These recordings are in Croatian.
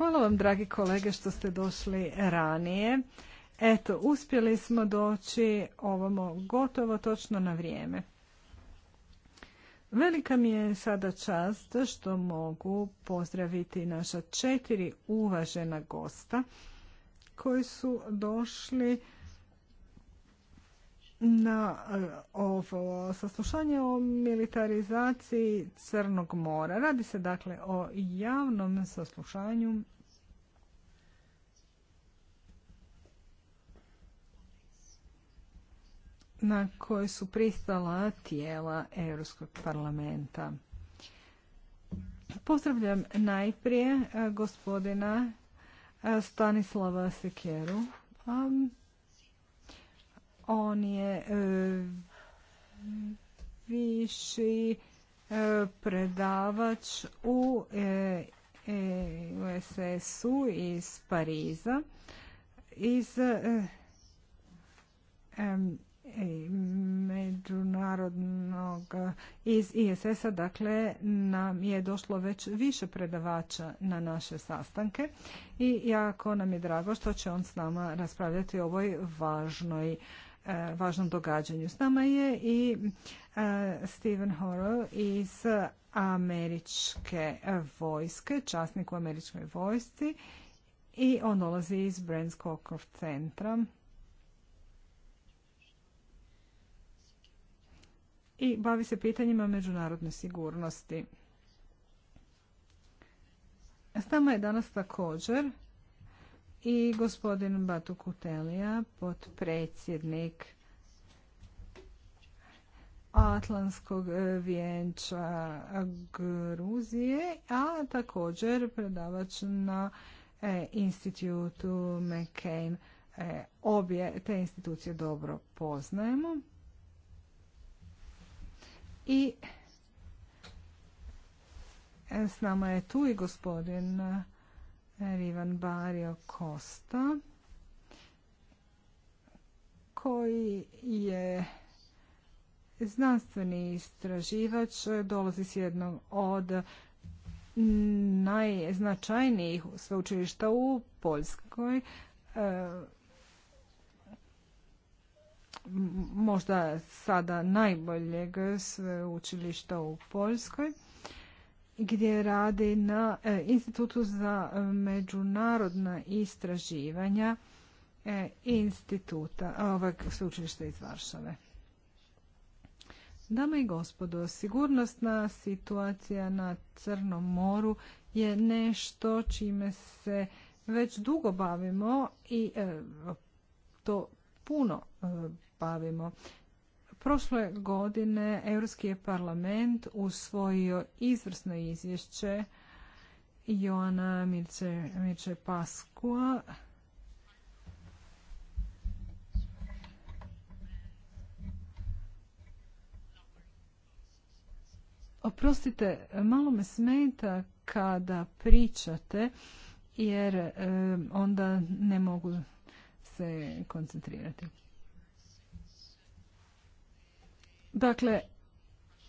Hvala vam, dragi kolege, što ste došli ranije. Eto, uspjeli smo doći ovamo gotovo točno na vrijeme. Velika mi je sada čast što mogu pozdraviti naša četiri uvažena gosta koji su došli na e, ovo saslušanje o militarizaciji Crnog mora. Radi se dakle o javnom saslušanju na koje su pristala tijela Europskog parlamenta. Pozdravljam najprije e, gospodina e, Stanislava Sekeru, on je e, viši e, predavač u e, uss iz Pariza iz međunarodnog iz ISS-a, dakle nam je došlo već više predavača na naše sastanke i jako nam je drago što će on s nama raspravljati o ovoj važnoj E, važnom događanju. S nama je i e, Steven Horrell iz američke vojske, časnik u američkoj vojsci i on dolazi iz Brands Cockroft centra. I bavi se pitanjima međunarodne sigurnosti. S nama je danas također i gospodin Batu Kutelija, potpredsjednik Atlantskog e, vijenča Gruzije, a također predavač na e, institutu McCain. E, obje te institucije dobro poznajemo. I s nama je tu i gospodin Rivan Bario Costa koji je znanstveni istraživač, dolazi s jednog od najznačajnijih sveučilišta u Poljskoj. E, možda sada najboljeg sveučilišta u Poljskoj gdje radi na e, Institutu za e, međunarodna istraživanja e, instituta ovog sveučilišta iz Varšave. Dame i gospodo, sigurnostna situacija na Crnom moru je nešto čime se već dugo bavimo i to puno bavimo. Prošle godine Europski je parlament usvojio izvrsno izvješće Joana Mirce Mirce Paskua Oprostite, malo me smeta kada pričate jer eh, onda ne mogu se koncentrirati. Dakle,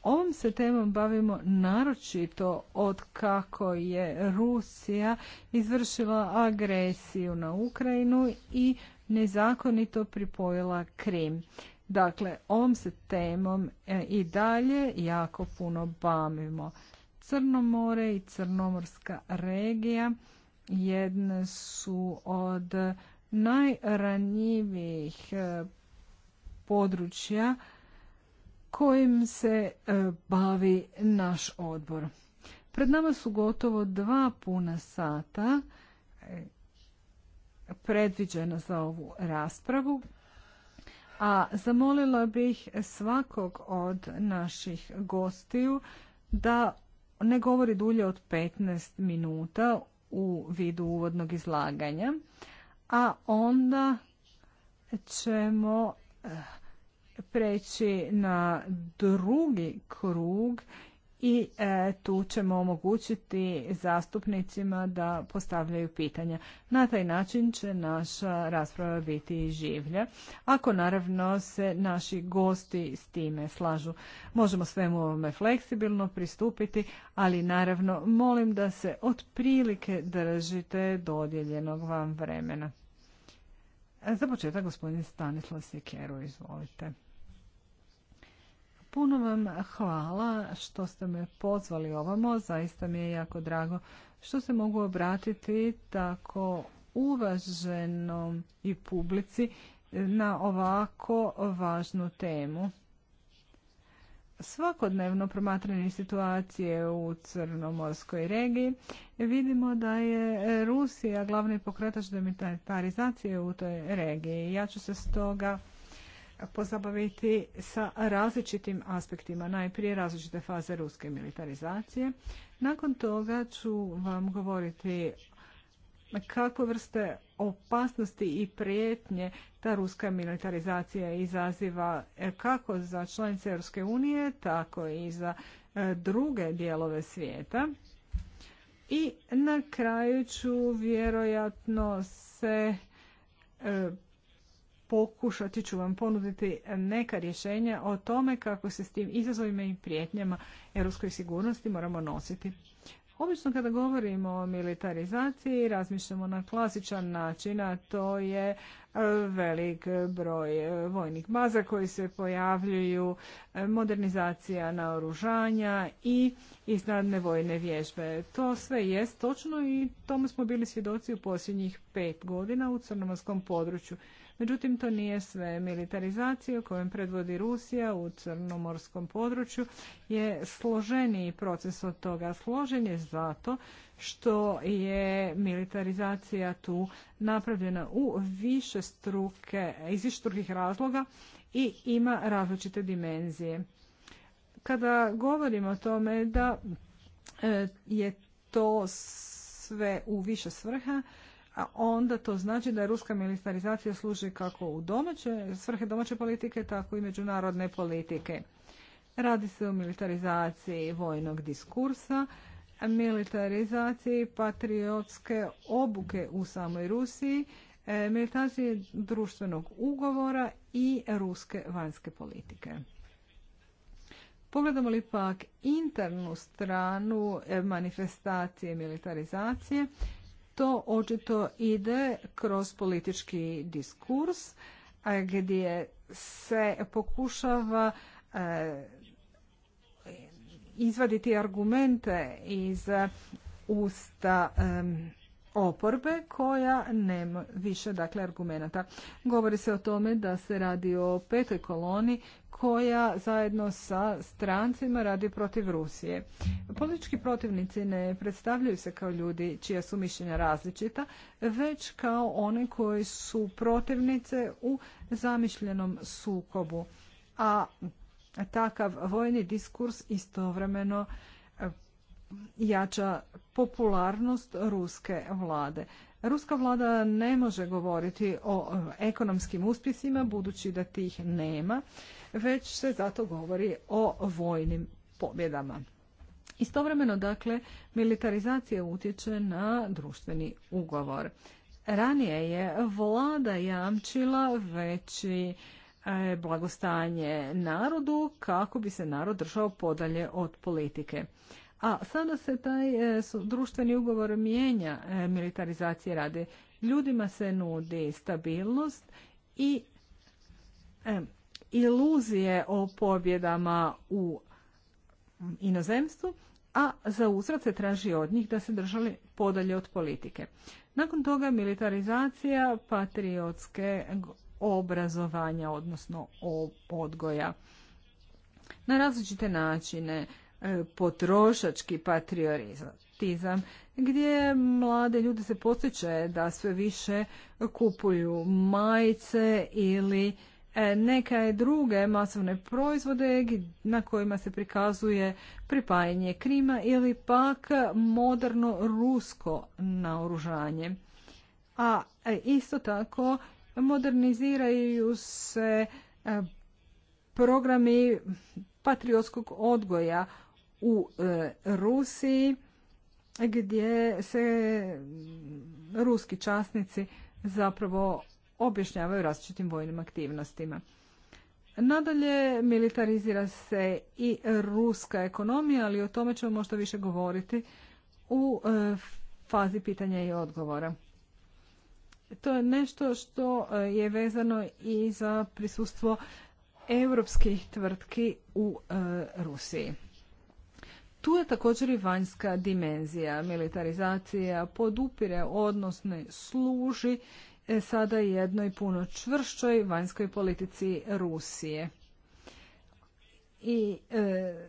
ovom se temom bavimo naročito od kako je Rusija izvršila agresiju na Ukrajinu i nezakonito pripojila Krim. Dakle, ovom se temom e, i dalje jako puno bavimo. Crno more i crnomorska regija jedne su od najranjivijih e, područja kojim se e, bavi naš odbor. Pred nama su gotovo dva puna sata e, predviđena za ovu raspravu, a zamolila bih svakog od naših gostiju da ne govori dulje od 15 minuta u vidu uvodnog izlaganja, a onda ćemo e, preći na drugi krug i e, tu ćemo omogućiti zastupnicima da postavljaju pitanja. Na taj način će naša rasprava biti življa, ako naravno se naši gosti s time slažu. Možemo svemu ovome fleksibilno pristupiti, ali naravno molim da se otprilike držite dodjeljenog vam vremena. E, za početak gospodin Stanislav Sjekeru, izvolite. Puno vam hvala što ste me pozvali ovamo, zaista mi je jako drago što se mogu obratiti tako uvaženom i publici na ovako važnu temu. Svakodnevno promatranje situacije u Crnomorskoj regiji vidimo da je Rusija glavni pokretač demitarizacije u toj regiji. Ja ću se stoga pozabaviti sa različitim aspektima. Najprije različite faze ruske militarizacije. Nakon toga ću vam govoriti kakve vrste opasnosti i prijetnje ta ruska militarizacija izaziva kako za članice Europske unije, tako i za e, druge dijelove svijeta. I na kraju ću vjerojatno se e, pokušati ću vam ponuditi neka rješenja o tome kako se s tim izazovima i prijetnjama europskoj sigurnosti moramo nositi. Obično kada govorimo o militarizaciji razmišljamo na klasičan način, a to je e, velik broj e, vojnih baza koji se pojavljuju, e, modernizacija naoružanja i iznadne vojne vježbe. To sve jest točno i tomu smo bili svjedoci u posljednjih pet godina u crnomorskom području. Međutim, to nije sve. Militarizacija kojom predvodi Rusija u crnomorskom području je složeniji proces od toga. Složen je zato što je militarizacija tu napravljena u više struke, iz razloga i ima različite dimenzije. Kada govorimo o tome da e, je to sve u više svrha, a onda to znači da je ruska militarizacija služi kako u domaće, svrhe domaće politike, tako i međunarodne politike. Radi se o militarizaciji vojnog diskursa, militarizaciji patriotske obuke u samoj Rusiji, e, militarizaciji društvenog ugovora i ruske vanjske politike. Pogledamo li pak internu stranu e, manifestacije militarizacije, to očito ide kroz politički diskurs gdje se pokušava eh, izvaditi argumente iz usta oporbe koja nema više dakle argumenata. Govori se o tome da se radi o petoj koloni koja zajedno sa strancima radi protiv Rusije. Politički protivnici ne predstavljaju se kao ljudi čija su mišljenja različita, već kao oni koji su protivnice u zamišljenom sukobu. A takav vojni diskurs istovremeno e, jača popularnost ruske vlade. Ruska vlada ne može govoriti o e, ekonomskim uspjesima budući da tih nema već se zato govori o vojnim pobjedama. Istovremeno, dakle, militarizacija utječe na društveni ugovor. Ranije je vlada jamčila veći e, blagostanje narodu kako bi se narod držao podalje od politike. A sada se taj e, društveni ugovor mijenja e, militarizacije rade. Ljudima se nudi stabilnost i iluzije o pobjedama u inozemstvu, a za uzrat se traži od njih da se držali podalje od politike. Nakon toga militarizacija patriotske obrazovanja, odnosno odgoja. Na različite načine e, potrošački patriotizam, gdje mlade ljude se postiče da sve više kupuju majice ili E, neke druge masovne proizvode na kojima se prikazuje pripajanje Krima ili pak moderno rusko naoružanje. A e, isto tako moderniziraju se e, programi patriotskog odgoja u Rusiji gdje se ruski časnici zapravo objašnjavaju različitim vojnim aktivnostima. Nadalje, militarizira se i ruska ekonomija, ali o tome ćemo možda više govoriti u e, fazi pitanja i odgovora. To je nešto što e, je vezano i za prisustvo europskih tvrtki u e, Rusiji. Tu je također i vanjska dimenzija. Militarizacija podupire, odnosno služi E, sada jednoj puno čvršćoj vanjskoj politici Rusije. I e,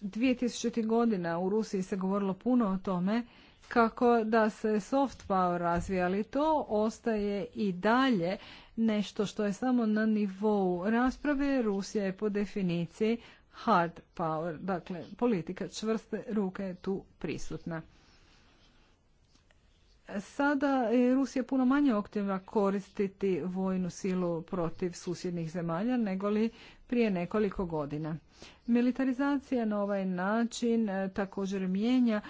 2000. godina u Rusiji se govorilo puno o tome kako da se soft power razvija, ali to ostaje i dalje nešto što je samo na nivou rasprave. Rusija je po definiciji hard power, dakle politika čvrste ruke je tu prisutna. Sada je Rusija puno manje aktivna koristiti vojnu silu protiv susjednih zemalja nego li prije nekoliko godina. Militarizacija na ovaj način e, također mijenja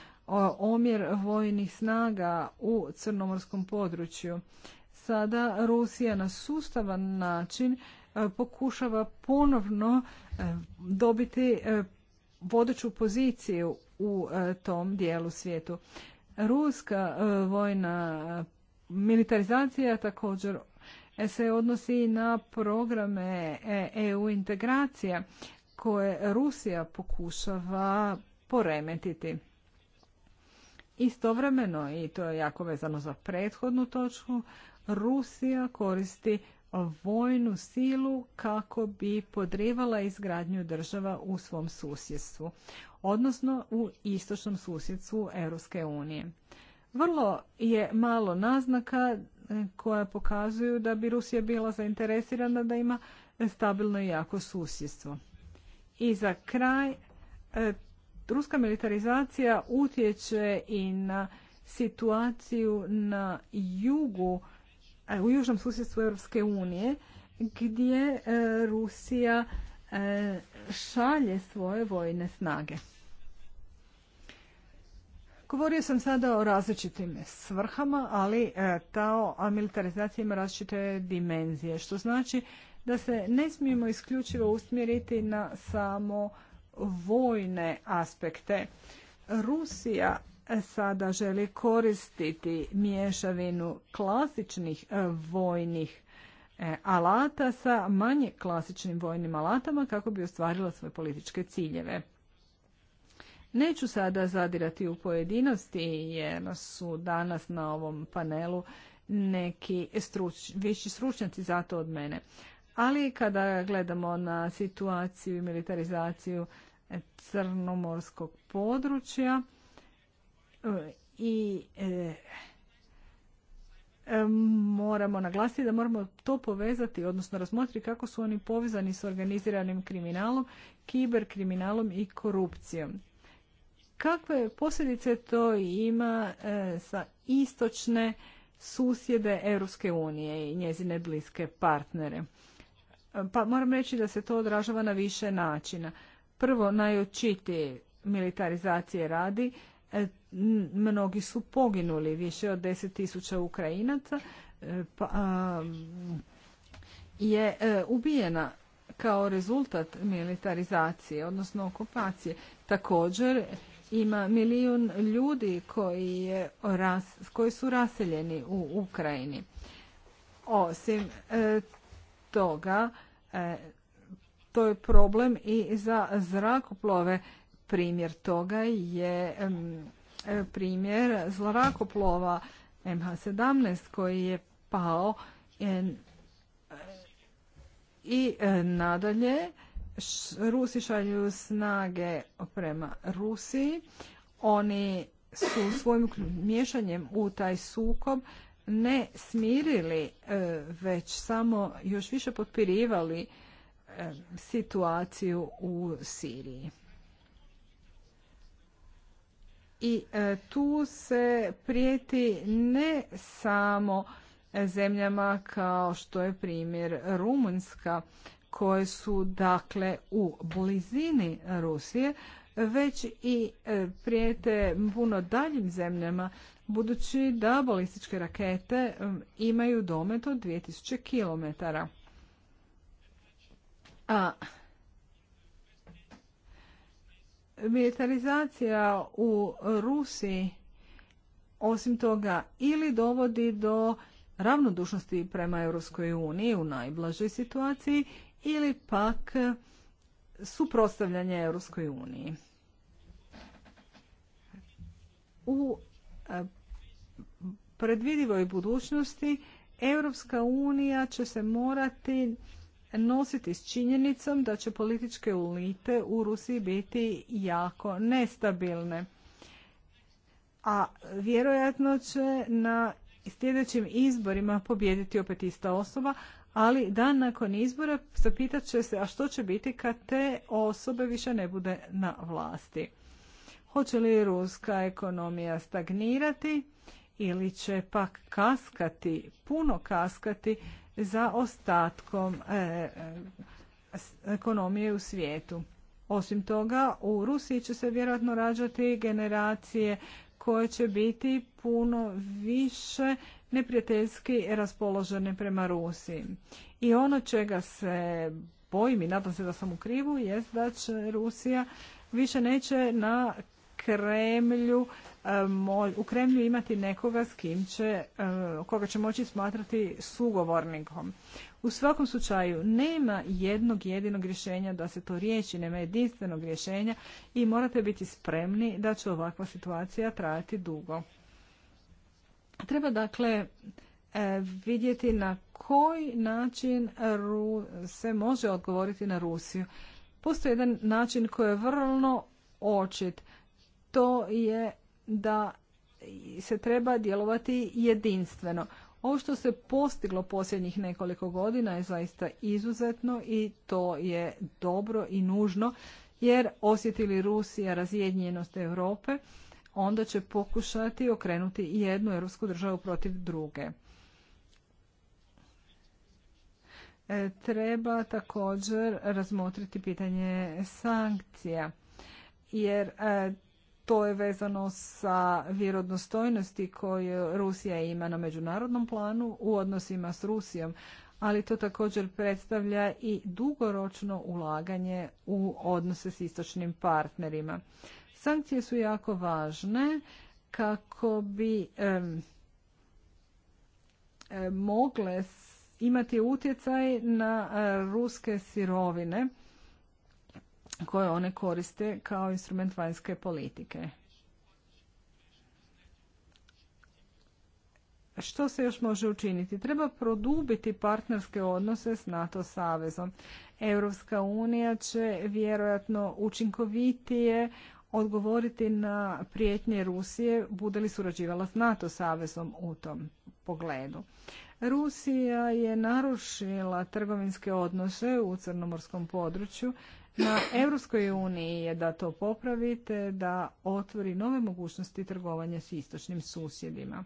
omjer vojnih snaga u crnomorskom području. Sada Rusija na sustavan način e, pokušava ponovno e, dobiti vodeću poziciju u tom dijelu svijetu. Ruska e, vojna e, militarizacija također se odnosi na programe EU e integracija koje Rusija pokušava poremetiti. Istovremeno, i to je jako vezano za prethodnu točku, Rusija koristi vojnu silu kako bi podrivala izgradnju država u svom susjedstvu odnosno u istočnom susjedstvu Europske unije. Vrlo je malo naznaka e, koja pokazuju da bi Rusija bila zainteresirana da ima stabilno i jako susjedstvo. I za kraj, e, ruska militarizacija utječe i na situaciju na jugu, e, u južnom susjedstvu Europske unije, gdje Rusija E, šalje svoje vojne snage. Govorio sam sada o različitim svrhama, ali e, ta militarizacija ima različite dimenzije, što znači da se ne smijemo isključivo usmjeriti na samo vojne aspekte. Rusija e, sada želi koristiti mješavinu klasičnih vojnih E, alata sa manje klasičnim vojnim alatama kako bi ostvarila svoje političke ciljeve. Neću sada zadirati u pojedinosti jer su danas na ovom panelu neki struč, viši stručnjaci za to od mene. Ali kada gledamo na situaciju i militarizaciju e, crnomorskog područja e, i E, moramo naglasiti da moramo to povezati, odnosno razmotriti kako su oni povezani s organiziranim kriminalom, kiberkriminalom i korupcijom. Kakve posljedice to ima e, sa istočne susjede Europske unije i njezine bliske partnere? E, pa moram reći da se to odražava na više načina. Prvo, najočitije militarizacije radi, E, mnogi su poginuli, više od tisuća Ukrajinaca e, pa, je e, ubijena kao rezultat militarizacije, odnosno okupacije. Također ima milijun ljudi koji, je, koji su raseljeni u Ukrajini. Osim toga, to je problem i za zrakoplove primjer toga je primjer zlorakoplova MH17 koji je pao i e, nadalje Rusi šalju snage prema Rusiji. Oni su svojim miješanjem u taj sukob ne smirili, e, već samo još više potpirivali e, situaciju u Siriji i e, tu se prijeti ne samo zemljama kao što je primjer Rumunjska koje su dakle u blizini Rusije već i e, prijete puno daljim zemljama budući da balističke rakete imaju domet od 2000 km. A Militarizacija u Rusiji osim toga ili dovodi do ravnodušnosti prema Europskoj uniji u najblažoj situaciji ili pak suprotstavljanje Europskoj uniji. U e, predvidivoj budućnosti Europska unija će se morati nositi s činjenicom da će političke ulite u Rusiji biti jako nestabilne. A vjerojatno će na sljedećim izborima pobijediti opet ista osoba, ali dan nakon izbora zapitat će se a što će biti kad te osobe više ne bude na vlasti. Hoće li ruska ekonomija stagnirati ili će pak kaskati, puno kaskati za ostatkom e, e, ekonomije u svijetu. Osim toga, u Rusiji će se vjerojatno rađati generacije koje će biti puno više neprijateljski raspoložene prema Rusiji. I ono čega se bojim i nadam se da sam u krivu jest da će Rusija više neće na Kremlju u Kremlju imati nekoga s kim će, e, koga će moći smatrati sugovornikom. U svakom slučaju nema jednog jedinog rješenja da se to riješi, nema jedinstvenog rješenja i morate biti spremni da će ovakva situacija trajati dugo. Treba dakle e, vidjeti na koji način se može odgovoriti na Rusiju. Postoji jedan način koji je vrlo očit. To je da se treba djelovati jedinstveno. Ovo što se postiglo posljednjih nekoliko godina je zaista izuzetno i to je dobro i nužno jer osjetili Rusija razjedinjenost Europe, onda će pokušati okrenuti jednu europsku državu protiv druge. E, treba također razmotriti pitanje sankcija jer e, to je vezano sa vjerodostojnosti koje Rusija ima na međunarodnom planu u odnosima s Rusijom, ali to također predstavlja i dugoročno ulaganje u odnose s istočnim partnerima. Sankcije su jako važne kako bi mogle imati utjecaj na ruske sirovine koje one koriste kao instrument vanjske politike. Što se još može učiniti? Treba produbiti partnerske odnose s NATO savezom. Europska unija će vjerojatno učinkovitije odgovoriti na prijetnje Rusije bude li surađivala s NATO savezom u tom pogledu. Rusija je narušila trgovinske odnose u crnomorskom području na Europskoj uniji je da to popravite, da otvori nove mogućnosti trgovanja s istočnim susjedima.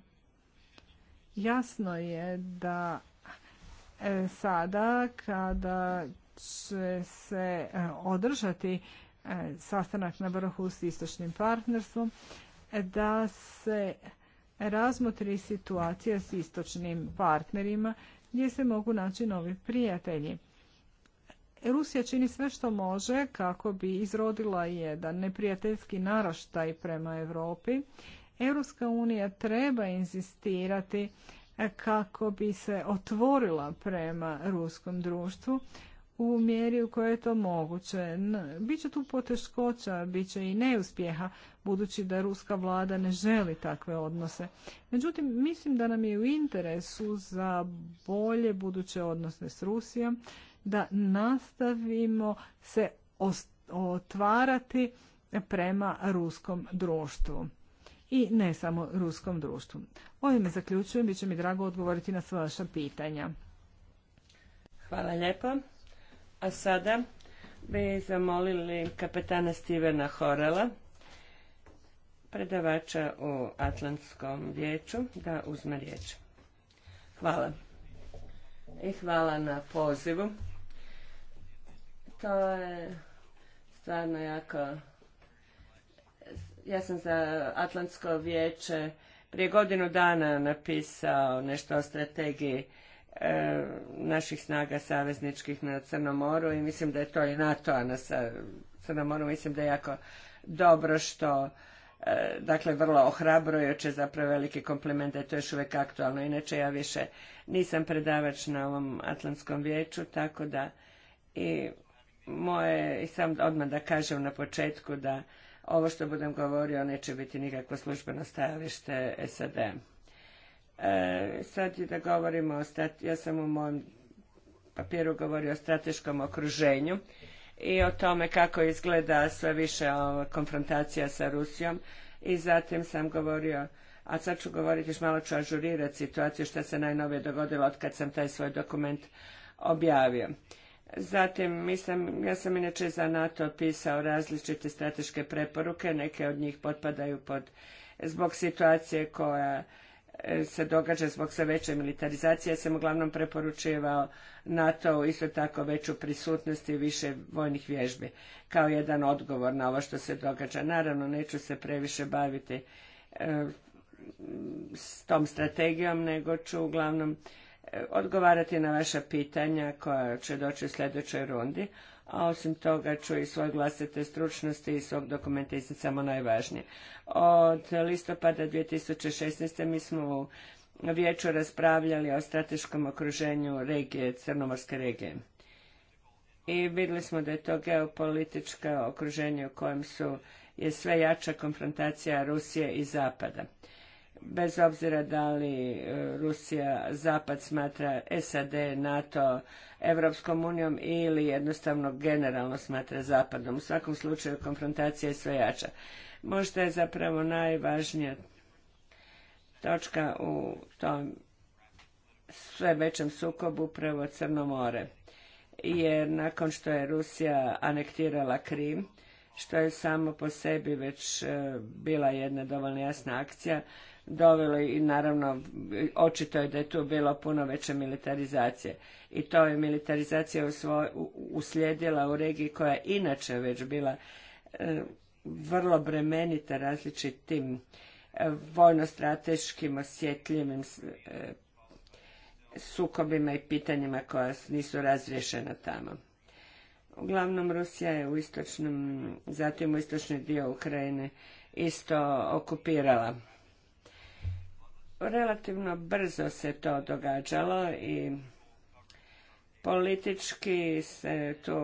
Jasno je da e, sada kada će se e, održati e, sastanak na vrhu s istočnim partnerstvom, da se razmotri situacija s istočnim partnerima gdje se mogu naći novi prijatelji. Rusija čini sve što može kako bi izrodila jedan neprijateljski naraštaj prema Europi. Europska unija treba inzistirati kako bi se otvorila prema ruskom društvu u mjeri u kojoj je to moguće. Biće tu poteškoća, bit će i neuspjeha, budući da ruska vlada ne želi takve odnose. Međutim, mislim da nam je u interesu za bolje buduće odnose s Rusijom, da nastavimo se otvarati prema ruskom društvu. I ne samo ruskom društvu. Ovime zaključujem, bit će mi drago odgovoriti na sva vaša pitanja. Hvala lijepo. A sada bi zamolili kapetana Stevena Horela, predavača u Atlantskom vijeću, da uzme riječ. Hvala. I hvala na pozivu to je stvarno jako... Ja sam za Atlantsko vijeće prije godinu dana napisao nešto o strategiji e, naših snaga savezničkih na Crnom moru i mislim da je to i NATO-a na Crnom moru. Mislim da je jako dobro što e, dakle vrlo ohrabrujuće zapravo veliki kompliment da je to još uvijek aktualno. Inače ja više nisam predavač na ovom Atlantskom vijeću tako da i moje, i sam odmah da kažem na početku da ovo što budem govorio neće biti nikakvo službeno stajalište sad E, sad da govorimo o ja sam u mom papiru govorio o strateškom okruženju i o tome kako izgleda sve više konfrontacija sa Rusijom i zatim sam govorio a sad ću govoriti, još malo ću ažurirati situaciju što se najnovije dogodilo od kad sam taj svoj dokument objavio. Zatim, mislim, ja sam inače za NATO pisao različite strateške preporuke, neke od njih potpadaju pod zbog situacije koja e, se događa zbog sve veće militarizacije. Ja sam uglavnom preporučivao NATO isto tako veću prisutnost i više vojnih vježbi kao jedan odgovor na ovo što se događa. Naravno, neću se previše baviti e, s tom strategijom, nego ću uglavnom odgovarati na vaša pitanja koja će doći u sljedećoj rundi, a osim toga ću i svoje vlastite stručnosti i svog dokumenta isti samo najvažnije. Od listopada 2016. mi smo u vijeću raspravljali o strateškom okruženju regije, Crnomorske regije. I vidjeli smo da je to geopolitičko okruženje u kojem su je sve jača konfrontacija Rusije i Zapada bez obzira da li e, Rusija, Zapad smatra SAD, NATO, Evropskom unijom ili jednostavno generalno smatra Zapadom. U svakom slučaju konfrontacija je sve jača. Možda je zapravo najvažnija točka u tom sve većem sukobu upravo Crno more. Jer nakon što je Rusija anektirala Krim, što je samo po sebi već e, bila jedna dovoljno jasna akcija, dovelo i naravno očito je da je tu bilo puno veće militarizacije. I to je militarizacija uslijedila u regiji koja je inače već bila e, vrlo bremenita različitim e, vojno-strateškim osjetljivim e, sukobima i pitanjima koja nisu razriješena tamo. Uglavnom Rusija je u istočnom, zatim u istočni dio Ukrajine isto okupirala relativno brzo se to događalo i politički se tu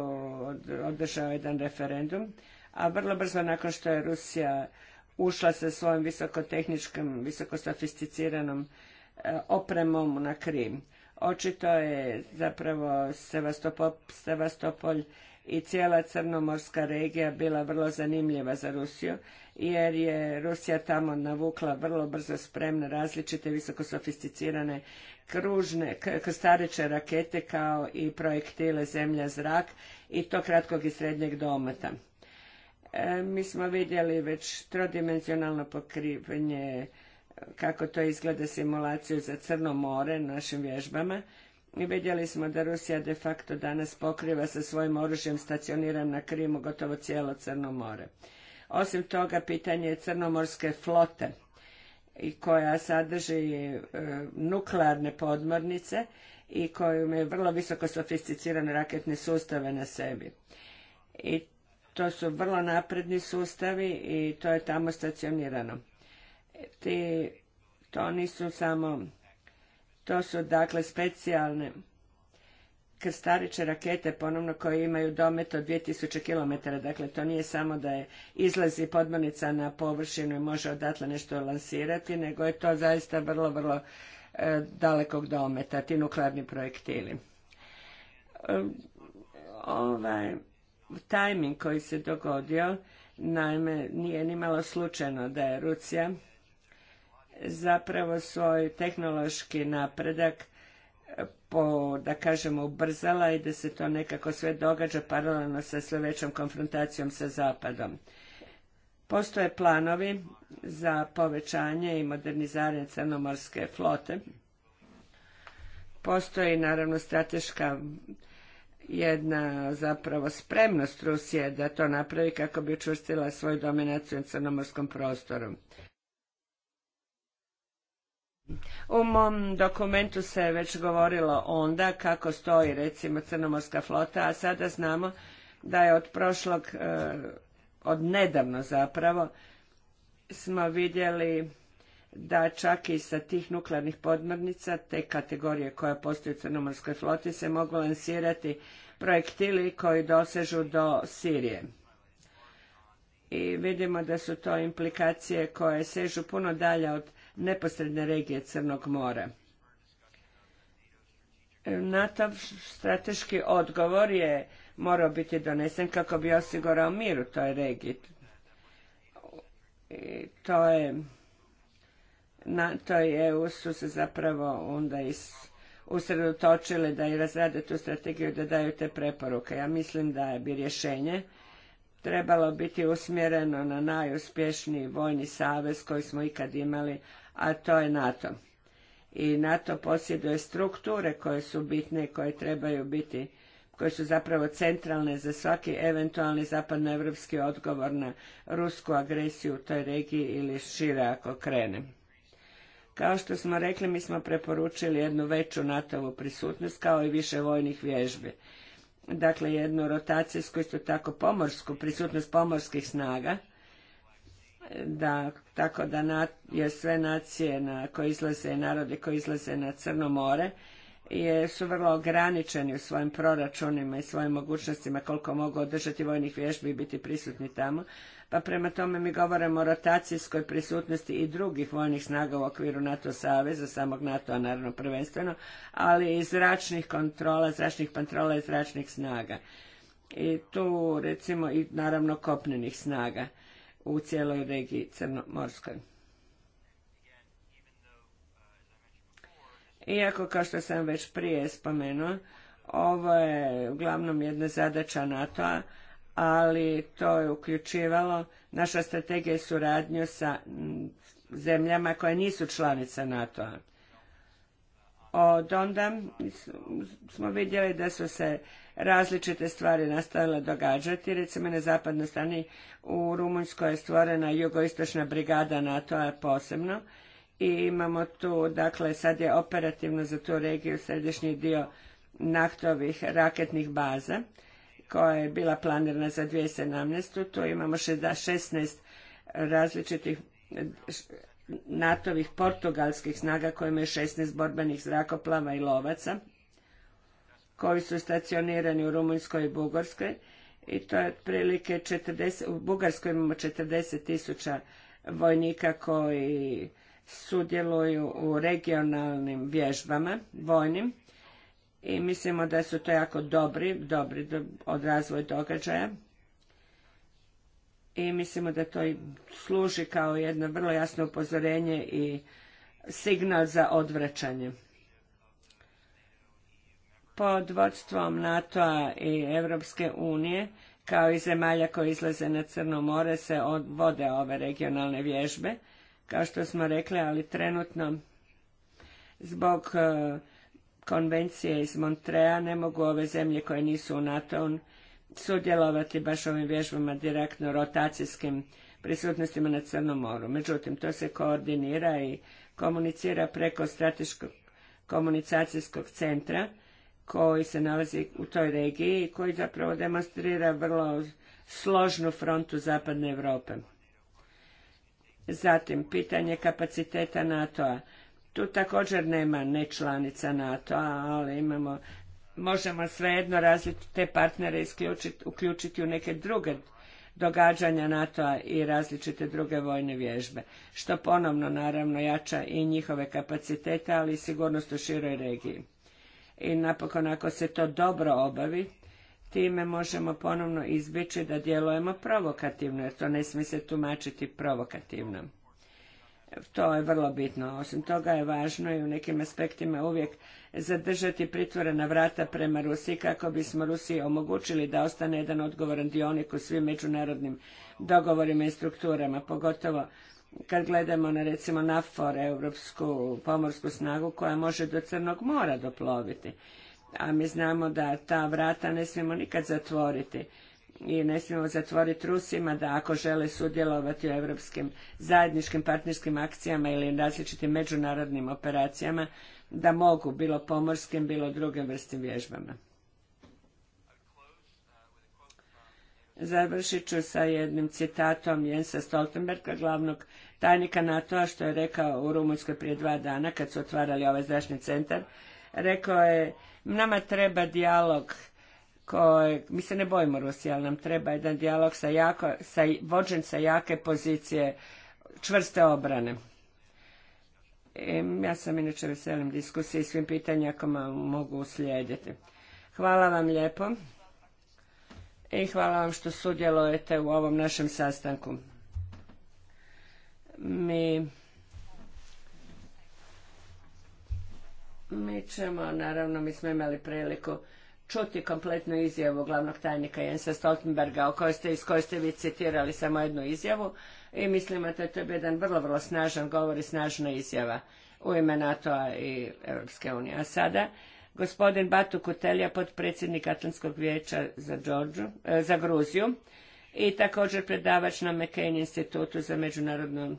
održao jedan referendum, a vrlo brzo nakon što je Rusija ušla sa svojom visokotehničkom, visokosofisticiranom eh, opremom na Krim. Očito je zapravo Sevastopol, Sevastopolj i cijela crnomorska regija bila vrlo zanimljiva za Rusiju, jer je Rusija tamo navukla vrlo brzo spremne različite visoko sofisticirane kružne krstareće rakete kao i projektile zemlja zrak i to kratkog i srednjeg dometa. E, mi smo vidjeli već trodimenzionalno pokrivanje kako to izgleda simulaciju za Crno more našim vježbama i vidjeli smo da Rusija de facto danas pokriva sa svojim oružjem stacioniran na Krimu gotovo cijelo Crno more. Osim toga, pitanje je crnomorske flote i koja sadrži e, nuklearne podmornice i koju imaju vrlo visoko sofisticirane raketne sustave na sebi. I to su vrlo napredni sustavi i to je tamo stacionirano. to nisu samo to su dakle specijalne krstariće rakete ponovno koje imaju domet od 2000 km. Dakle, to nije samo da je izlazi podmornica na površinu i može odatle nešto lansirati, nego je to zaista vrlo, vrlo e, dalekog dometa, ti nuklearni projektili. E, ovaj tajming koji se dogodio, naime, nije malo slučajno da je Rusija zapravo svoj tehnološki napredak eh, po, da kažemo, ubrzala i da se to nekako sve događa paralelno sa sve većom konfrontacijom sa Zapadom. Postoje planovi za povećanje i moderniziranje crnomorske flote. Postoji naravno strateška jedna zapravo spremnost Rusije da to napravi kako bi učvrstila svoju dominaciju na crnomorskom prostoru. U mom dokumentu se već govorilo onda kako stoji recimo Crnomorska flota, a sada znamo da je od prošlog, e, od nedavno zapravo, smo vidjeli da čak i sa tih nuklearnih podmornica, te kategorije koja postoji u Crnomorskoj floti, se mogu lansirati projektili koji dosežu do Sirije. I vidimo da su to implikacije koje sežu puno dalje od neposredne regije Crnog mora. NATO strateški odgovor je morao biti donesen kako bi osigurao mir u toj regiji. I to je NATO i EU su se zapravo onda is, usredotočile da i razrade tu strategiju da daju te preporuke. Ja mislim da bi rješenje trebalo biti usmjereno na najuspješniji vojni savez koji smo ikad imali, a to je NATO. I NATO posjeduje strukture koje su bitne, koje trebaju biti, koje su zapravo centralne za svaki eventualni zapadnoevropski odgovor na rusku agresiju u toj regiji ili šire ako krene. Kao što smo rekli, mi smo preporučili jednu veću NATO-vu prisutnost kao i više vojnih vježbi. Dakle, jednu rotacijsku, isto tako pomorsku, prisutnost pomorskih snaga da, tako da je sve nacije na, koje izlaze, narodi koji izlaze na Crno more, je, su vrlo ograničeni u svojim proračunima i svojim mogućnostima koliko mogu održati vojnih vježbi i biti prisutni tamo. Pa prema tome mi govorimo o rotacijskoj prisutnosti i drugih vojnih snaga u okviru NATO saveza, samog NATO-a naravno prvenstveno, ali i zračnih kontrola, zračnih patrola i zračnih snaga. I tu recimo i naravno kopnenih snaga u cijeloj regiji Crnomorskoj. Iako, kao što sam već prije spomenuo, ovo je uglavnom jedna zadaća NATO-a, ali to je uključivalo naša strategija suradnju sa zemljama koje nisu članice NATO-a. Od onda smo vidjeli da su se različite stvari nastavile događati. Recimo na zapadnoj strani u Rumunjskoj je stvorena jugoistočna brigada NATO-a posebno i imamo tu, dakle sad je operativno za tu regiju središnji dio naftovih raketnih baza koja je bila planirana za 2017. Tu imamo 16 različitih NATO-vih portugalskih snaga koje imaju 16 borbenih zrakoplava i lovaca koji su stacionirani u Rumunjskoj i Bugarskoj i to je otprilike 40, u Bugarskoj imamo 40 tisuća vojnika koji sudjeluju u regionalnim vježbama vojnim i mislimo da su to jako dobri, dobri od razvoja događaja i mislimo da to služi kao jedno vrlo jasno upozorenje i signal za odvraćanje pod vodstvom NATO-a i Europske unije, kao i zemalja koje izlaze na Crno more, se vode ove regionalne vježbe, kao što smo rekli, ali trenutno zbog e, konvencije iz Montreja ne mogu ove zemlje koje nisu u NATO sudjelovati baš ovim vježbama direktno rotacijskim prisutnostima na Crnom moru. Međutim, to se koordinira i komunicira preko strateškog komunicacijskog centra koji se nalazi u toj regiji i koji zapravo demonstrira vrlo složnu frontu zapadne Europe. Zatim, pitanje kapaciteta NATO-a. Tu također nema nečlanica NATO-a, ali imamo, možemo svejedno različite te partnere isključiti, uključiti u neke druge događanja NATO-a i različite druge vojne vježbe, što ponovno naravno jača i njihove kapacitete, ali i sigurnost u široj regiji i napokon ako se to dobro obavi, time možemo ponovno izbjeći da djelujemo provokativno, jer to ne smije se tumačiti provokativno. To je vrlo bitno. Osim toga je važno i u nekim aspektima uvijek zadržati pritvorena vrata prema Rusiji kako bismo Rusiji omogućili da ostane jedan odgovoran dionik u svim međunarodnim dogovorima i strukturama, pogotovo kad gledamo na recimo NAFOR, Europsku pomorsku snagu koja može do Crnog mora doploviti. A mi znamo da ta vrata ne smijemo nikad zatvoriti i ne smijemo zatvoriti Rusima da ako žele sudjelovati u europskim zajedničkim partnerskim akcijama ili različitim međunarodnim operacijama da mogu bilo pomorskim bilo drugim vrstim vježbama. Završit ću sa jednim citatom Jensa Stoltenberga, glavnog tajnika NATO-a, što je rekao u Rumunjskoj prije dva dana kad su otvarali ovaj zračni centar. Rekao je, nama treba dijalog koji, mi se ne bojimo Rusije, ali nam treba jedan dijalog sa jako, sa, vođen sa jake pozicije čvrste obrane. ja sam inače veselim diskusiji i svim pitanjima ako mogu uslijediti. Hvala vam lijepo i hvala vam što sudjelujete u ovom našem sastanku. Mi, mi ćemo, naravno, mi smo imali priliku čuti kompletnu izjavu glavnog tajnika Jensa Stoltenberga o kojoj ste, iz koje ste vi citirali samo jednu izjavu i mislimo da je to jedan vrlo, vrlo snažan govor i snažna izjava u ime NATO-a i Europske unije. A sada gospodin Batu Kutelja, potpredsjednik Atlantskog vijeća za, e, za Gruziju i također predavač na McCain institutu za međunarodno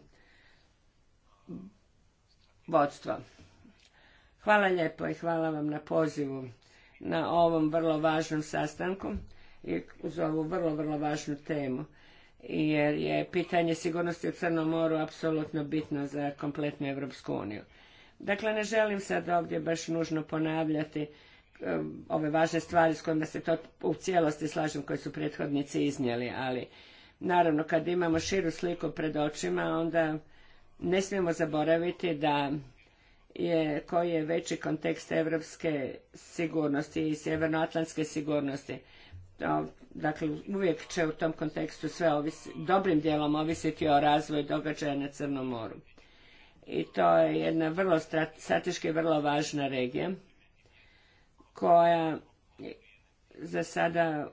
vodstvo. Hvala lijepo i hvala vam na pozivu na ovom vrlo važnom sastanku i uz ovu vrlo, vrlo važnu temu jer je pitanje sigurnosti u Crnom moru apsolutno bitno za kompletnu Evropsku uniju. Dakle, ne želim sad ovdje baš nužno ponavljati um, ove važne stvari s kojima se to u cijelosti slažem koje su prethodnici iznijeli, ali naravno kad imamo širu sliku pred očima onda ne smijemo zaboraviti da je koji je veći kontekst europske sigurnosti i sjevernoatlantske sigurnosti. dakle, uvijek će u tom kontekstu sve dobrim dijelom ovisiti o razvoju događaja na Crnom moru i to je jedna vrlo strateški vrlo važna regija koja za sada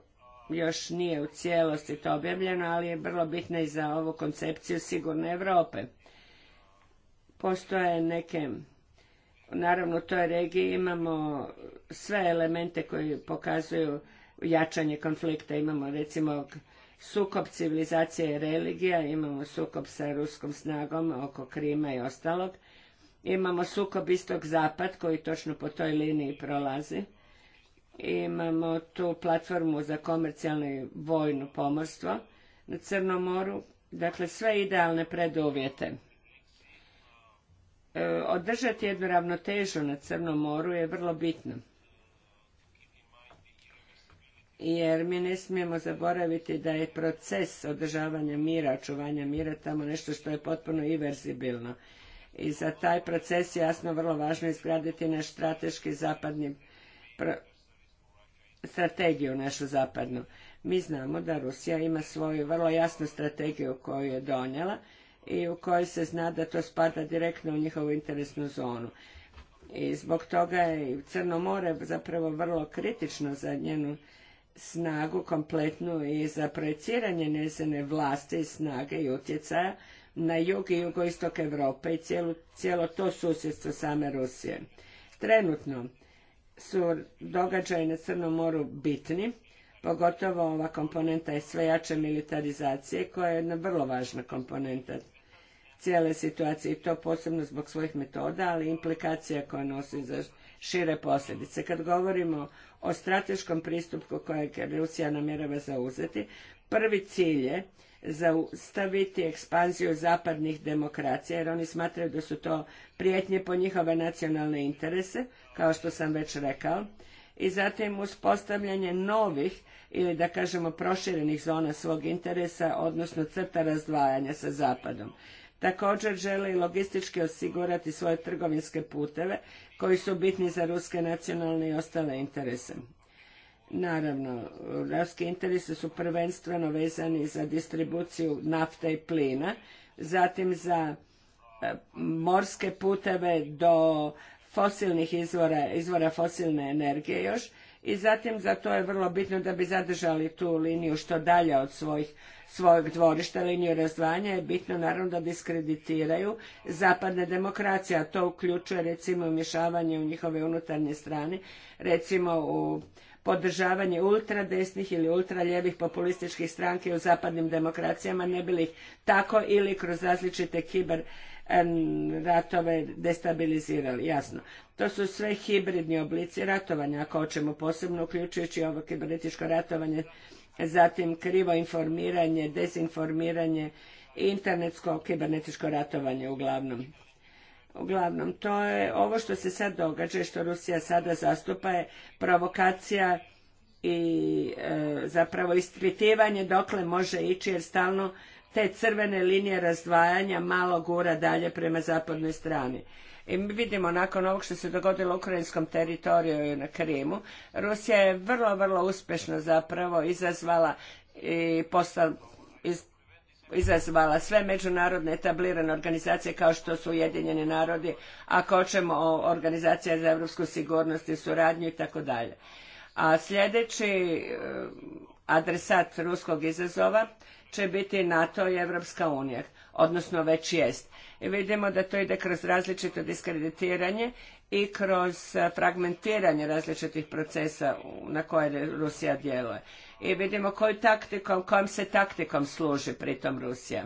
još nije u cijelosti to objavljeno, ali je vrlo bitna i za ovu koncepciju sigurne Europe. Postoje neke, naravno u toj regiji imamo sve elemente koji pokazuju jačanje konflikta. Imamo recimo sukob civilizacije i religija, imamo sukob sa ruskom snagom oko Krima i ostalog, imamo sukob istog zapad koji točno po toj liniji prolazi, imamo tu platformu za komercijalno i vojno pomorstvo na Crnom moru, dakle sve idealne preduvjete. E, održati jednu ravnotežu na Crnom moru je vrlo bitno jer mi ne smijemo zaboraviti da je proces održavanja mira, očuvanja mira tamo nešto što je potpuno iverzibilno. I za taj proces je jasno vrlo važno izgraditi naš strateški zapadni strategiju našu zapadnu. Mi znamo da Rusija ima svoju vrlo jasnu strategiju koju je donijela i u kojoj se zna da to spada direktno u njihovu interesnu zonu. I zbog toga je Crno more zapravo vrlo kritično za njenu snagu kompletnu i za projeciranje njezine vlasti i snage i utjecaja na jug i jugoistok Europe i cijelo to susjedstvo same Rusije. Trenutno su događaji na Crnom moru bitni, pogotovo ova komponenta je sve militarizacije koja je jedna vrlo važna komponenta cijele situacije i to posebno zbog svojih metoda, ali implikacija koja nosi za šire posljedice. Kad govorimo o strateškom pristupku kojeg Rusija namjerava zauzeti, prvi cilj je zaustaviti ekspanziju zapadnih demokracija, jer oni smatraju da su to prijetnje po njihove nacionalne interese, kao što sam već rekao, i zatim uspostavljanje novih ili da kažemo proširenih zona svog interesa, odnosno crta razdvajanja sa Zapadom. Također žele logistički osigurati svoje trgovinske puteve koji su bitni za ruske nacionalne i ostale interese. Naravno, ruski interesi su prvenstveno vezani za distribuciju nafte i plina, zatim za e, morske puteve do fosilnih izvora, izvora fosilne energije još i zatim za to je vrlo bitno da bi zadržali tu liniju što dalje od svojih svojeg dvorišta, liniju razdvajanja je bitno naravno da diskreditiraju zapadne demokracije, a to uključuje recimo umješavanje u njihove unutarnje strane, recimo u podržavanje ultradesnih ili ultraljevih populističkih stranke u zapadnim demokracijama, ne bi li tako ili kroz različite kiber ratove destabilizirali, jasno. To su sve hibridni oblici ratovanja, ako hoćemo posebno, uključujući ovo kibernetičko ratovanje zatim krivo informiranje, dezinformiranje i internetsko kibernetičko ratovanje uglavnom. Uglavnom, to je ovo što se sad događa i što Rusija sada zastupa je provokacija i e, zapravo ispitivanje dokle može ići jer stalno te crvene linije razdvajanja malo gura dalje prema zapadnoj strani. I mi vidimo nakon ovog što se dogodilo u ukrajinskom teritoriju i na Krimu, Rusija je vrlo, vrlo uspješno zapravo izazvala i postala izazvala sve međunarodne etablirane organizacije kao što su Ujedinjeni narodi, ako hoćemo organizacija za europsku sigurnost i suradnju i tako dalje. A sljedeći eh, adresat ruskog izazova će biti NATO i Evropska unija odnosno već jest. I vidimo da to ide kroz različito diskreditiranje i kroz fragmentiranje različitih procesa na koje Rusija djeluje. I vidimo koju taktikom, kojom se taktikom služi pritom Rusija.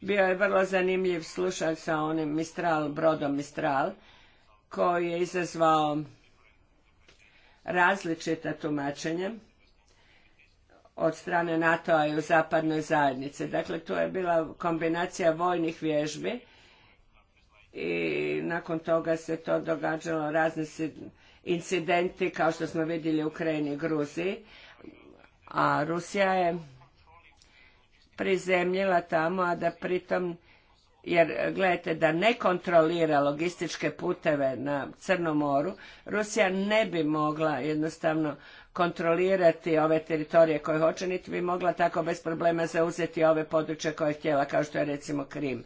Bio je vrlo zanimljiv slušaj sa onim Mistral, brodom Mistral, koji je izazvao različita tumačenja od strane NATO-a i u zapadnoj zajednici. Dakle, tu je bila kombinacija vojnih vježbi i nakon toga se to događalo razni incidenti kao što smo vidjeli u Ukrajini i Gruziji. A Rusija je prizemljila tamo, a da pritom, jer gledajte, da ne kontrolira logističke puteve na Crnom moru, Rusija ne bi mogla jednostavno kontrolirati ove teritorije koje hoće, niti bi mogla tako bez problema zauzeti ove područje koje je htjela, kao što je recimo Krim.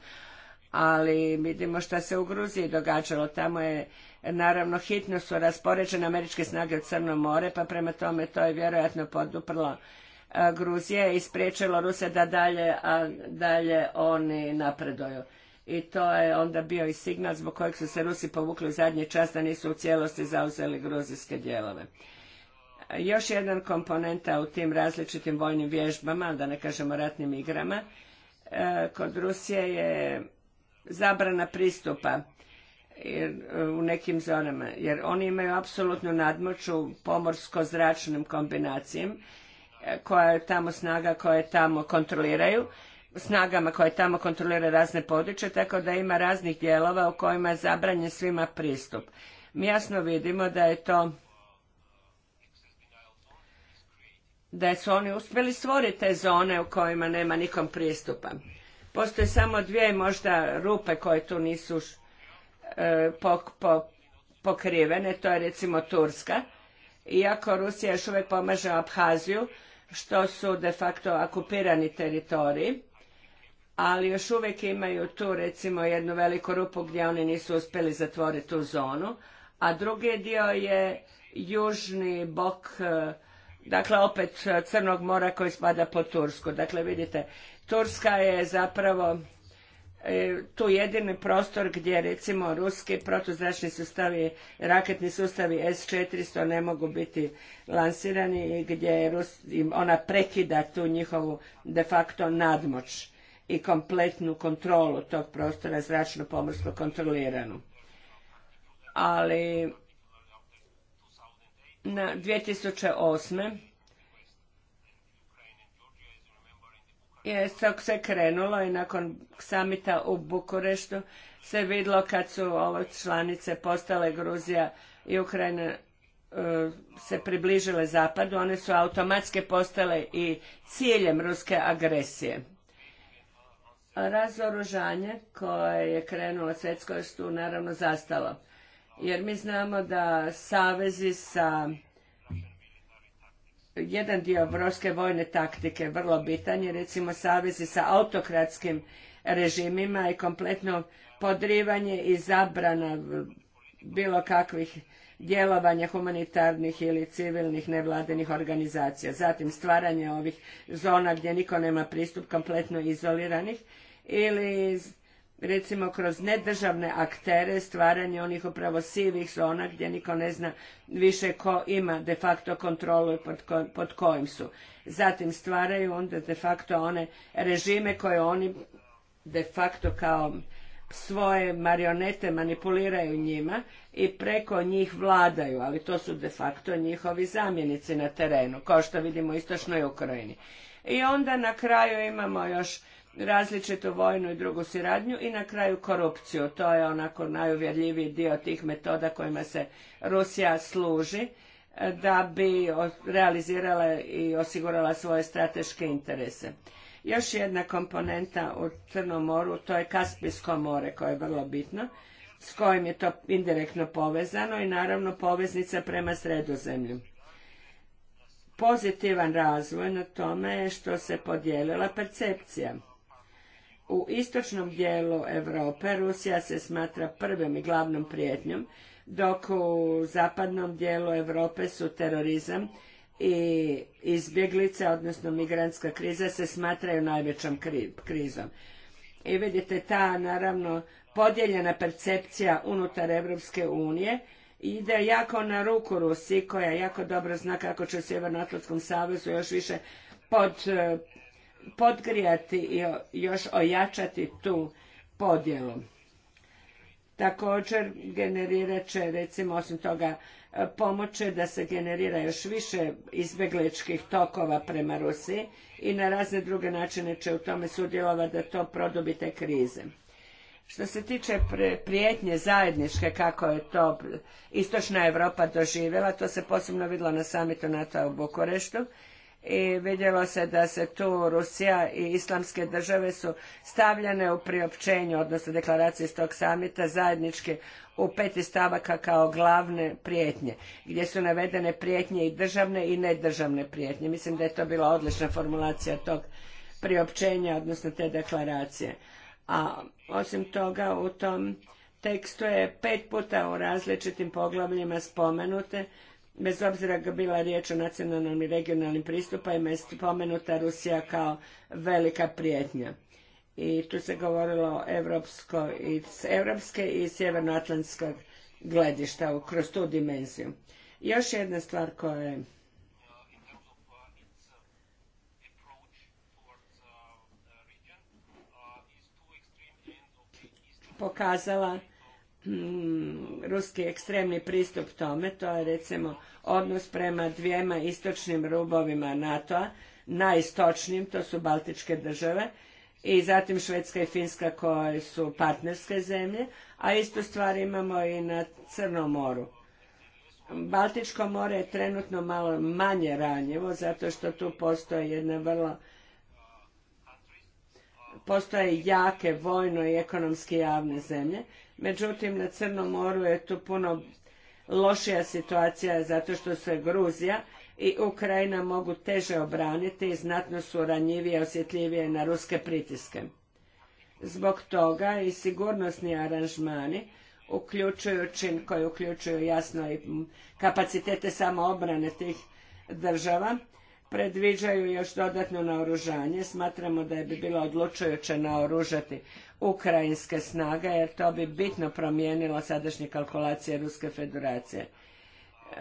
Ali vidimo šta se u Gruziji događalo. Tamo je naravno hitno su raspoređene američke snage u Crno more, pa prema tome to je vjerojatno poduprlo Gruzije i spriječilo Ruse da dalje, a dalje oni napreduju. I to je onda bio i signal zbog kojeg su se Rusi povukli u zadnji čas da nisu u cijelosti zauzeli gruzijske dijelove još jedna komponenta u tim različitim vojnim vježbama, da ne kažemo ratnim igrama, e, kod Rusije je zabrana pristupa e, u nekim zonama, jer oni imaju apsolutnu nadmoću pomorsko-zračnim kombinacijama, e, koja je tamo snaga koje tamo kontroliraju, snagama koje tamo kontroliraju razne područje, tako da ima raznih dijelova u kojima je zabranjen svima pristup. Mi jasno vidimo da je to da su oni uspjeli stvoriti te zone u kojima nema nikom pristupa. Postoje samo dvije možda rupe koje tu nisu e, pokrivene, to je recimo Turska, iako Rusija još uvijek pomaže Abhaziju, što su de facto okupirani teritoriji, ali još uvijek imaju tu recimo jednu veliku rupu gdje oni nisu uspjeli zatvoriti tu zonu, a drugi dio je južni bok e, dakle opet e, Crnog mora koji spada po Tursku. Dakle vidite, Turska je zapravo e, tu jedini prostor gdje recimo ruski protuzračni sustavi, raketni sustavi S-400 ne mogu biti lansirani i gdje ona prekida tu njihovu de facto nadmoć i kompletnu kontrolu tog prostora zračno-pomorsko kontroliranu. Ali na 2008. je se krenulo i nakon samita u Bukureštu se vidlo kad su ove članice postale Gruzija i Ukrajina e, se približile zapadu, one su automatske postale i ciljem ruske agresije. Razoružanje koje je krenulo svjetsko je naravno zastalo jer mi znamo da savezi sa jedan dio brodske vojne taktike vrlo bitan je recimo savezi sa autokratskim režimima i kompletno podrivanje i zabrana bilo kakvih djelovanja humanitarnih ili civilnih nevladinih organizacija. Zatim stvaranje ovih zona gdje niko nema pristup kompletno izoliranih ili recimo kroz nedržavne aktere stvaranje onih upravo sivih zona gdje niko ne zna više ko ima de facto kontrolu i pod, pod kojim su. Zatim stvaraju onda de facto one režime koje oni de facto kao svoje marionete manipuliraju njima i preko njih vladaju, ali to su de facto njihovi zamjenici na terenu, kao što vidimo u Istočnoj Ukrajini. I onda na kraju imamo još različitu vojnu i drugu siradnju i na kraju korupciju. To je onako najuvjerljiviji dio tih metoda kojima se Rusija služi e, da bi realizirala i osigurala svoje strateške interese. Još jedna komponenta u Crnom moru, to je Kaspijsko more koje je vrlo bitno, s kojim je to indirektno povezano i naravno poveznica prema sredozemlju. Pozitivan razvoj na tome je što se podijelila percepcija u istočnom dijelu Europe Rusija se smatra prvom i glavnom prijetnjom, dok u zapadnom dijelu Europe su terorizam i izbjeglice, odnosno migrantska kriza, se smatraju najvećom krizom. I vidite, ta naravno podijeljena percepcija unutar Evropske unije ide jako na ruku Rusiji, koja jako dobro zna kako će u Sjevernoatlantskom savezu još više pod podgrijati i još ojačati tu podjelu. Također generirat će recimo osim toga e, pomoće da se generira još više izbjegličkih tokova prema Rusiji i na razne druge načine će u tome sudjelovati da to produbi te krize. Što se tiče prijetnje zajedničke kako je to istočna Europa doživjela, to se posebno vidjelo na samitu NATO u Bukureštu i vidjelo se da se tu Rusija i islamske države su stavljene u priopćenju, odnosno deklaraciji tog samita zajednički u peti stavaka kao glavne prijetnje, gdje su navedene prijetnje i državne i nedržavne prijetnje. Mislim da je to bila odlična formulacija tog priopćenja, odnosno te deklaracije. A osim toga u tom tekstu je pet puta u različitim poglavljima spomenute bez obzira ga bila riječ o nacionalnim i regionalnim pristupima je spomenuta Rusija kao velika prijetnja. I tu se govorilo o i evropske i sjevernoatlantskog gledišta kroz tu dimenziju. Još jedna stvar koja je pokazala Mm, ruski ekstremni pristup tome, to je recimo odnos prema dvijema istočnim rubovima NATO-a, najistočnijim, to su Baltičke države, i zatim Švedska i Finska koje su partnerske zemlje, a istu stvar imamo i na Crnom moru. Baltičko more je trenutno malo manje ranjivo, zato što tu postoji jedna vrlo postoje jake vojno i ekonomski javne zemlje. Međutim, na Crnom moru je tu puno lošija situacija zato što se Gruzija i Ukrajina mogu teže obraniti i znatno su ranjivije i osjetljivije na ruske pritiske. Zbog toga i sigurnosni aranžmani uključujući, koji uključuju jasno i kapacitete samoobrane tih država, predviđaju još dodatno naoružanje. Smatramo da bi bilo odlučujuće naoružati ukrajinske snage jer to bi bitno promijenilo sadašnje kalkulacije Ruske federacije.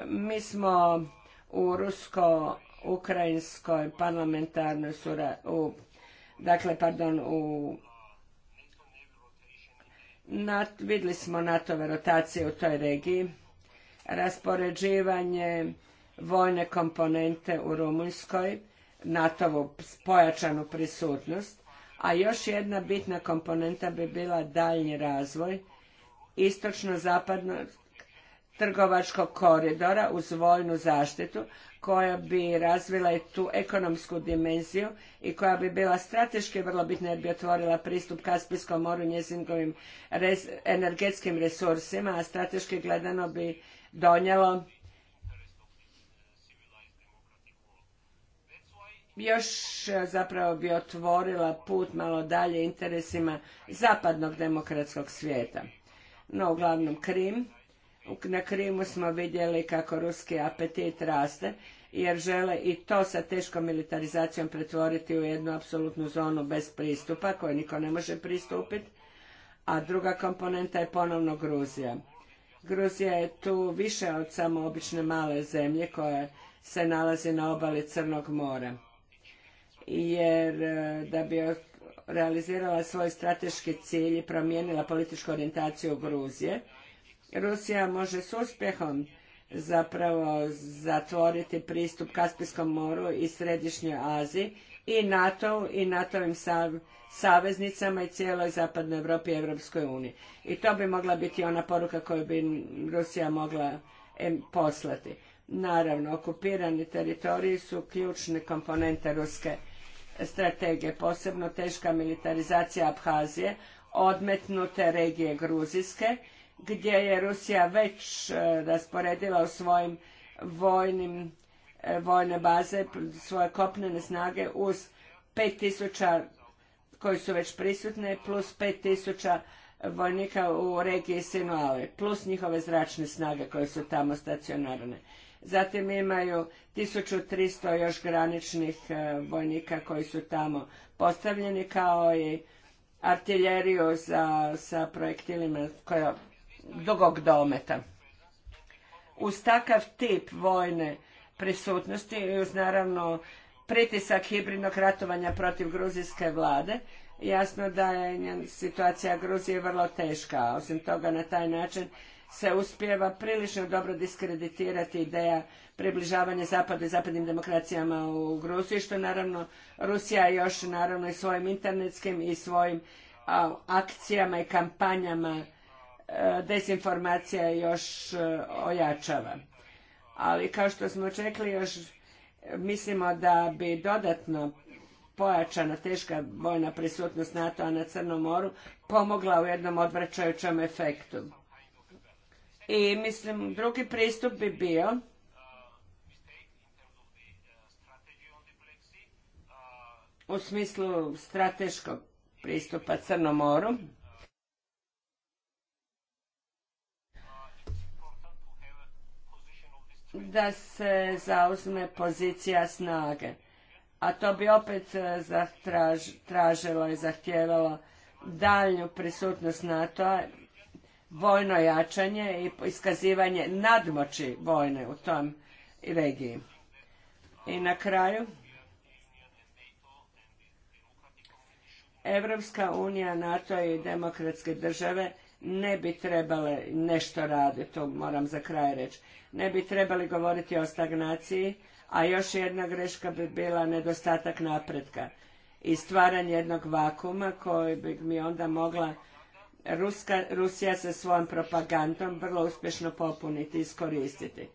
Mi smo u rusko-ukrajinskoj parlamentarnoj dakle, pardon, u nat, vidjeli smo nato rotacije u toj regiji, raspoređivanje vojne komponente u Rumunjskoj, NATO-vu pojačanu prisutnost, a još jedna bitna komponenta bi bila daljnji razvoj istočno-zapadnog trgovačkog koridora uz vojnu zaštitu koja bi razvila i tu ekonomsku dimenziju i koja bi bila strateški vrlo bitna jer bi otvorila pristup Kaspijskom moru i energetskim resursima, a strateški gledano bi donijelo još e, zapravo bi otvorila put malo dalje interesima zapadnog demokratskog svijeta. No, uglavnom Krim. Na Krimu smo vidjeli kako ruski apetit raste, jer žele i to sa teškom militarizacijom pretvoriti u jednu apsolutnu zonu bez pristupa, koju niko ne može pristupiti. A druga komponenta je ponovno Gruzija. Gruzija je tu više od samo obične male zemlje koja se nalazi na obali Crnog mora jer e, da bi realizirala svoj strateški cilj i promijenila političku orijentaciju Gruzije, Rusija može s uspjehom zapravo zatvoriti pristup Kaspijskom moru i Središnjoj Aziji i NATO i nato saveznicama i cijeloj zapadnoj Europi i Europskoj uniji. I to bi mogla biti ona poruka koju bi Rusija mogla poslati. Naravno, okupirani teritoriji su ključne komponente ruske strategije, posebno teška militarizacija Abhazije, odmetnute regije Gruzijske, gdje je Rusija već e, rasporedila u svojim vojnim, e, vojne baze svoje kopnene snage uz 5000 koji su već prisutne, plus 5000 vojnika u regiji Sinuave, plus njihove zračne snage koje su tamo stacionirane Zatim imaju 1300 još graničnih e, vojnika koji su tamo postavljeni kao i artiljeriju sa projektilima dugog dometa. Uz takav tip vojne prisutnosti i uz naravno pritisak hibridnog ratovanja protiv gruzijske vlade, jasno da je situacija Gruzije vrlo teška. Osim toga, na taj način se uspijeva prilično dobro diskreditirati ideja približavanja zapada i zapadnim demokracijama u Gruziji, što naravno Rusija još naravno i svojim internetskim i svojim akcijama i kampanjama e, dezinformacija još e, ojačava. Ali kao što smo čekli još mislimo da bi dodatno pojačana teška vojna prisutnost NATO-a na Crnom moru pomogla u jednom odvraćajućem efektu. I mislim, drugi pristup bi bio u smislu strateškog pristupa Crnom moru. da se zauzme pozicija snage. A to bi opet e, tražilo i zahtjevalo daljnju prisutnost NATO-a vojno jačanje i iskazivanje nadmoći vojne u tom regiji. I na kraju, Evropska unija, NATO i demokratske države ne bi trebale nešto raditi, to moram za kraj reći, ne bi trebali govoriti o stagnaciji, a još jedna greška bi bila nedostatak napretka i stvaranje jednog vakuma koji bi mi onda mogla Ruska, Rusija sa svojom propagandom vrlo uspješno popuniti i iskoristiti.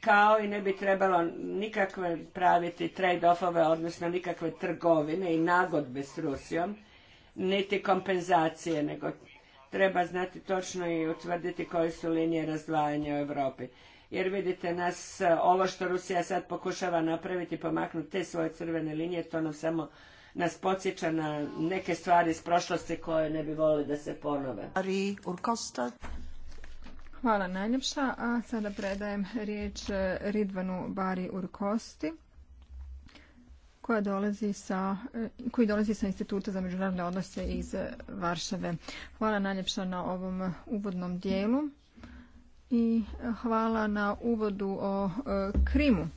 Kao i ne bi trebalo nikakve praviti trade-offove, odnosno nikakve trgovine i nagodbe s Rusijom, niti kompenzacije, nego treba znati točno i utvrditi koje su linije razdvajanja u Europi. Jer vidite nas, ovo što Rusija sad pokušava napraviti, pomaknuti te svoje crvene linije, to nam samo nas podsjeća na neke stvari iz prošlosti koje ne bi volili da se ponove. Hvala najljepša, a sada predajem riječ e, Ridvanu Bari Urkosti koja dolazi sa, e, koji dolazi sa Instituta za međunarodne odnose iz Varšave. Hvala najljepša na ovom e, uvodnom dijelu i hvala na uvodu o Krimu,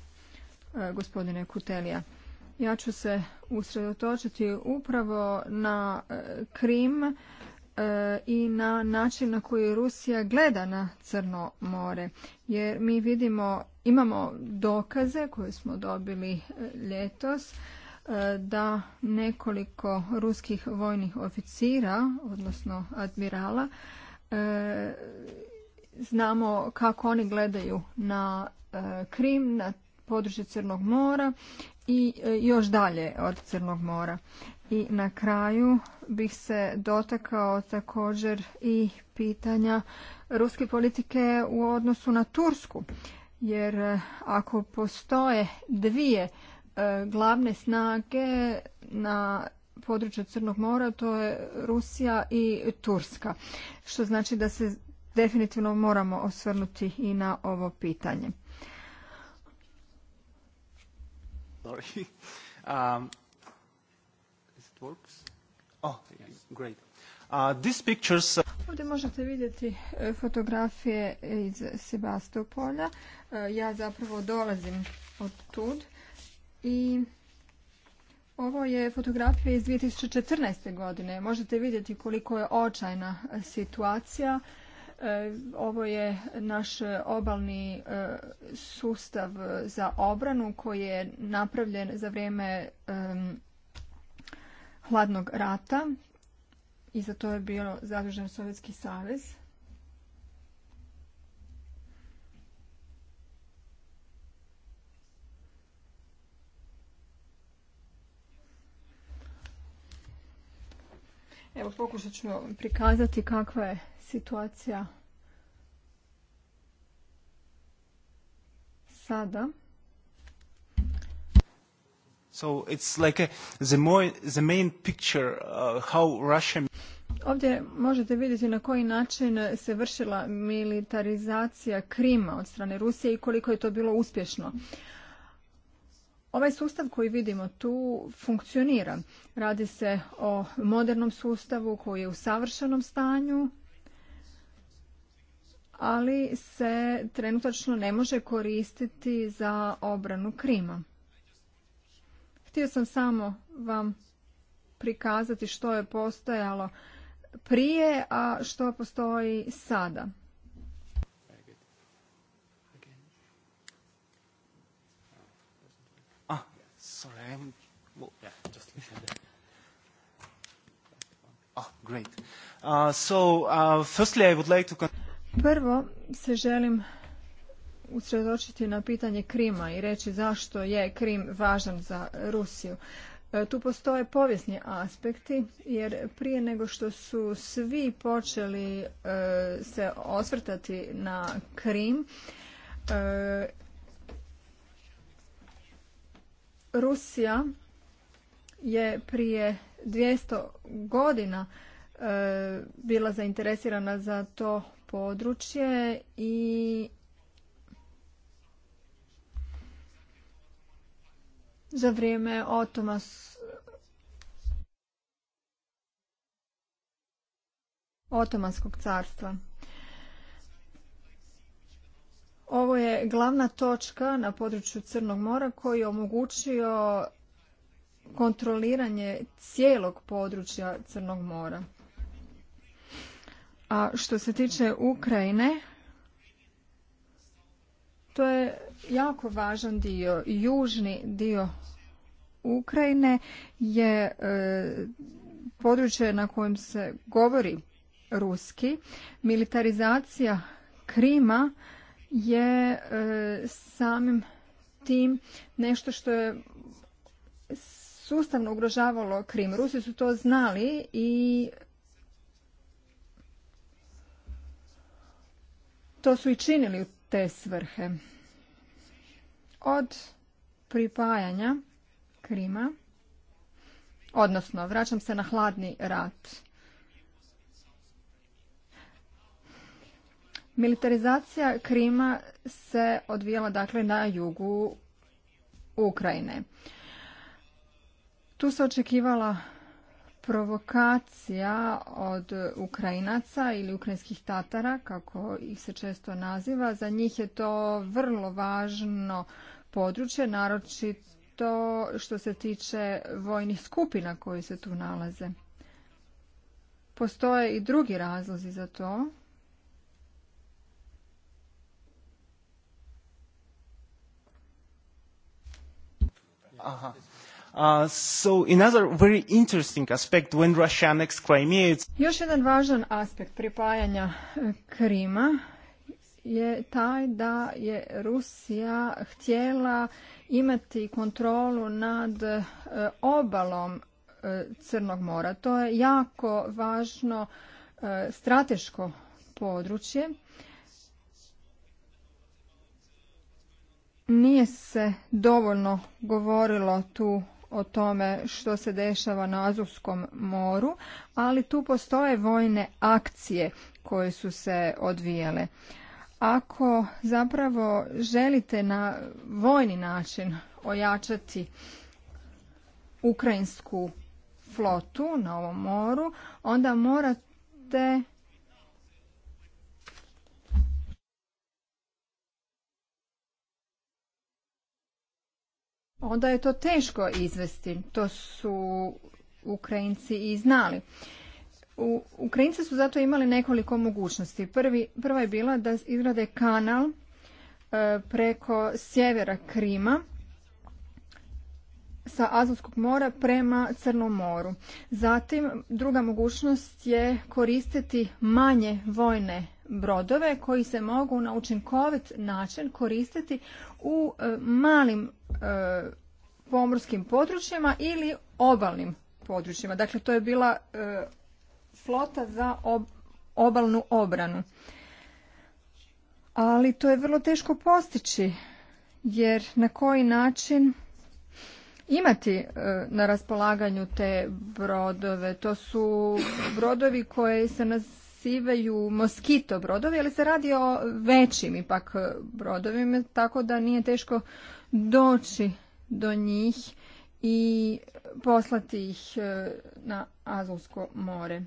gospodine Kutelija. Ja ću se usredotočiti upravo na e, Krim e, i na način na koji Rusija gleda na Crno more. Jer mi vidimo, imamo dokaze koje smo dobili e, ljetos da nekoliko ruskih vojnih oficira, odnosno admirala, znamo kako oni gledaju na Krim, na područje Crnog mora i e, još dalje od Crnog mora. I na kraju bih se dotakao također i pitanja ruske politike u odnosu na Tursku. Jer e, ako postoje dvije e, glavne snage na području Crnog mora, to je Rusija i Turska. Što znači da se definitivno moramo osvrnuti i na ovo pitanje. Sorry. Um, it Oh, great. Uh, pictures... Uh, Ovdje možete vidjeti e, fotografije iz Sebastopolja. E, ja zapravo dolazim od tud i ovo je fotografija iz 2014. godine. Možete vidjeti koliko je očajna situacija E, ovo je naš e, obalni e, sustav za obranu koji je napravljen za vrijeme hladnog rata i za to je bio zadužen Sovjetski savez. Evo pokušat ću prikazati kakva je situacija sada So it's like the, the main picture uh, how Russia... Ovdje možete vidjeti na koji način se vršila militarizacija Krima od strane Rusije i koliko je to bilo uspješno. Ovaj sustav koji vidimo tu funkcionira. Radi se o modernom sustavu koji je u savršenom stanju ali se trenutačno ne može koristiti za obranu Krima. Htio sam samo vam prikazati što je postojalo prije, a što postoji sada. Ah, Prvo se želim usredočiti na pitanje Krima i reći zašto je Krim važan za Rusiju. E, tu postoje povijesni aspekti, jer prije nego što su svi počeli e, se osvrtati na Krim, e, Rusija je prije 200 godina bila zainteresirana za to područje i za vrijeme Otomanskog carstva. Ovo je glavna točka na području Crnog mora koji je omogućio kontroliranje cijelog područja Crnog mora. A što se tiče Ukrajine, to je jako važan dio. Južni dio Ukrajine je e, područje na kojem se govori ruski. Militarizacija Krima je e, samim tim nešto što je sustavno ugrožavalo Krim. Rusi su to znali i to su i činili te svrhe. Od pripajanja Krima, odnosno vraćam se na hladni rat, Militarizacija Krima se odvijala dakle na jugu Ukrajine. Tu se očekivala provokacija od Ukrajinaca ili ukrajinskih tatara, kako ih se često naziva. Za njih je to vrlo važno područje, naročito što se tiče vojnih skupina koji se tu nalaze. Postoje i drugi razlozi za to. Aha. Uh, so another very interesting aspect when Još jedan važan aspekt pripajanja e, Krima je taj da je Rusija htjela imati kontrolu nad e, obalom e, Crnog mora. To je jako važno strateško područje. Nije se dovoljno govorilo tu o tome što se dešava na Azovskom moru, ali tu postoje vojne akcije koje su se odvijele. Ako zapravo želite na vojni način ojačati ukrajinsku flotu na ovom moru, onda morate onda je to teško izvesti. To su Ukrajinci i znali. U, Ukrajinci su zato imali nekoliko mogućnosti. Prvi, prva je bila da izgrade kanal e, preko sjevera Krima sa Azovskog mora prema Crnom moru. Zatim druga mogućnost je koristiti manje vojne brodove koji se mogu na učinkovit način koristiti u e, malim e, pomorskim područjima ili obalnim područjima. Dakle, to je bila e, flota za obalnu obranu. Ali to je vrlo teško postići jer na koji način imati na raspolaganju te brodove. To su brodovi koji se nas sivaju moskito brodovi, ali se radi o većim ipak brodovima, tako da nije teško doći do njih i poslati ih e, na Azovsko more.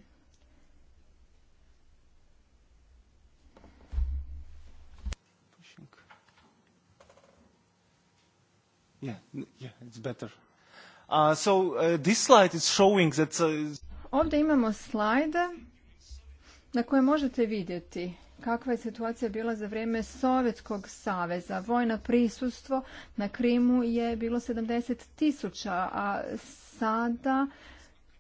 Ovdje imamo slajde na koje možete vidjeti kakva je situacija bila za vrijeme Sovjetskog saveza. Vojno prisustvo na Krimu je bilo 70 tisuća, a sada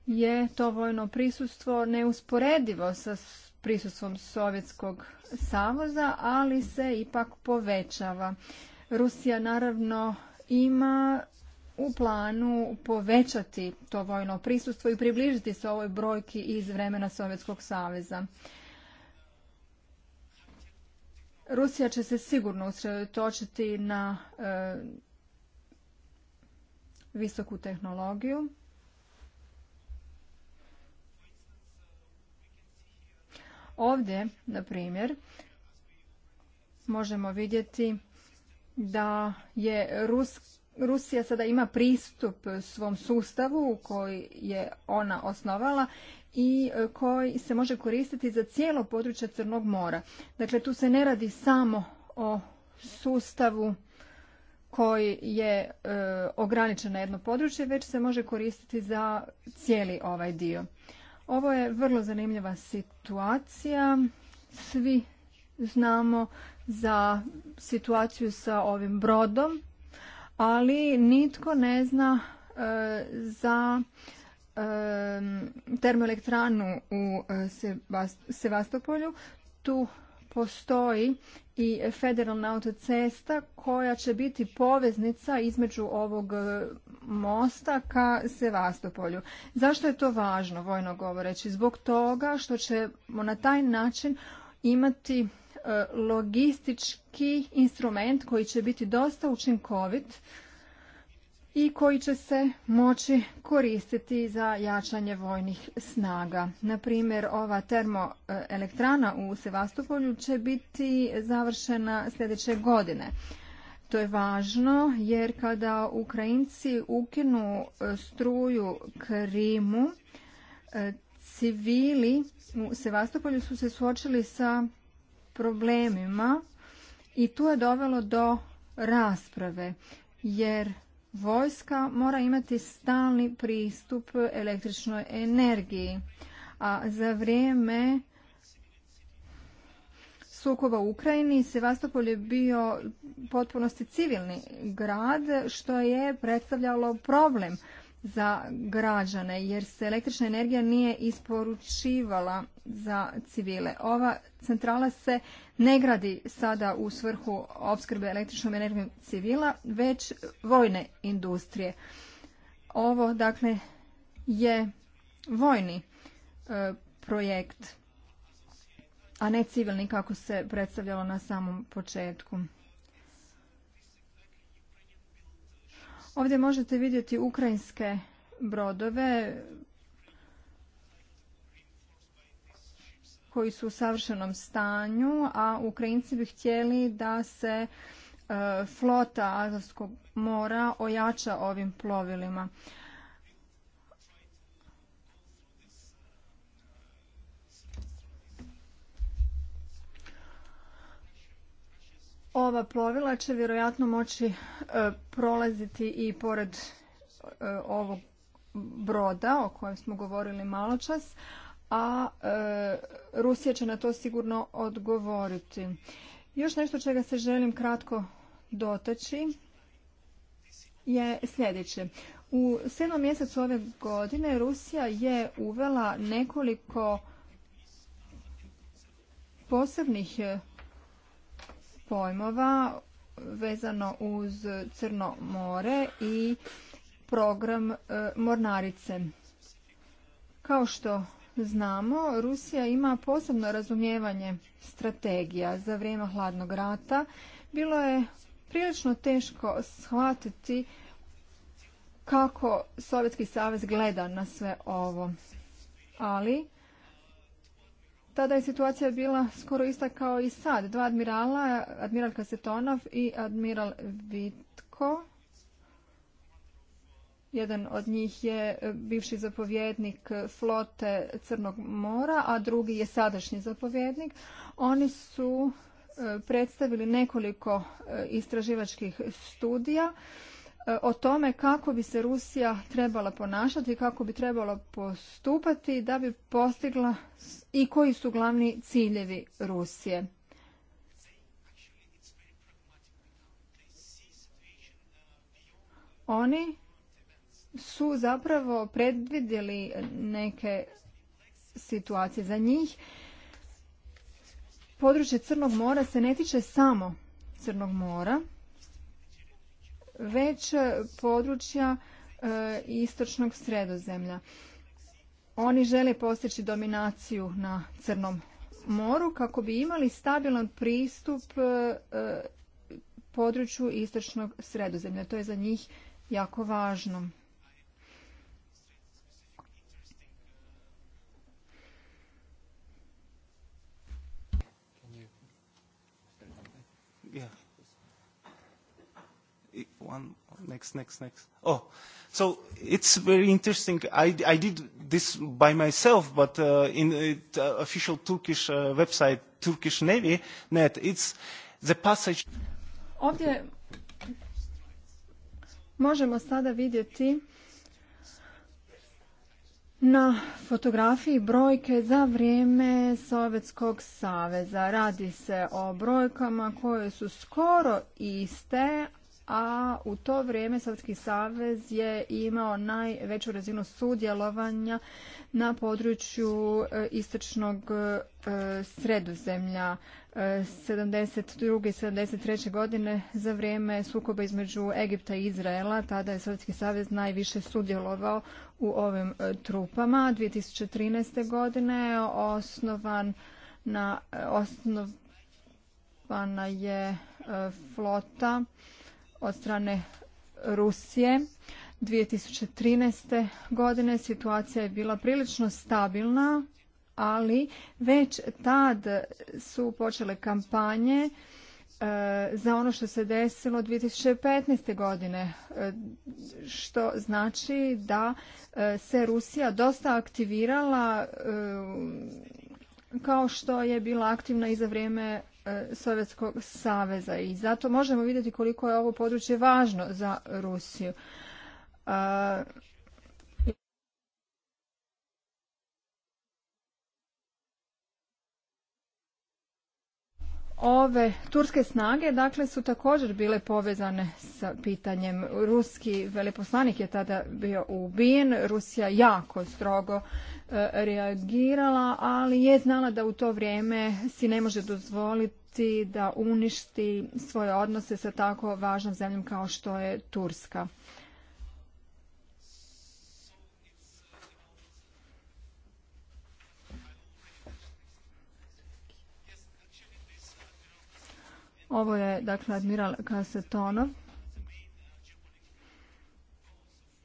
je to vojno prisustvo neusporedivo sa prisustvom Sovjetskog savoza, ali se ipak povećava. Rusija naravno ima u planu povećati to vojno prisustvo i približiti se ovoj brojki iz vremena Sovjetskog saveza. Rusija će se sigurno usredotočiti na e, visoku tehnologiju. Ovdje, na primjer, možemo vidjeti da je rus Rusija sada ima pristup svom sustavu koji je ona osnovala i e, koji se može koristiti za cijelo područje Crnog mora. Dakle, tu se ne radi samo o sustavu koji je e, ograničen na jedno područje, već se može koristiti za cijeli ovaj dio. Ovo je vrlo zanimljiva situacija. Svi znamo za situaciju sa ovim brodom ali nitko ne zna e, za e, termoelektranu u e, Sevastopolju. Tu postoji i federalna autocesta koja će biti poveznica između ovog mosta ka Sevastopolju. Zašto je to važno, vojno govoreći? Zbog toga što ćemo na taj način imati logistički instrument koji će biti dosta učinkovit i koji će se moći koristiti za jačanje vojnih snaga. Na primjer, ova termoelektrana u Sevastopolju će biti završena sljedeće godine. To je važno jer kada Ukrajinci ukinu e, struju Krimu, e, civili u Sevastopolju su se suočili sa problemima i tu je dovelo do rasprave jer vojska mora imati stalni pristup električnoj energiji a za vrijeme sukoba u Ukrajini Sevastopol je bio potpunosti civilni grad što je predstavljalo problem za građane jer se električna energija nije isporučivala za civile. Ova centrala se ne gradi sada u svrhu opskrbe električnom energijom civila, već vojne industrije. Ovo dakle je vojni e, projekt, a ne civilni kako se predstavljalo na samom početku. Ovdje možete vidjeti ukrajinske brodove koji su u savršenom stanju, a Ukrajinci bi htjeli da se e, flota Azovskog mora ojača ovim plovilima. Ova plovila će vjerojatno moći e, prolaziti i pored e, ovog broda o kojem smo govorili malo čas, a e, Rusija će na to sigurno odgovoriti. Još nešto čega se želim kratko dotaći je sljedeće. U sedam mjesecu ove godine Rusija je uvela nekoliko posebnih pojmova vezano uz Crno more i program e, mornarice. Kao što znamo, Rusija ima posebno razumijevanje strategija za vrijeme hladnog rata. Bilo je prilično teško shvatiti kako Sovjetski savez gleda na sve ovo. Ali tada je situacija bila skoro ista kao i sad. Dva admirala, admiral Kasetonov i admiral Vitko. Jedan od njih je e, bivši zapovjednik flote Crnog mora, a drugi je sadašnji zapovjednik. Oni su e, predstavili nekoliko e, istraživačkih studija E, o tome kako bi se Rusija trebala ponašati, kako bi trebala postupati da bi postigla i koji su glavni ciljevi Rusije. Oni su zapravo predvidjeli neke situacije. Za njih područje Crnog mora se ne tiče samo Crnog mora, već e, područja e, istočnog sredozemlja. Oni žele postići dominaciju na Crnom moru kako bi imali stabilan pristup e, području istočnog sredozemlja. To je za njih jako važno. one next next next oh so it's very interesting i i did this by myself but uh, in the uh, official turkish uh, website turkish navy net it's the passage ovdje možemo sada vidjeti na fotografiji brojke za vrijeme Sovjetskog saveza. Radi se o brojkama koje su skoro iste, a u to vrijeme Sovjetski savez je imao najveću razinu sudjelovanja na području e, istočnog e, sredozemlja 72. E, i 73. godine za vrijeme sukoba između Egipta i Izraela. Tada je Sovjetski savez najviše sudjelovao u ovim trupama. 2013. godine osnovan na, osnovana je flota od strane Rusije. 2013. godine situacija je bila prilično stabilna, ali već tad su počele kampanje e, za ono što se desilo 2015. godine, e, što znači da e, se Rusija dosta aktivirala kao što je bila aktivna i za vrijeme E, Sovjetskog saveza i zato možemo vidjeti koliko je ovo područje važno za Rusiju. E, ove turske snage dakle su također bile povezane sa pitanjem. Ruski veleposlanik je tada bio ubijen, Rusija jako strogo e, reagirala, ali je znala da u to vrijeme si ne može dozvoliti da uništi svoje odnose sa tako važnom zemljom kao što je Turska. Ovo je, dakle, admiral Kasetonov.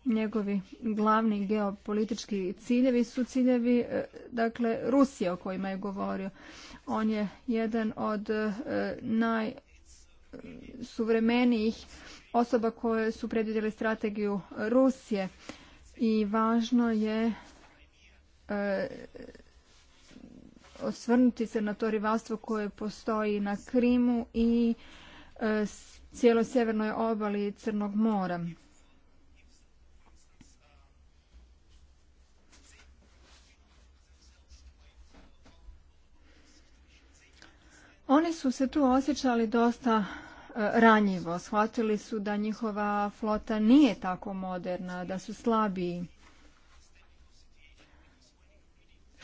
Njegovi glavni geopolitički ciljevi su ciljevi, e, dakle, Rusije o kojima je govorio. On je jedan od e, najsuvremenijih osoba koje su predvidjeli strategiju Rusije i važno je e, osvrnuti se na to rivalstvo koje postoji na Krimu i e, cijeloj sjevernoj obali Crnog mora. Oni su se tu osjećali dosta e, ranjivo. Shvatili su da njihova flota nije tako moderna, da su slabiji.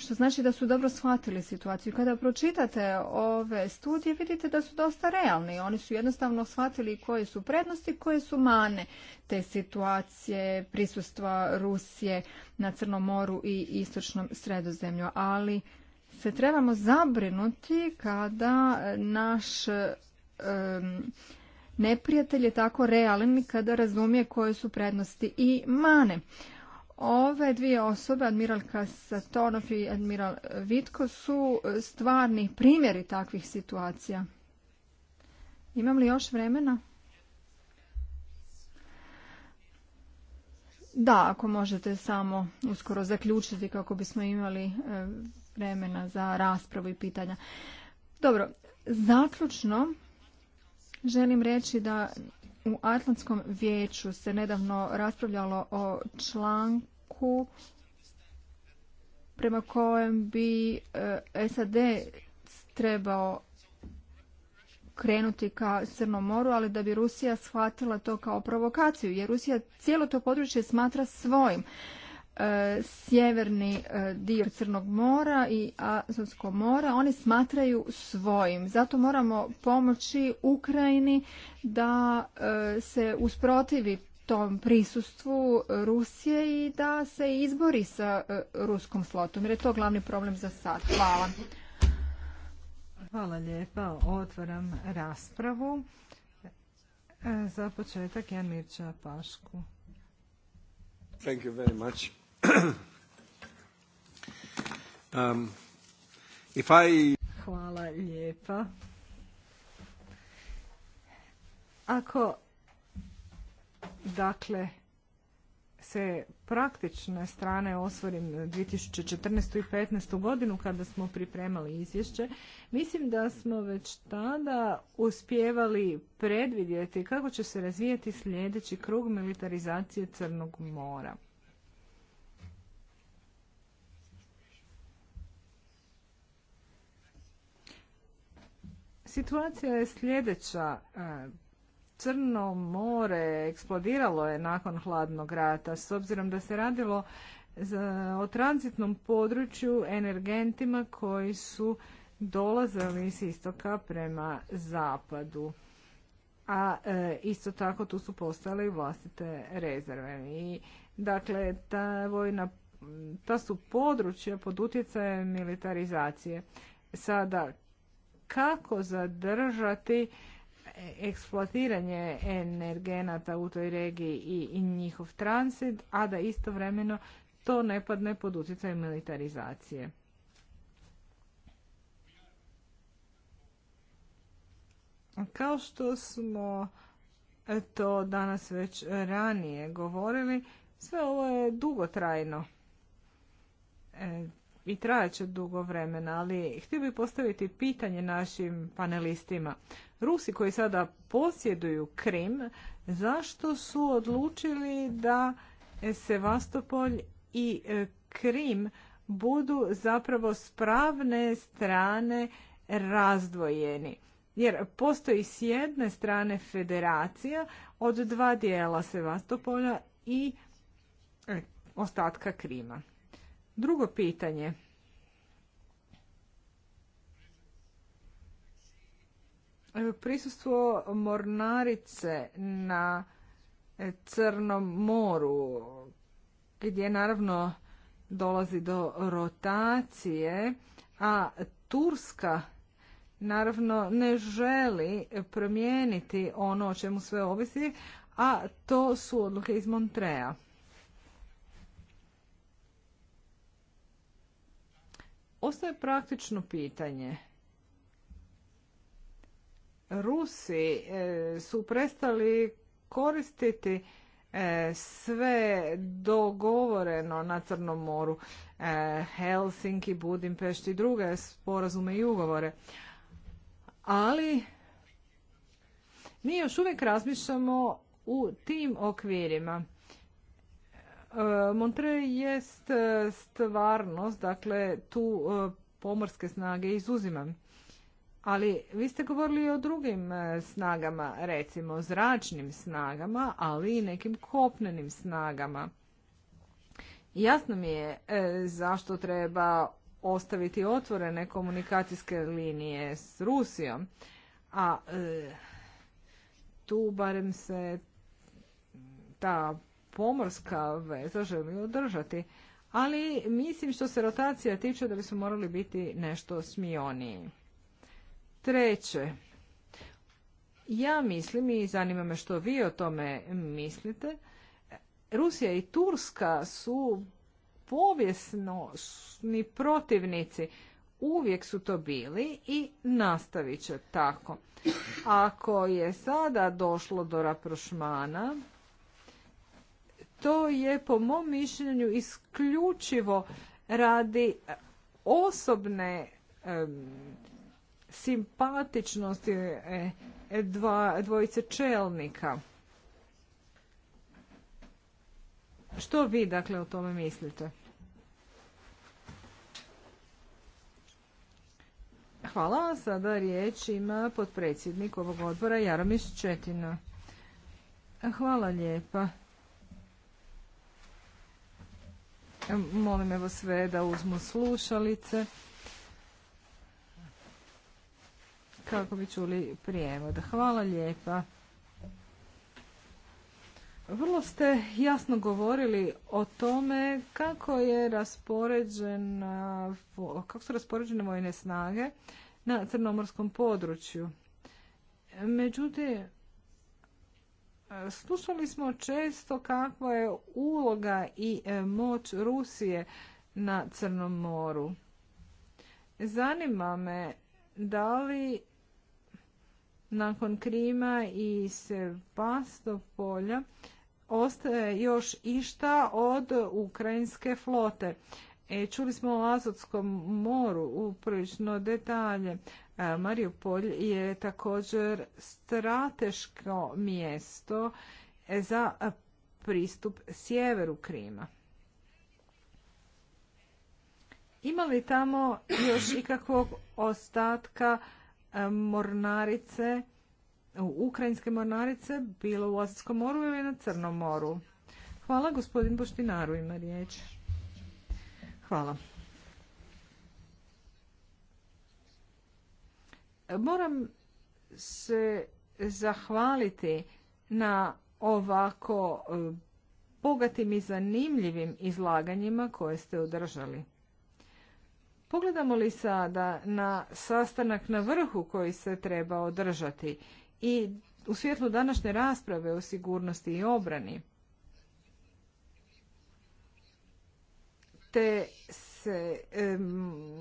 što znači da su dobro shvatili situaciju. Kada pročitate ove studije vidite da su dosta realni. Oni su jednostavno shvatili koje su prednosti, koje su mane te situacije, prisustva Rusije na Crnom moru i istočnom sredozemlju. Ali se trebamo zabrinuti kada naš neprijatelj je tako realan kada razumije koje su prednosti i mane. Ove dvije osobe, admiral Kasatonov i admiral Vitko, su stvarni primjeri takvih situacija. Imam li još vremena? Da, ako možete samo uskoro zaključiti kako bismo imali e, vremena za raspravu i pitanja. Dobro, zaključno želim reći da u Atlantskom vijeću se nedavno raspravljalo o članku prema kojem bi e, SAD trebao krenuti ka Crnom moru, ali da bi Rusija shvatila to kao provokaciju, jer Rusija cijelo to područje smatra svojim sjeverni e, dio Crnog mora i Azovskog mora, oni smatraju svojim. Zato moramo pomoći Ukrajini da e, se usprotivi tom prisustvu Rusije i da se izbori sa e, ruskom flotom, jer je to glavni problem za sad. Hvala. Hvala lijepa. Otvaram raspravu. Za početak Jan Mirča Pašku. Thank you very much. Um, Hvala lijepa. Ako dakle se praktične strane osvorim 2014. i 2015. godinu kada smo pripremali izvješće, mislim da smo već tada uspjevali predvidjeti kako će se razvijati sljedeći krug militarizacije Crnog mora. Situacija je sljedeća. E, crno more eksplodiralo je nakon hladnog rata s obzirom da se radilo o tranzitnom području energentima koji su dolazili iz istoka prema zapadu. A e, isto tako tu su postale i vlastite rezerve. I, dakle, ta, vojna, ta su područja pod utjecajem militarizacije. Sada kako zadržati eksploatiranje energenata u toj regiji i njihov transit, a da istovremeno to ne padne pod utjecaj militarizacije. Kao što smo to danas već ranije govorili, sve ovo je dugotrajno. E, i trajat će dugo vremena, ali htio bih postaviti pitanje našim panelistima. Rusi koji sada posjeduju Krim, zašto su odlučili da Sevastopolj i e, Krim budu zapravo s pravne strane razdvojeni? Jer postoji s jedne strane federacija od dva dijela Sevastopolja i e, ostatka Krima. Drugo pitanje. Prisustvo mornarice na Crnom moru, gdje naravno dolazi do rotacije, a Turska naravno ne želi promijeniti ono o čemu sve ovisi, a to su odluke iz Montreja. Ostaje praktično pitanje. Rusi e, su prestali koristiti e, sve dogovoreno na Crnom moru, e, Helsinki, Budimpešt i druge sporazume i ugovore. Ali mi još uvijek razmišljamo u tim okvirima. Montre jest e, stvarnost, dakle tu e, pomorske snage izuzimam. Ali vi ste govorili o drugim e, snagama, recimo zračnim snagama, ali i nekim kopnenim snagama. Jasno mi je zašto treba ostaviti otvorene komunikacijske linije s Rusijom, a tu barem se ta pomorska veza želi održati. Ali mislim što se rotacija tiče da bi smo morali biti nešto smioniji. Treće, ja mislim i zanima me što vi o tome mislite, Rusija i Turska su povijesno protivnici. Uvijek su to bili i nastavit će tako. Ako je sada došlo do raprošmana, to je po mom mišljenju isključivo radi osobne simpatičnosti e, e, dvojice čelnika. Što vi dakle o tome mislite? Hvala. Sada riječ ima potpredsjednik ovog odbora Jaromir Četina. Hvala lijepa. Molim evo sve da uzmu slušalice kako bi čuli prijevod. Hvala lijepa. Vrlo ste jasno govorili o tome kako je raspoređena, kako su raspoređene vojne snage na crnomorskom području. Međutim, Slušali smo često kakva je uloga i e, moć Rusije na Crnom moru. Zanima me da li nakon Krima i Sevastopolja ostaje još išta od ukrajinske flote. E, čuli smo o Azotskom moru uprilično detalje, E, Marijupolj je također strateško mjesto za pristup sjeveru Krima. Ima li tamo još ikakvog ostatka e, mornarice, ukrajinske mornarice, bilo u Osjetskom moru ili na Crnom moru? Hvala, gospodin Boštinaru ima riječ. Hvala. Moram se zahvaliti na ovako e, bogatim i zanimljivim izlaganjima koje ste održali. Pogledamo li sada na sastanak na vrhu koji se treba održati i u svjetlu današnje rasprave o sigurnosti i obrani, te se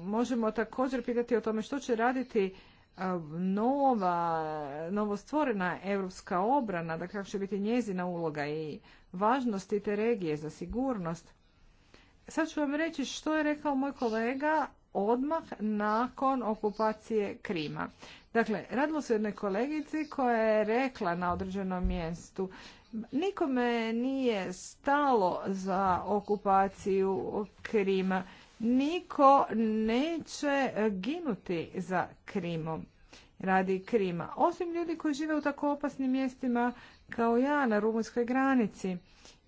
možemo također pitati o tome što će raditi nova, novostvorena europska obrana, da kako će biti njezina uloga i važnosti te regije za sigurnost. Sad ću vam reći što je rekao moj kolega odmah nakon okupacije Krima. Dakle, radilo se o jednoj kolegici koja je rekla na određenom mjestu nikome nije stalo za okupaciju Krima niko neće e, ginuti za krimom radi krima. Osim ljudi koji žive u tako opasnim mjestima kao ja na rumunjskoj granici.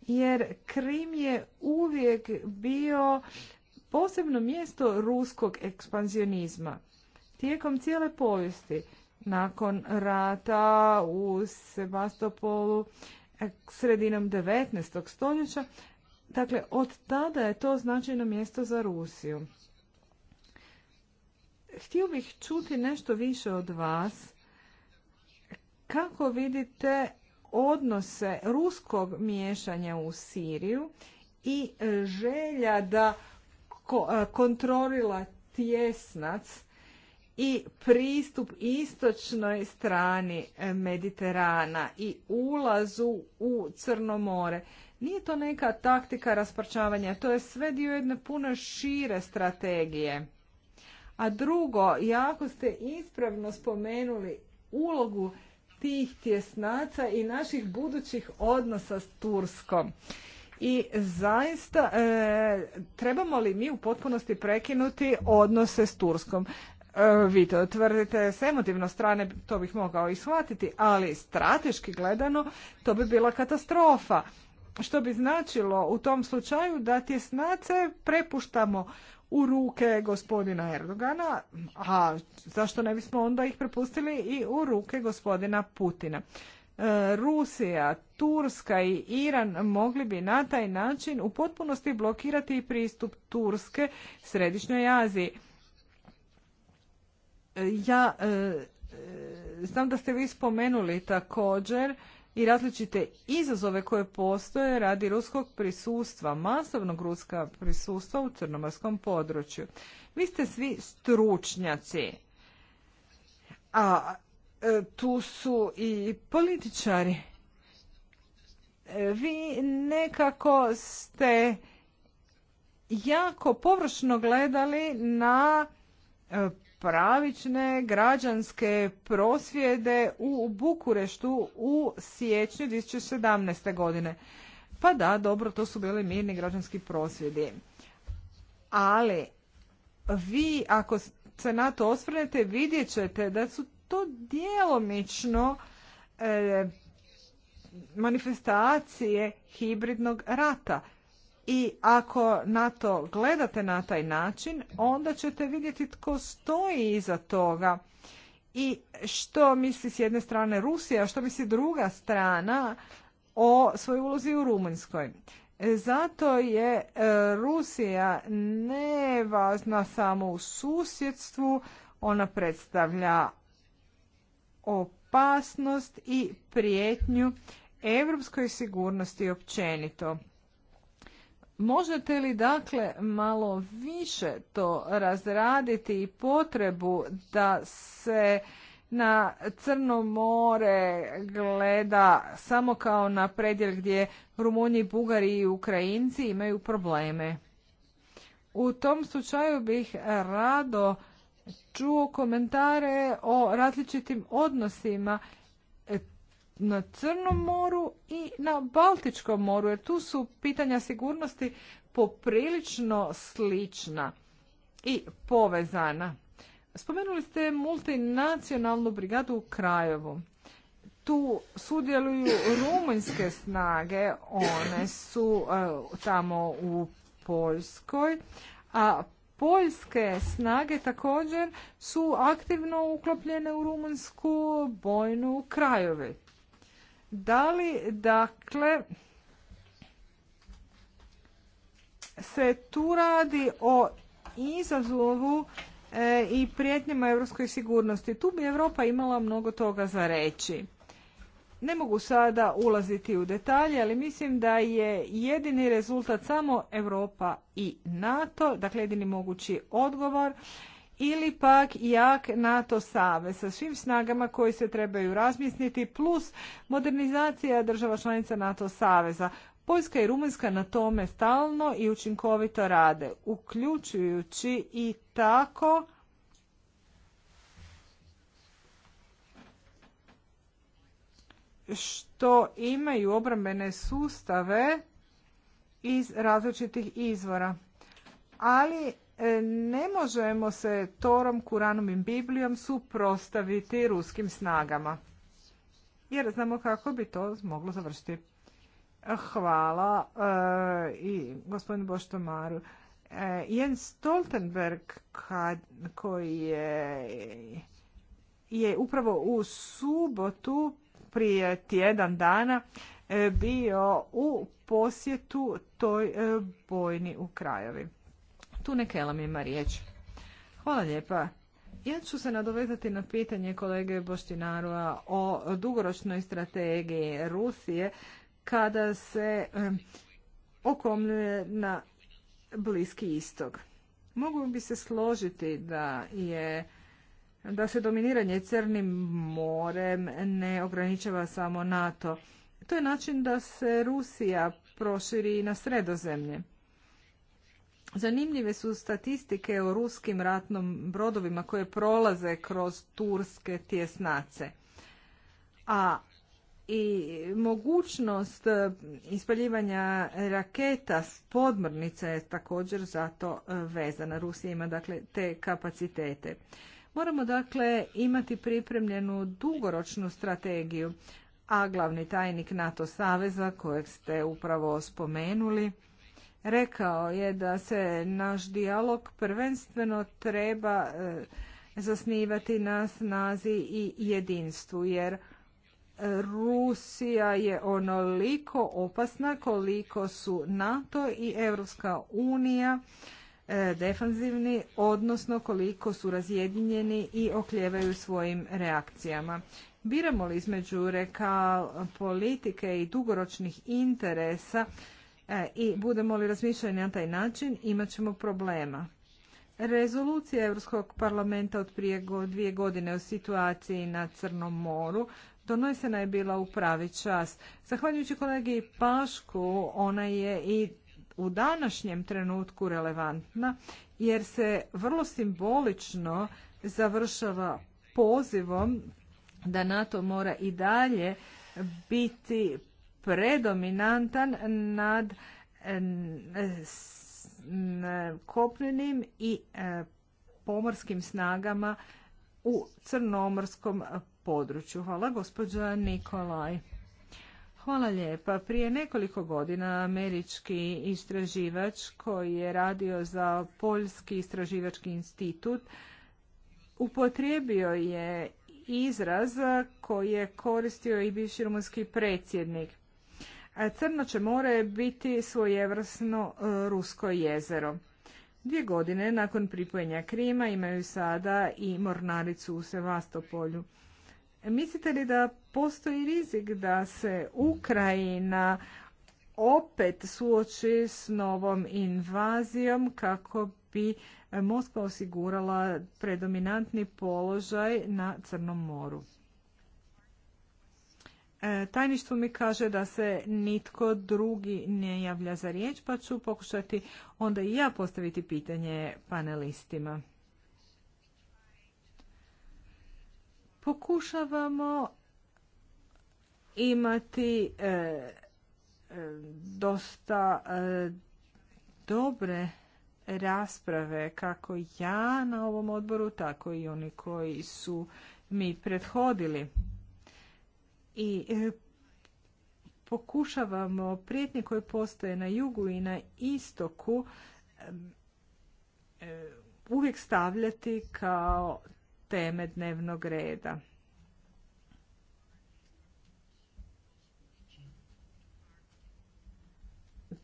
Jer Krim je uvijek bio posebno mjesto ruskog ekspanzionizma. Tijekom cijele povijesti, nakon rata u Sebastopolu, e, sredinom 19. stoljeća, Dakle, od tada je to značajno mjesto za Rusiju. Htio bih čuti nešto više od vas. Kako vidite odnose ruskog miješanja u Siriju i želja da e, kontrolila tjesnac i pristup istočnoj strani Mediterana i ulazu u Crno more. Nije to neka taktika rasprčavanja, to je sve dio jedne puno šire strategije. A drugo, jako ste ispravno spomenuli ulogu tih tjesnaca i naših budućih odnosa s Turskom. I zaista e, trebamo li mi u potpunosti prekinuti odnose s Turskom? E, vi to tvrdite s emotivno strane, to bih mogao i shvatiti, ali strateški gledano to bi bila katastrofa što bi značilo u tom slučaju da tjesnace prepuštamo u ruke gospodina Erdogana, a zašto ne bismo onda ih prepustili i u ruke gospodina Putina. E, Rusija, Turska i Iran mogli bi na taj način u potpunosti blokirati pristup Turske središnjoj Aziji. Ja e, e, znam da ste vi spomenuli također i različite izazove koje postoje radi ruskog prisustva, masovnog ruska prisustva u crnomorskom području. Vi ste svi stručnjaci, a e, tu su i političari. E, vi nekako ste jako površno gledali na e, pravične građanske prosvjede u Bukureštu u siječnju 2017. godine. Pa da, dobro, to su bili mirni građanski prosvjedi. Ali vi ako se na to osvrnete vidjet ćete da su to djelomično e, manifestacije hibridnog rata i ako na to gledate na taj način, onda ćete vidjeti tko stoji iza toga i što misli s jedne strane Rusija, a što misli druga strana o svojoj ulozi u Rumunjskoj. Zato je e, Rusija nevažna samo u susjedstvu, ona predstavlja opasnost i prijetnju europskoj sigurnosti općenito. Možete li dakle malo više to razraditi i potrebu da se na Crno more gleda samo kao na predjel gdje Rumunji, Bugari i Ukrajinci imaju probleme? U tom slučaju bih rado čuo komentare o različitim odnosima na Crnom moru i na Baltičkom moru, jer tu su pitanja sigurnosti poprilično slična i povezana. Spomenuli ste multinacionalnu brigadu u Krajevu. Tu sudjeluju rumunjske snage, one su e, tamo u Poljskoj, a poljske snage također su aktivno uklopljene u rumunjsku bojnu krajovi. Da li, dakle, se tu radi o izazovu e, i prijetnjama europskoj sigurnosti? Tu bi Europa imala mnogo toga za reći. Ne mogu sada ulaziti u detalje, ali mislim da je jedini rezultat samo Europa i NATO, dakle jedini mogući odgovor ili pak jak NATO savez sa svim snagama koji se trebaju razmisliti plus modernizacija država članica NATO saveza. Poljska i Rumunjska na tome stalno i učinkovito rade, uključujući i tako što imaju obrambene sustave iz različitih izvora. Ali E, ne možemo se Torom, Kuranom i Biblijom suprostaviti ruskim snagama. Jer znamo kako bi to moglo završiti. Hvala e, i gospodinu Boštomaru. E, Jens Stoltenberg koji je, je upravo u subotu prije tjedan dana e, bio u posjetu toj bojni u krajovi. Tune Kelam ima riječ. Hvala lijepa. Ja ću se nadovezati na pitanje kolege Boštinarova o dugoročnoj strategiji Rusije kada se okomljuje na Bliski istok. Mogu bi se složiti da je da se dominiranje Crnim morem ne ograničava samo NATO. To je način da se Rusija proširi na sredozemlje. Zanimljive su statistike o ruskim ratnom brodovima koje prolaze kroz turske tjesnace. A i mogućnost e, ispaljivanja raketa s podmornice je također zato e, vezana. Rusija ima dakle te kapacitete. Moramo dakle imati pripremljenu dugoročnu strategiju, a glavni tajnik NATO saveza kojeg ste upravo spomenuli rekao je da se naš dijalog prvenstveno treba e, zasnivati na snazi i jedinstvu jer e, Rusija je onoliko opasna koliko su NATO i Europska unija e, defanzivni, odnosno koliko su razjedinjeni i okljevaju svojim reakcijama. Biramo li između reka politike i dugoročnih interesa E, i budemo li razmišljali na taj način imat ćemo problema. Rezolucija Europskog parlamenta od prije dvije godine o situaciji na Crnom moru donesena je bila u pravi čas. Zahvaljujući kolegi Pašku ona je i u današnjem trenutku relevantna jer se vrlo simbolično završava pozivom da NATO mora i dalje biti predominantan nad kopnenim i e, pomorskim snagama u crnomorskom području. Hvala gospođa Nikolaj. Hvala lijepa. Prije nekoliko godina američki istraživač koji je radio za Poljski istraživački institut upotrijebio je izraz koji je koristio i bivši rumunski predsjednik. Crno će more biti svojevrsno e, rusko jezero. Dvije godine nakon pripojenja Krima imaju sada i mornaricu u Sevastopolju. Mislite li da postoji rizik da se Ukrajina opet suoči s novom invazijom kako bi Moskva osigurala predominantni položaj na Crnom moru? E, tajništvo mi kaže da se nitko drugi ne javlja za riječ, pa ću pokušati onda i ja postaviti pitanje panelistima. Pokušavamo imati e, e, dosta dobre rasprave kako ja na ovom odboru, tako i oni koji su mi prethodili i e, pokušavamo prijetnje koje postoje na jugu i na istoku e, uvijek stavljati kao teme dnevnog reda.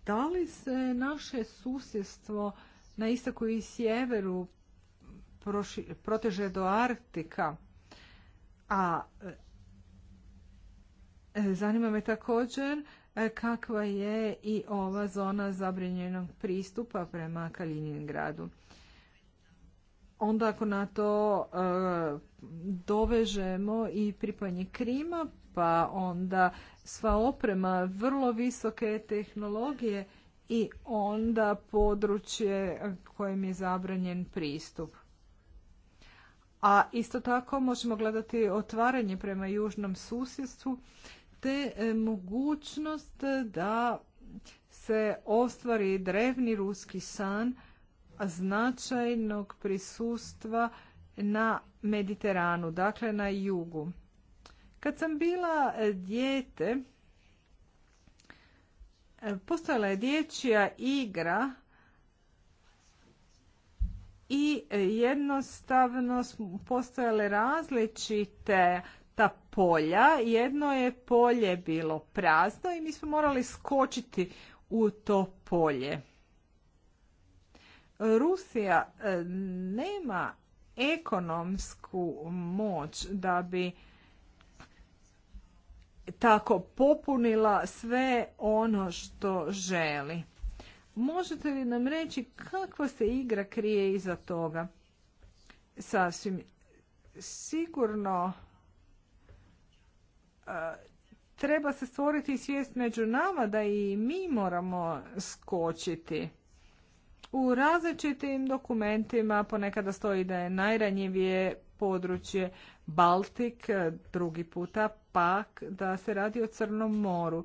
Da li se naše susjedstvo na istoku i sjeveru proteže do Arktika, a Zanima me također e, kakva je i ova zona zabrinjenog pristupa prema Kaliningradu. Onda ako na to e, dovežemo i pripanje Krima, pa onda sva oprema vrlo visoke tehnologije i onda područje kojem je zabranjen pristup. A isto tako možemo gledati otvaranje prema južnom susjedstvu te e, mogućnost da se ostvari drevni ruski san značajnog prisustva na Mediteranu, dakle na jugu. Kad sam bila e, dijete, e, postojala je dječja igra i jednostavno postojale različite polja. Jedno je polje bilo prazno i mi smo morali skočiti u to polje. Rusija e, nema ekonomsku moć da bi tako popunila sve ono što želi. Možete li nam reći kakva se igra krije iza toga? Sasvim sigurno treba se stvoriti svijest među nama da i mi moramo skočiti. U različitim dokumentima ponekada stoji da je najranjivije područje Baltik, drugi puta pak da se radi o Crnom moru.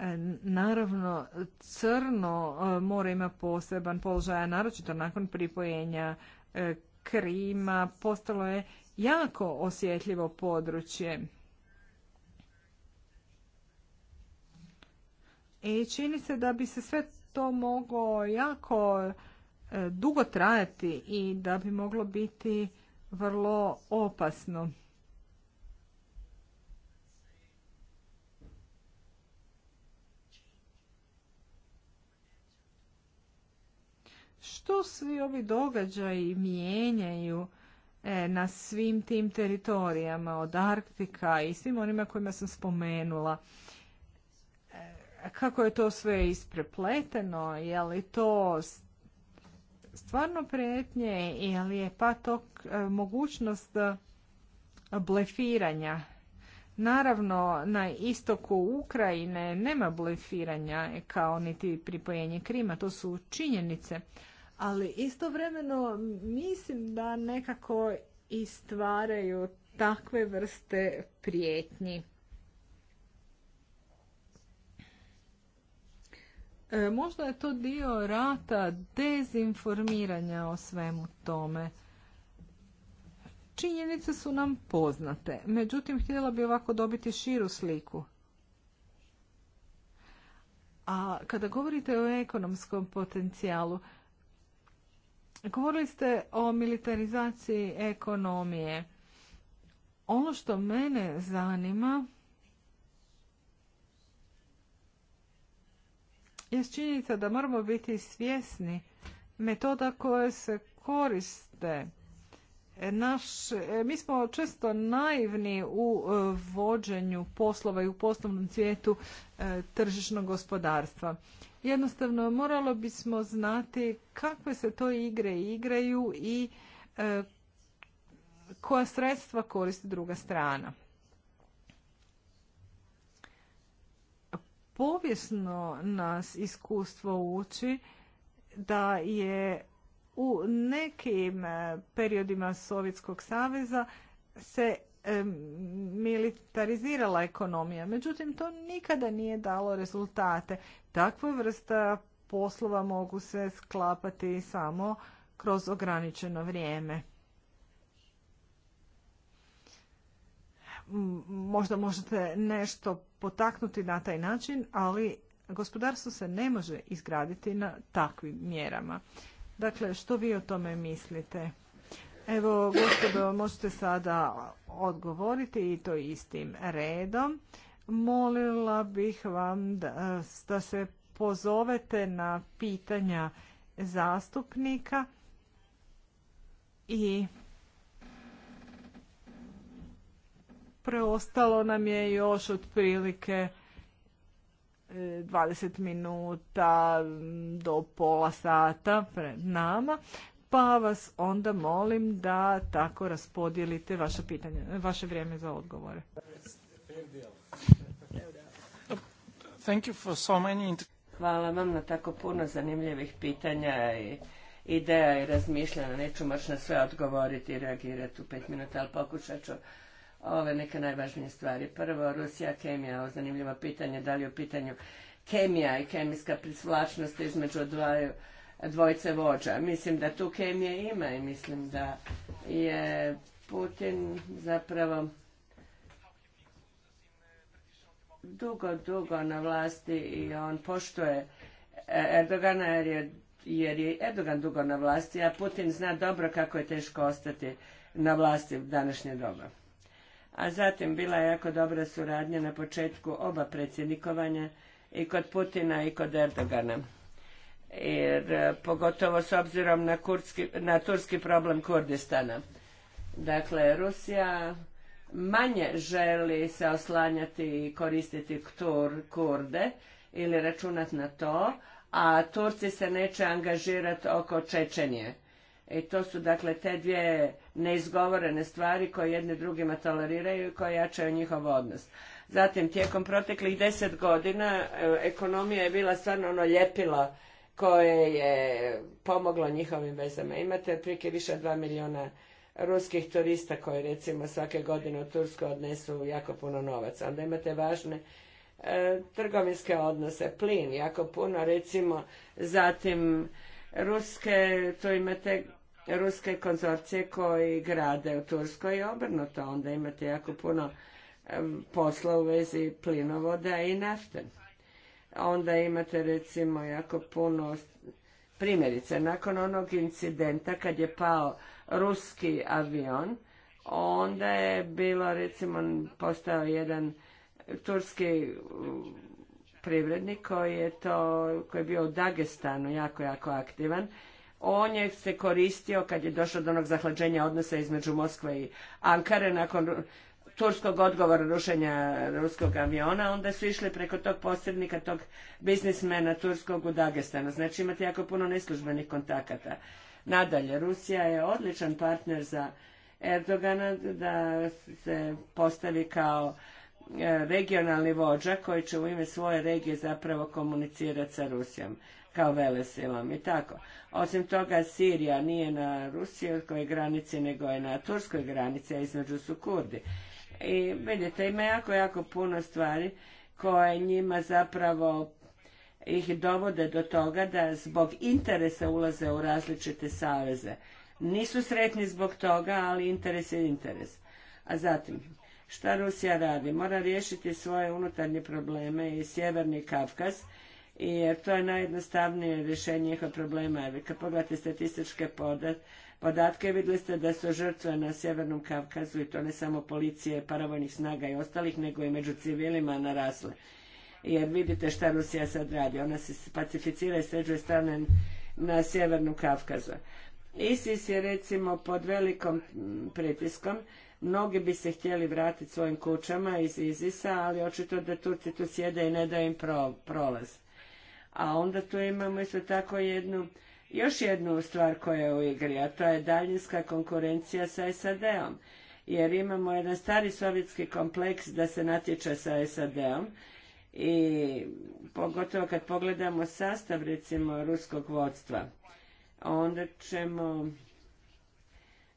E, naravno, Crno e, more ima poseban položaj, naročito nakon pripojenja e, Krima postalo je jako osjetljivo područje. I čini se da bi se sve to moglo jako e, dugo trajati i da bi moglo biti vrlo opasno. Što svi ovi događaji mijenjaju e, na svim tim teritorijama od Arktika i svim onima kojima sam spomenula? kako je to sve isprepleteno, je li to stvarno prijetnje, ili je pa to e, mogućnost e, blefiranja. Naravno, na istoku Ukrajine nema blefiranja kao niti pripojenje Krima, to su činjenice. Ali istovremeno mislim da nekako i stvaraju takve vrste prijetnji. E, možda je to dio rata dezinformiranja o svemu tome. Činjenice su nam poznate, međutim htjela bi ovako dobiti širu sliku. A kada govorite o ekonomskom potencijalu, govorili ste o militarizaciji ekonomije. Ono što mene zanima je činjenica da moramo biti svjesni metoda koje se koriste. E, naš, e, mi smo često naivni u e, vođenju poslova i u poslovnom svijetu tržišnog gospodarstva. Jednostavno moralo bismo znati kakve se to igre igraju i koja sredstva koristi druga strana. povijesno nas iskustvo uči da je u nekim e, periodima Sovjetskog saveza se e, militarizirala ekonomija. Međutim, to nikada nije dalo rezultate. Takva vrsta poslova mogu se sklapati samo kroz ograničeno vrijeme. možda možete nešto potaknuti na taj način, ali gospodarstvo se ne može izgraditi na takvim mjerama. Dakle, što vi o tome mislite? Evo, gospodo, možete sada odgovoriti i to istim redom. Molila bih vam da se pozovete na pitanja zastupnika i Preostalo nam je još otprilike 20 e, minuta do pola sata pred nama, pa vas onda molim da tako raspodijelite vaše pitanje, vaše vrijeme za odgovore. Hvala vam na tako puno zanimljivih pitanja i ideja i razmišljanja. Neću moći na sve odgovoriti i reagirati u pet minuta, ali pokušat ću ove neke najvažnije stvari. Prvo, Rusija, kemija, o zanimljivo pitanje, da li je u pitanju kemija i kemijska prisvlačnost između dvaju, dvojice vođa. Mislim da tu kemije ima i mislim da je Putin zapravo dugo, dugo na vlasti i on poštuje Erdogana jer je, jer je Erdogan dugo na vlasti, a Putin zna dobro kako je teško ostati na vlasti u današnje doba a zatim bila je jako dobra suradnja na početku oba predsjednikovanja i kod Putina i kod Erdogana. Jer e, pogotovo s obzirom na, na turski problem Kurdistana. Dakle, Rusija manje želi se oslanjati i koristiti tur, kurde ili računati na to, a Turci se neće angažirati oko Čečenje i e, to su dakle te dvije neizgovorene stvari koje jedne drugima toleriraju i koje jačaju njihov odnos. Zatim, tijekom proteklih deset godina e, ekonomija je bila stvarno ono ljepilo koje je pomoglo njihovim vezama. Imate prike više od dva milijuna ruskih turista koji recimo svake godine u Tursku odnesu jako puno novaca. Onda imate važne e, trgovinske odnose, plin jako puno recimo, zatim ruske, to imate ruske konzorcije koji grade u Turskoj i obrnuto. Onda imate jako puno posla u vezi plinovoda i nafte. Onda imate recimo jako puno primjerice. Nakon onog incidenta kad je pao ruski avion, onda je bilo recimo postao jedan turski privrednik koji je to, koji je bio u Dagestanu jako, jako aktivan on je se koristio kad je došlo do onog zahlađenja odnosa između Moskve i Ankare nakon turskog odgovora rušenja ruskog aviona, onda su išli preko tog posrednika, tog biznismena turskog u Dagestanu. Znači imate jako puno neslužbenih kontakata. Nadalje, Rusija je odličan partner za Erdogana da se postavi kao e, regionalni vođa koji će u ime svoje regije zapravo komunicirati sa Rusijom kao velesilom i tako. Osim toga, Sirija nije na Rusijskoj granici, nego je na Turskoj granici, a između su Kurdi. I vidite, ima jako, jako puno stvari koje njima zapravo ih dovode do toga da zbog interesa ulaze u različite saveze. Nisu sretni zbog toga, ali interes je interes. A zatim, šta Rusija radi? Mora riješiti svoje unutarnje probleme i Sjeverni Kavkaz, jer to je najjednostavnije rješenje njihova problema. Jer kad pogledate statističke podatke, vidjeli ste da su žrtve na Sjevernom Kavkazu i to ne samo policije, paravojnih snaga i ostalih, nego i među civilima narasle. Jer vidite šta Rusija sad radi. Ona se pacificira i sređuje strane na Sjevernu Kavkazu. ISIS je recimo pod velikom pritiskom. Mnogi bi se htjeli vratiti svojim kućama iz ISIS-a, ali očito da Turci tu sjede i ne daju im prolaz. A onda tu imamo isto tako jednu, još jednu stvar koja je u igri, a to je daljinska konkurencija sa SAD-om. Jer imamo jedan stari sovjetski kompleks da se natječe sa SAD-om i pogotovo kad pogledamo sastav recimo ruskog vodstva, onda ćemo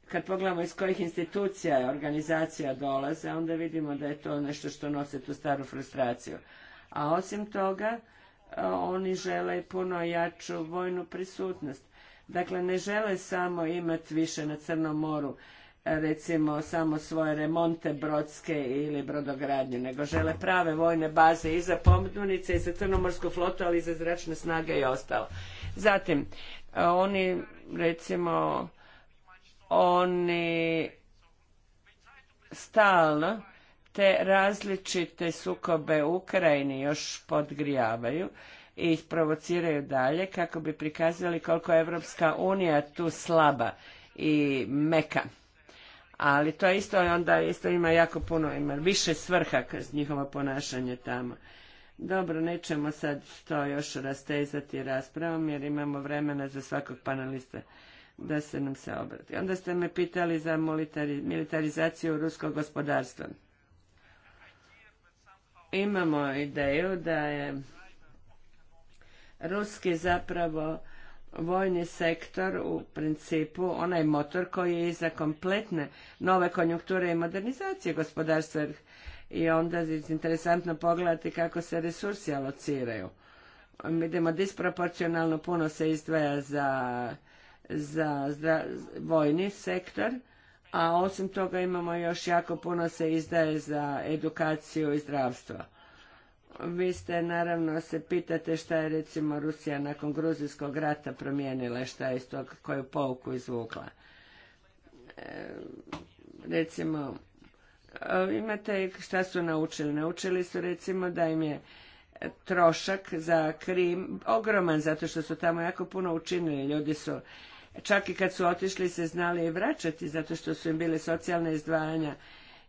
kad pogledamo iz kojih institucija i organizacija dolaze, onda vidimo da je to nešto što nosi tu staru frustraciju. A osim toga, oni žele puno jaču vojnu prisutnost. Dakle, ne žele samo imati više na Crnom moru, recimo samo svoje remonte brodske ili brodogradnje, nego žele prave vojne baze i za i za crnomorsku flotu, ali i za zračne snage i ostalo. Zatim, oni recimo, oni stalno te različite sukobe u Ukrajini još podgrijavaju i ih provociraju dalje kako bi prikazali koliko je Evropska unija tu slaba i meka. Ali to je isto onda isto ima jako puno, ima više svrha kroz njihovo ponašanje tamo. Dobro, nećemo sad to još rastezati raspravom jer imamo vremena za svakog panelista da se nam se obrati. Onda ste me pitali za militarizaciju ruskog gospodarstva imamo ideju da je ruski zapravo vojni sektor u principu onaj motor koji je za kompletne nove konjunkture i modernizacije gospodarstva i onda je interesantno pogledati kako se resursi alociraju. Vidimo disproporcionalno puno se izdvaja za, za vojni sektor, a osim toga imamo još jako puno se izdaje za edukaciju i zdravstvo. Vi ste naravno se pitate šta je recimo Rusija nakon Gruzijskog rata promijenila, šta je iz tog koju pouku izvukla. E, recimo, e, imate šta su naučili? Naučili su recimo da im je trošak za Krim ogroman, zato što su tamo jako puno učinili. Ljudi su čak i kad su otišli se znali i vraćati zato što su im bile socijalne izdvajanja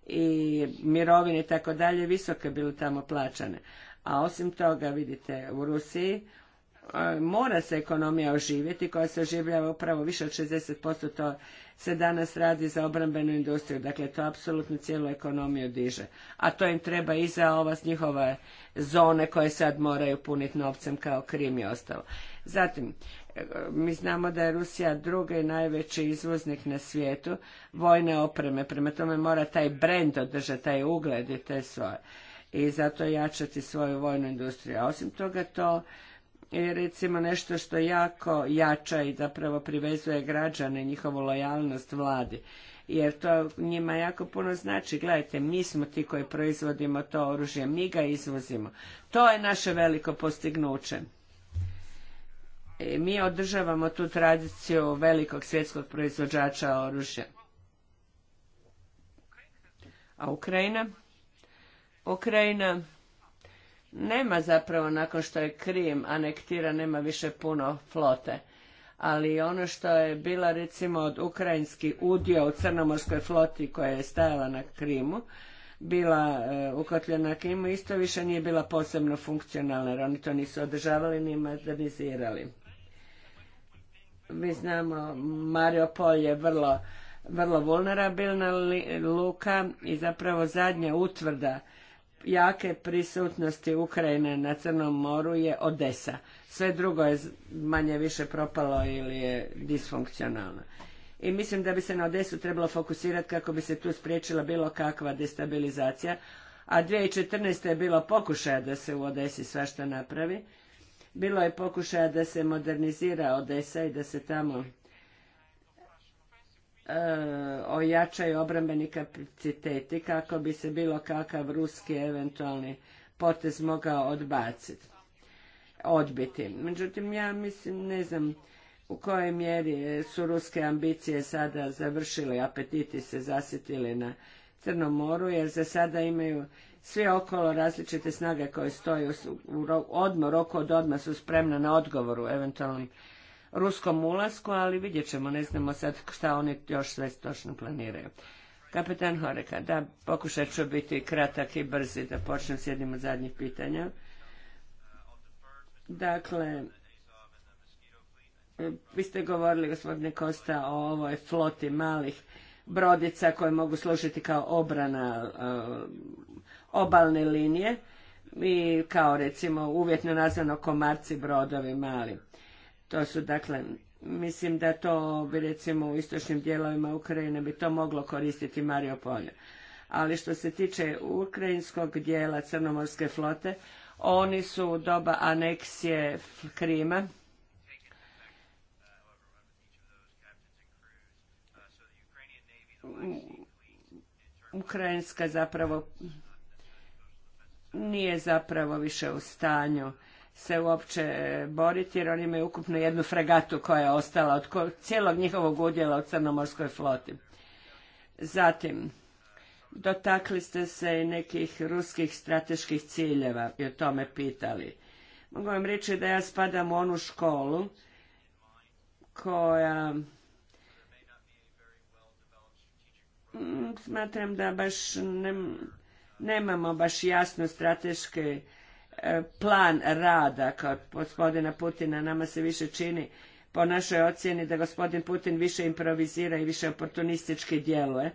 i mirovine i tako dalje visoke bile tamo plaćane. A osim toga, vidite, u Rusiji e, mora se ekonomija oživjeti koja se oživljava upravo više od 60%, to se danas radi za obrambenu industriju, dakle to apsolutno cijelu ekonomiju diže. A to im treba i za ova njihova zone koje sad moraju puniti novcem kao Krim i ostalo. Zatim, mi znamo da je Rusija drugi najveći izvoznik na svijetu vojne opreme, prema tome mora taj brend održati, taj ugled i te svoje. I zato jačati svoju vojnu industriju. A osim toga to je recimo nešto što jako jača i zapravo privezuje građane, njihovu lojalnost vladi. Jer to njima jako puno znači. Gledajte, mi smo ti koji proizvodimo to oružje, mi ga izvozimo. To je naše veliko postignuće. E, mi održavamo tu tradiciju velikog svjetskog proizvođača oružja. A Ukrajina? Ukrajina nema zapravo nakon što je Krim anektira, nema više puno flote. Ali ono što je bila recimo od ukrajinski udio u crnomorskoj floti koja je stajala na Krimu, bila e, ukotljena na Krimu, isto više nije bila posebno funkcionalna jer oni to nisu održavali ni modernizirali. Mi znamo, Pol je vrlo, vrlo vulnerabilna luka i zapravo zadnja utvrda jake prisutnosti Ukrajine na Crnom moru je Odesa. Sve drugo je manje više propalo ili je disfunkcionalno. I mislim da bi se na Odesu trebalo fokusirati kako bi se tu spriječila bilo kakva destabilizacija. A 2014. je bilo pokušaja da se u Odesi svašta napravi bilo je pokušaja da se modernizira Odesa i da se tamo e, ojačaju obrambeni kapaciteti kako bi se bilo kakav ruski eventualni potez mogao odbaciti, odbiti. Međutim, ja mislim, ne znam u kojoj mjeri su ruske ambicije sada završile, apetiti se zasitili na Crnom moru, jer za sada imaju svi okolo različite snage koje stoje u odmor, oko od odmah su spremne na odgovoru eventualnom ruskom ulasku, ali vidjet ćemo, ne znamo sad šta oni još sve točno planiraju. Kapitan Horeka, da, pokušat ću biti kratak i brzi da počnem s jednim od zadnjih pitanja. Dakle, vi ste govorili, gospodine Kosta, o ovoj floti malih brodica koje mogu služiti kao obrana e, obalne linije i kao recimo uvjetno nazvano komarci brodovi mali. To su dakle, mislim da to bi recimo u istočnim dijelovima Ukrajine bi to moglo koristiti Mario Polje. Ali što se tiče ukrajinskog dijela crnomorske flote, oni su u doba aneksije Krima ukrajinska zapravo nije zapravo više u stanju se uopće boriti jer oni imaju ukupno jednu fregatu koja je ostala od cijelog njihovog udjela u crnomorskoj floti. Zatim, dotakli ste se i nekih ruskih strateških ciljeva i o tome pitali. Mogu vam reći da ja spadam u onu školu koja mm, smatram da baš ne, nemamo baš jasno strateški e, plan rada kod gospodina Putina. Nama se više čini po našoj ocjeni da gospodin Putin više improvizira i više oportunistički djeluje,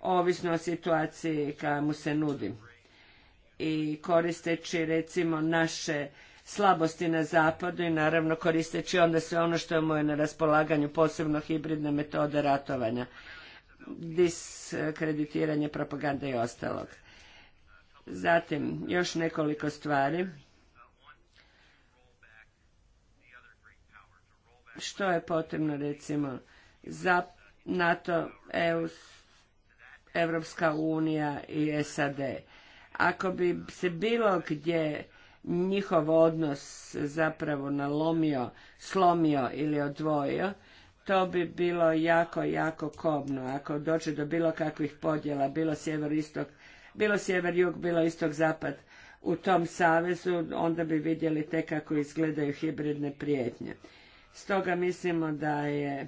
ovisno o situaciji koja mu se nudi. I koristeći recimo naše slabosti na zapadu i naravno koristeći onda sve ono što mu je na raspolaganju, posebno hibridne metode ratovanja, diskreditiranje propagande i ostalog. Zatim, još nekoliko stvari. Što je potrebno, recimo, za NATO, EU, Evropska unija i SAD? Ako bi se bilo gdje njihov odnos zapravo nalomio, slomio ili odvojio, to bi bilo jako, jako kobno. Ako dođe do bilo kakvih podjela, bilo sjever-istok, bilo sjever-jug, bilo istok-zapad u tom savezu, onda bi vidjeli te kako izgledaju hibridne prijetnje. Stoga mislimo da je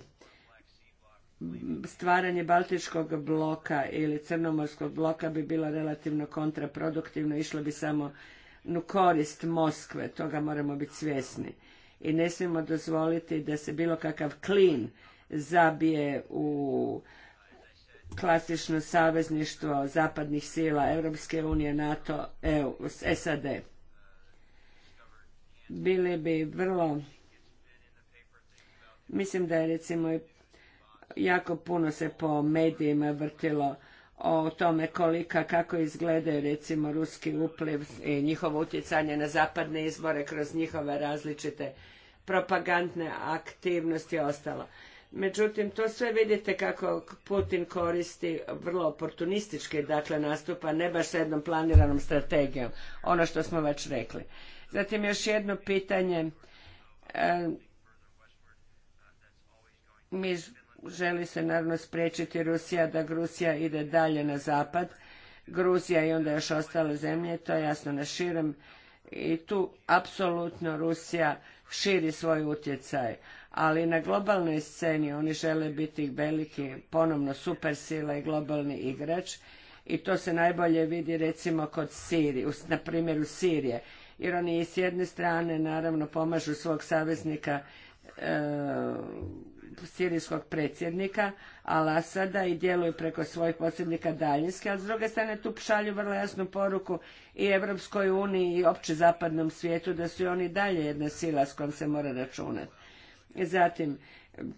stvaranje Baltičkog bloka ili Crnomorskog bloka bi bilo relativno kontraproduktivno, išlo bi samo u korist Moskve, toga moramo biti svjesni. I ne smijemo dozvoliti da se bilo kakav klin zabije u klasično savezništvo zapadnih sila Europske unije, NATO, EU, SAD. Bili bi vrlo, mislim da je recimo jako puno se po medijima vrtilo o tome kolika, kako izgledaju recimo ruski upliv i njihovo utjecanje na zapadne izbore kroz njihove različite propagandne aktivnosti i ostalo. Međutim, to sve vidite kako Putin koristi vrlo oportunistički, dakle, nastupa, ne baš s jednom planiranom strategijom, ono što smo već rekli. Zatim još jedno pitanje. E, mi želi se naravno spriječiti Rusija da Rusija ide dalje na zapad. Gruzija i onda još ostale zemlje, to je jasno na širem. I tu apsolutno Rusija širi svoj utjecaj ali na globalnoj sceni oni žele biti veliki, ponovno supersila i globalni igrač i to se najbolje vidi recimo kod Sirije, na primjeru Sirije, jer oni s jedne strane naravno pomažu svog saveznika e, sirijskog predsjednika Al-Asada i djeluju preko svojih posrednika daljinske, ali s druge strane tu šalju vrlo jasnu poruku i Evropskoj uniji i opće zapadnom svijetu da su i oni dalje jedna sila s kojom se mora računati. Zatim,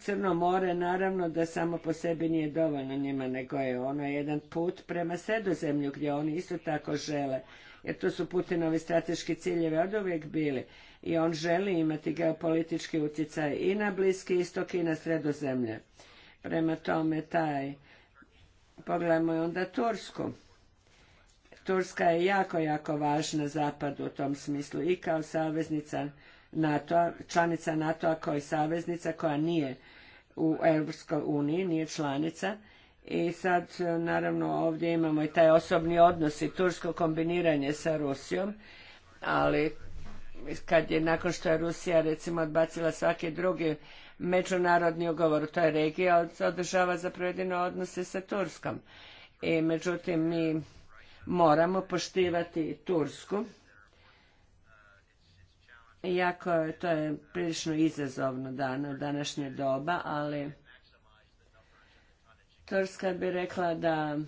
Crno more naravno da samo po sebi nije dovoljno njima, nego je ono jedan put prema sredozemlju gdje oni isto tako žele. Jer to su Putinovi strateški ciljevi od uvijek bili. I on želi imati geopolitički utjecaj i na Bliski istok i na sredozemlje. Prema tome taj, pogledajmo i onda Tursku. Turska je jako, jako važna zapad u tom smislu i kao saveznica NATO-a, članica NATO-a koja je saveznica, koja nije u Europskoj uniji, nije članica. I sad, naravno, ovdje imamo i taj osobni odnos i tursko kombiniranje sa Rusijom, ali kad je nakon što je Rusija recimo odbacila svaki drugi međunarodni ugovor u toj regiji, održava za jedino odnose sa Turskom. I međutim, mi moramo poštivati Tursku jako to je prilično izazovno dan u današnje doba, ali Turska bi rekla da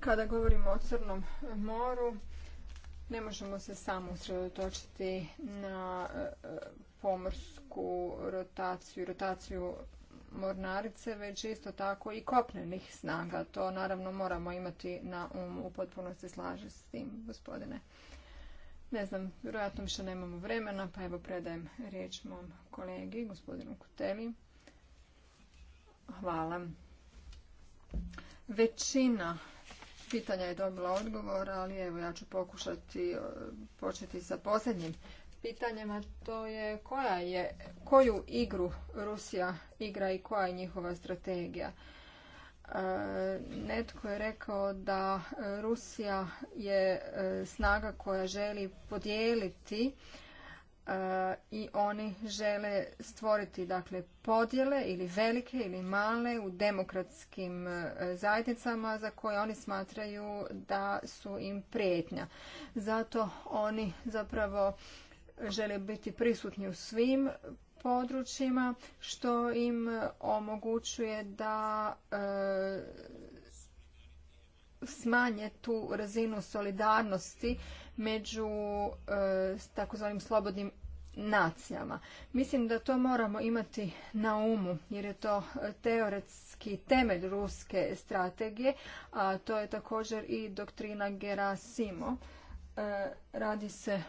Kada govorimo o Crnom moru, ne možemo se samo usredotočiti na e, e, pomorsku rotaciju, rotaciju mornarice, već isto tako i kopnenih snaga. To naravno moramo imati na umu. U potpunosti slaže s tim, gospodine. Ne znam, vjerojatno više nemamo vremena, pa evo predajem riječ mom kolegi, gospodinu Kuteli. Hvala. Većina pitanja je dobila odgovor, ali evo ja ću pokušati e, početi sa posljednjim pitanjima. To je koja je, koju igru Rusija igra i koja je njihova strategija. E, netko je rekao da Rusija je e, snaga koja želi podijeliti E, i oni žele stvoriti dakle podjele ili velike ili male u demokratskim e, zajednicama za koje oni smatraju da su im prijetnja. Zato oni zapravo žele biti prisutni u svim područjima što im omogućuje da e, smanje tu razinu solidarnosti među e, takozvanim slobodnim nacijama. Mislim da to moramo imati na umu jer je to e, teoretski temelj ruske strategije, a to je također i doktrina Gerasimo. E, radi se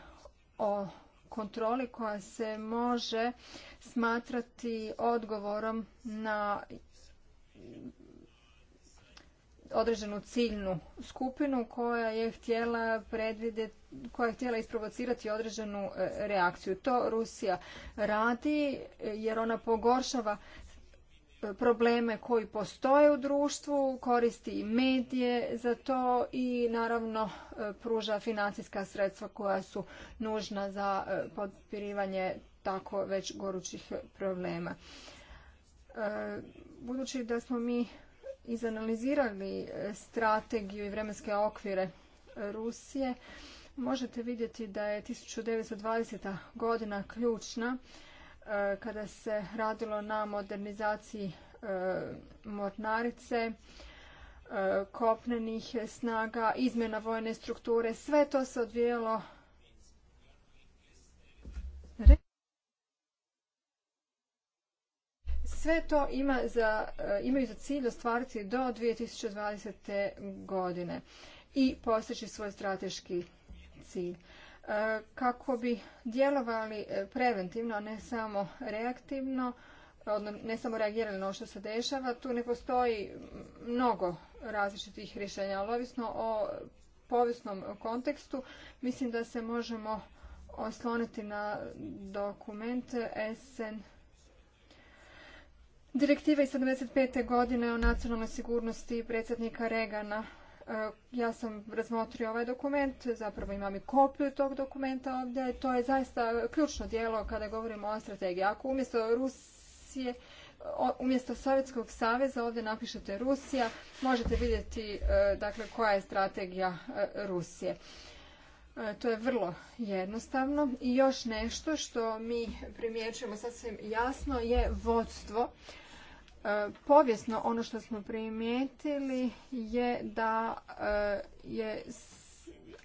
o kontroli koja se može smatrati odgovorom na određenu ciljnu skupinu koja je htjela predvidjeti koja je htjela isprovocirati određenu e, reakciju. To Rusija radi e, jer ona pogoršava e, probleme koji postoje u društvu, koristi i medije za to i naravno pruža financijska sredstva koja su nužna za podpirivanje tako već gorućih problema. Budući da smo mi izanalizirali strategiju i vremenske okvire Rusije, možete vidjeti da je 1920. godina ključna e, kada se radilo na modernizaciji e, mornarice, e, kopnenih snaga, izmjena vojne strukture, sve to se odvijelo Sve to ima za, imaju za cilj ostvariti do 2020. godine i postići svoj strateški cilj e, kako bi djelovali e, preventivno a ne samo reaktivno ne samo reagirali na ono što se dešava tu ne postoji mnogo različitih rješenja ali ovisno o povijesnom kontekstu mislim da se možemo osloniti na dokument SN Direktiva iz 75. godine o nacionalnoj sigurnosti predsjednika Regana E, ja sam razmotrio ovaj dokument, zapravo imam i kopiju tog dokumenta ovdje. To je zaista ključno dijelo kada govorimo o strategiji. Ako umjesto Rusije, umjesto Sovjetskog saveza ovdje napišete Rusija, možete vidjeti e, dakle, koja je strategija e, Rusije. To je vrlo jednostavno. I još nešto što mi primjećujemo sasvim jasno je vodstvo E, povijesno ono što smo primijetili je da e, je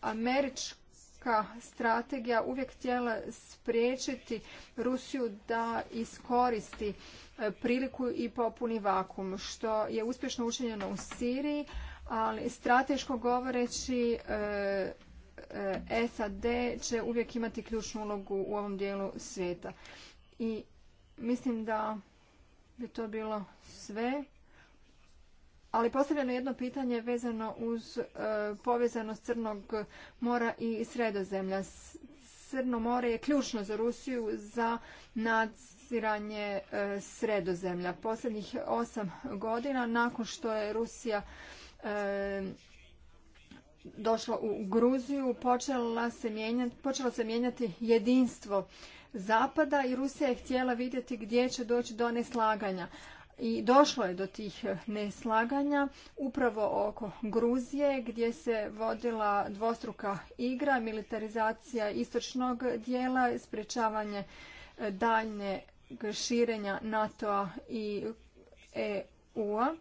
američka strategija uvijek htjela spriječiti Rusiju da iskoristi e, priliku i popuni vakum, što je uspješno učinjeno u Siriji, ali strateško govoreći SAD će uvijek imati ključnu ulogu u ovom dijelu svijeta. I mislim da bi to bilo sve. Ali postavljeno jedno pitanje vezano uz e, povezanost Crnog mora i Sredozemlja. Crno more je ključno za Rusiju za nadziranje e, Sredozemlja. Posljednjih osam godina nakon što je Rusija e, došla u Gruziju, počela se mijenjati, počelo se mijenjati jedinstvo zapada i Rusija je htjela vidjeti gdje će doći do neslaganja. I došlo je do tih eh, neslaganja upravo oko Gruzije gdje se vodila dvostruka igra, militarizacija istočnog dijela, sprječavanje eh, daljnjeg širenja NATO-a i EU-a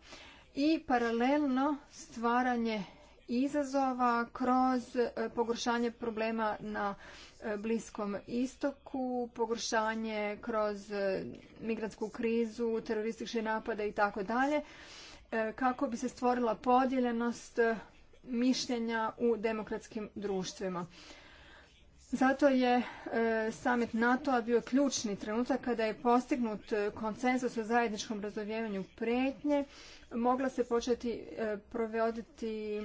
i paralelno stvaranje izazova kroz eh, pogoršanje problema na Bliskom istoku, pogoršanje kroz e, migrantsku krizu, terorističke napade i tako dalje, e, kako bi se stvorila podijeljenost e, mišljenja u demokratskim društvima. Zato je summit NATO-a bio ključni trenutak kada je postignut konsenzus o zajedničkom razumijevanju prijetnje, mogla se početi provoditi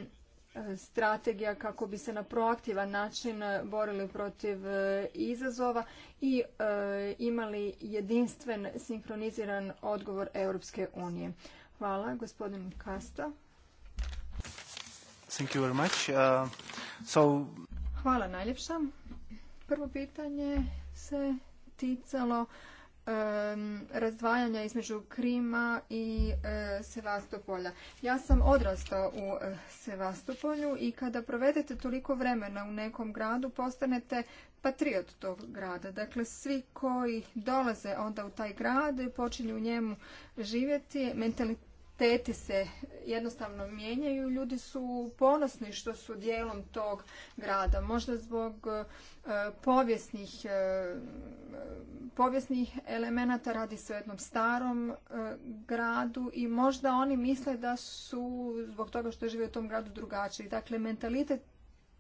strategija kako bi se na proaktivan način e, borili protiv e, izazova i e, imali jedinstven sinkroniziran odgovor Europske unije. Hvala, gospodin Kasta. Uh, Hvala najljepša. Prvo pitanje se ticalo razdvajanja između Krima i e, Sevastopolja. Ja sam odrastao u e, Sevastopolju i kada provedete toliko vremena u nekom gradu postanete patriot tog grada. Dakle, svi koji dolaze onda u taj grad i počinju u njemu živjeti, mentalitet prioriteti se jednostavno mijenjaju, ljudi su ponosni što su dijelom tog grada, možda zbog e, povijesnih, e, povijesnih elemenata, radi se o jednom starom e, gradu i možda oni misle da su zbog toga što žive u tom gradu drugačiji. Dakle, mentalitet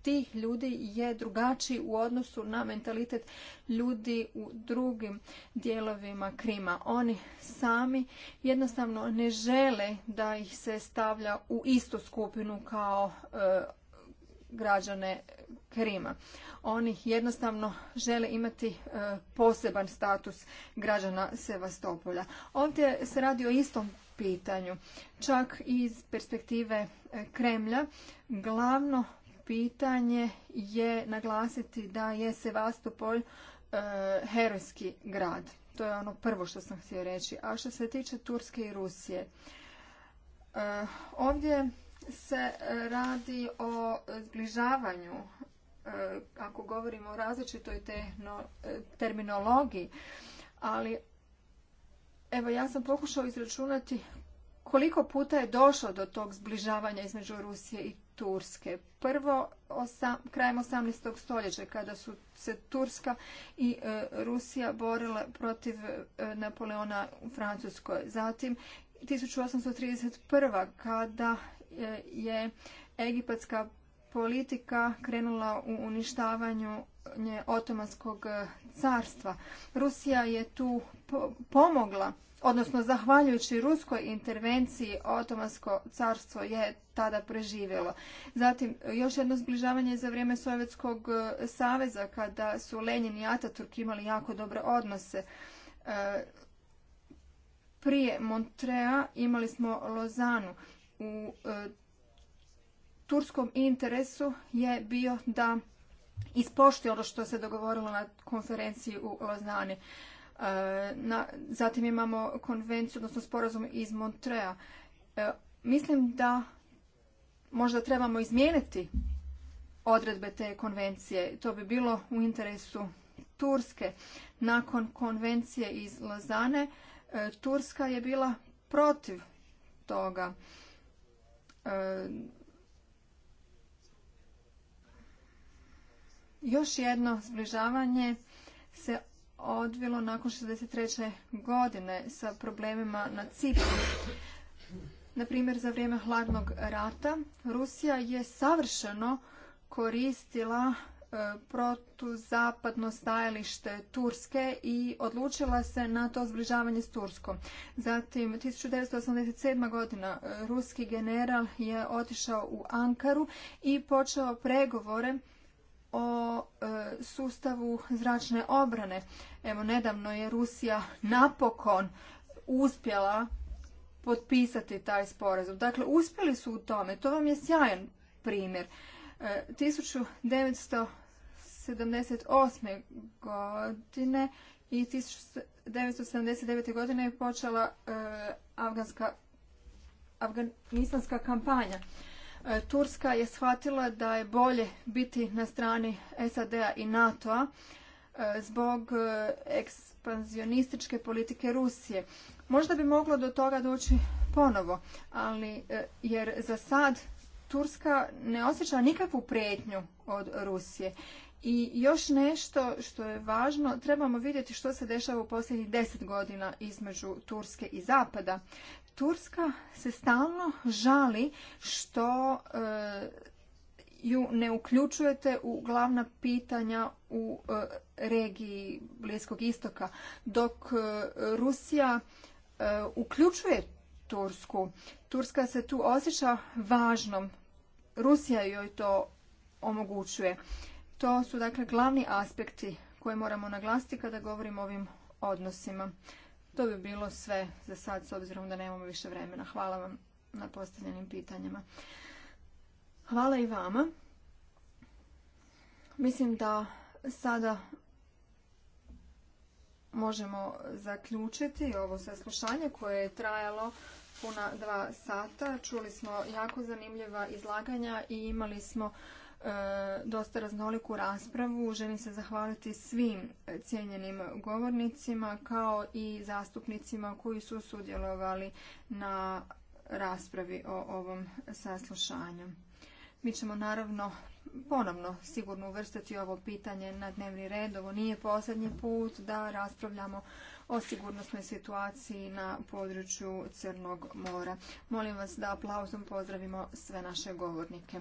tih ljudi je drugačiji u odnosu na mentalitet ljudi u drugim dijelovima Krima. Oni sami jednostavno ne žele da ih se stavlja u istu skupinu kao e, građane Krima. Oni jednostavno žele imati e, poseban status građana Sevastopolja. Ovdje se radi o istom pitanju. Čak iz perspektive e, Kremlja glavno pitanje je naglasiti da je Sevastopol e, herojski grad. To je ono prvo što sam htio reći. A što se tiče Turske i Rusije, e, ovdje se radi o zbližavanju e, ako govorimo o različitoj terminologiji, ali evo ja sam pokušao izračunati koliko puta je došlo do tog zbližavanja između Rusije i Turske. Prvo krajem 18. stoljeća kada su se Turska i e, Rusija borile protiv e, Napoleona u Francuskoj. Zatim 1831. kada e, je egipatska politika krenula u uništavanju Otomanskog e, carstva. Rusija je tu pomogla, odnosno zahvaljujući ruskoj intervenciji Otomansko carstvo je tada preživjelo. Zatim, još jedno zbližavanje za vrijeme Sovjetskog e, saveza kada su Lenin i Ataturk imali jako dobre odnose. E, prije Montrea imali smo Lozanu. U turskom interesu je bio da ispoštuje ono što se dogovorilo na konferenciji u Lozani. E, zatim imamo konvenciju, odnosno sporazum iz Montreja. E, mislim da možda trebamo izmijeniti odredbe te konvencije. To bi bilo u interesu Turske. Nakon konvencije iz Lozane, e, Turska je bila protiv toga. Još jedno zbližavanje se odvilo nakon 63. godine sa problemima na Cipru. Na primjer, za vrijeme hladnog rata Rusija je savršeno koristila e, protuzapadno stajalište Turske i odlučila se na to zbližavanje s Turskom. Zatim, 1987. godina e, ruski general je otišao u Ankaru i počeo pregovore o e, sustavu zračne obrane. Evo, nedavno je Rusija napokon uspjela potpisati taj sporazum. Dakle, uspjeli su u tome. To vam je sjajan primjer. 1978. E, godine i 1979. godine je počela e, afganska, afganistanska kampanja. E, Turska je shvatila da je bolje biti na strani SAD-a i NATO-a e, zbog e, ekspanzionističke politike Rusije. Možda bi moglo do toga doći ponovo, ali jer za sad Turska ne osjeća nikakvu prijetnju od Rusije. I još nešto što je važno, trebamo vidjeti što se dešava u posljednjih deset godina između Turske i Zapada. Turska se stalno žali što e, ju ne uključujete u glavna pitanja u e, regiji Bliskog istoka, dok e, Rusija uključuje Tursku. Turska se tu osjeća važnom. Rusija joj to omogućuje. To su dakle glavni aspekti koje moramo naglasiti kada govorimo o ovim odnosima. To bi bilo sve za sad, s obzirom da nemamo više vremena. Hvala vam na postavljenim pitanjima. Hvala i vama. Mislim da sada možemo zaključiti ovo saslušanje koje je trajalo puna dva sata. Čuli smo jako zanimljiva izlaganja i imali smo E, dosta raznoliku raspravu. Želim se zahvaliti svim cijenjenim govornicima kao i zastupnicima koji su sudjelovali na raspravi o ovom saslušanju. Mi ćemo naravno ponovno sigurno uvrstiti ovo pitanje na dnevni red. Ovo nije posljednji put da raspravljamo o sigurnosnoj situaciji na području Crnog mora. Molim vas da aplauzom pozdravimo sve naše govornike.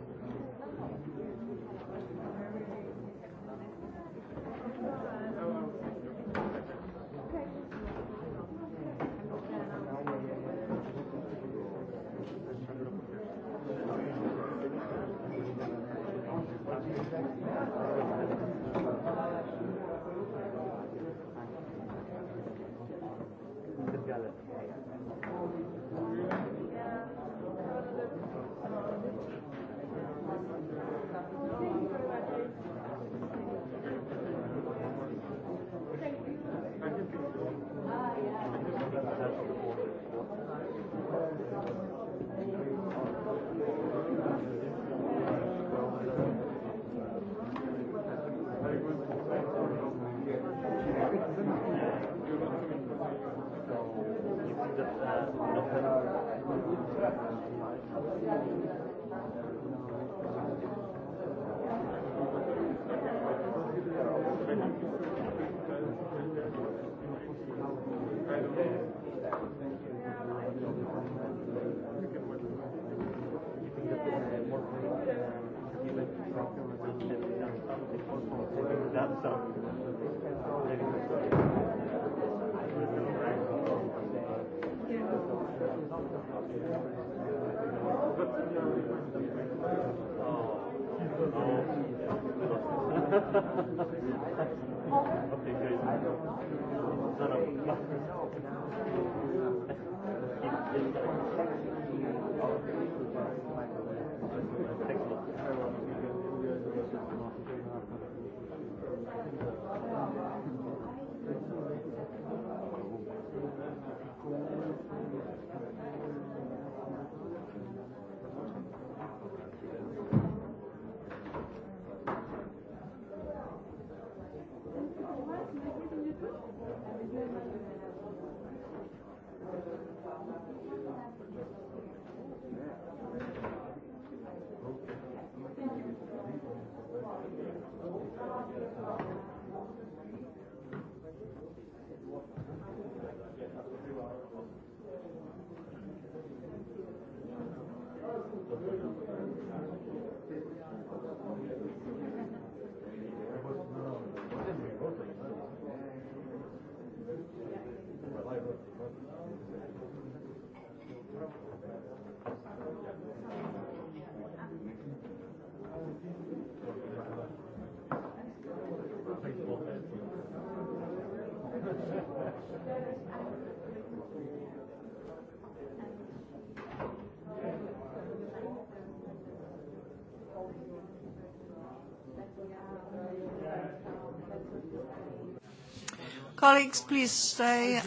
Colleagues, please stay.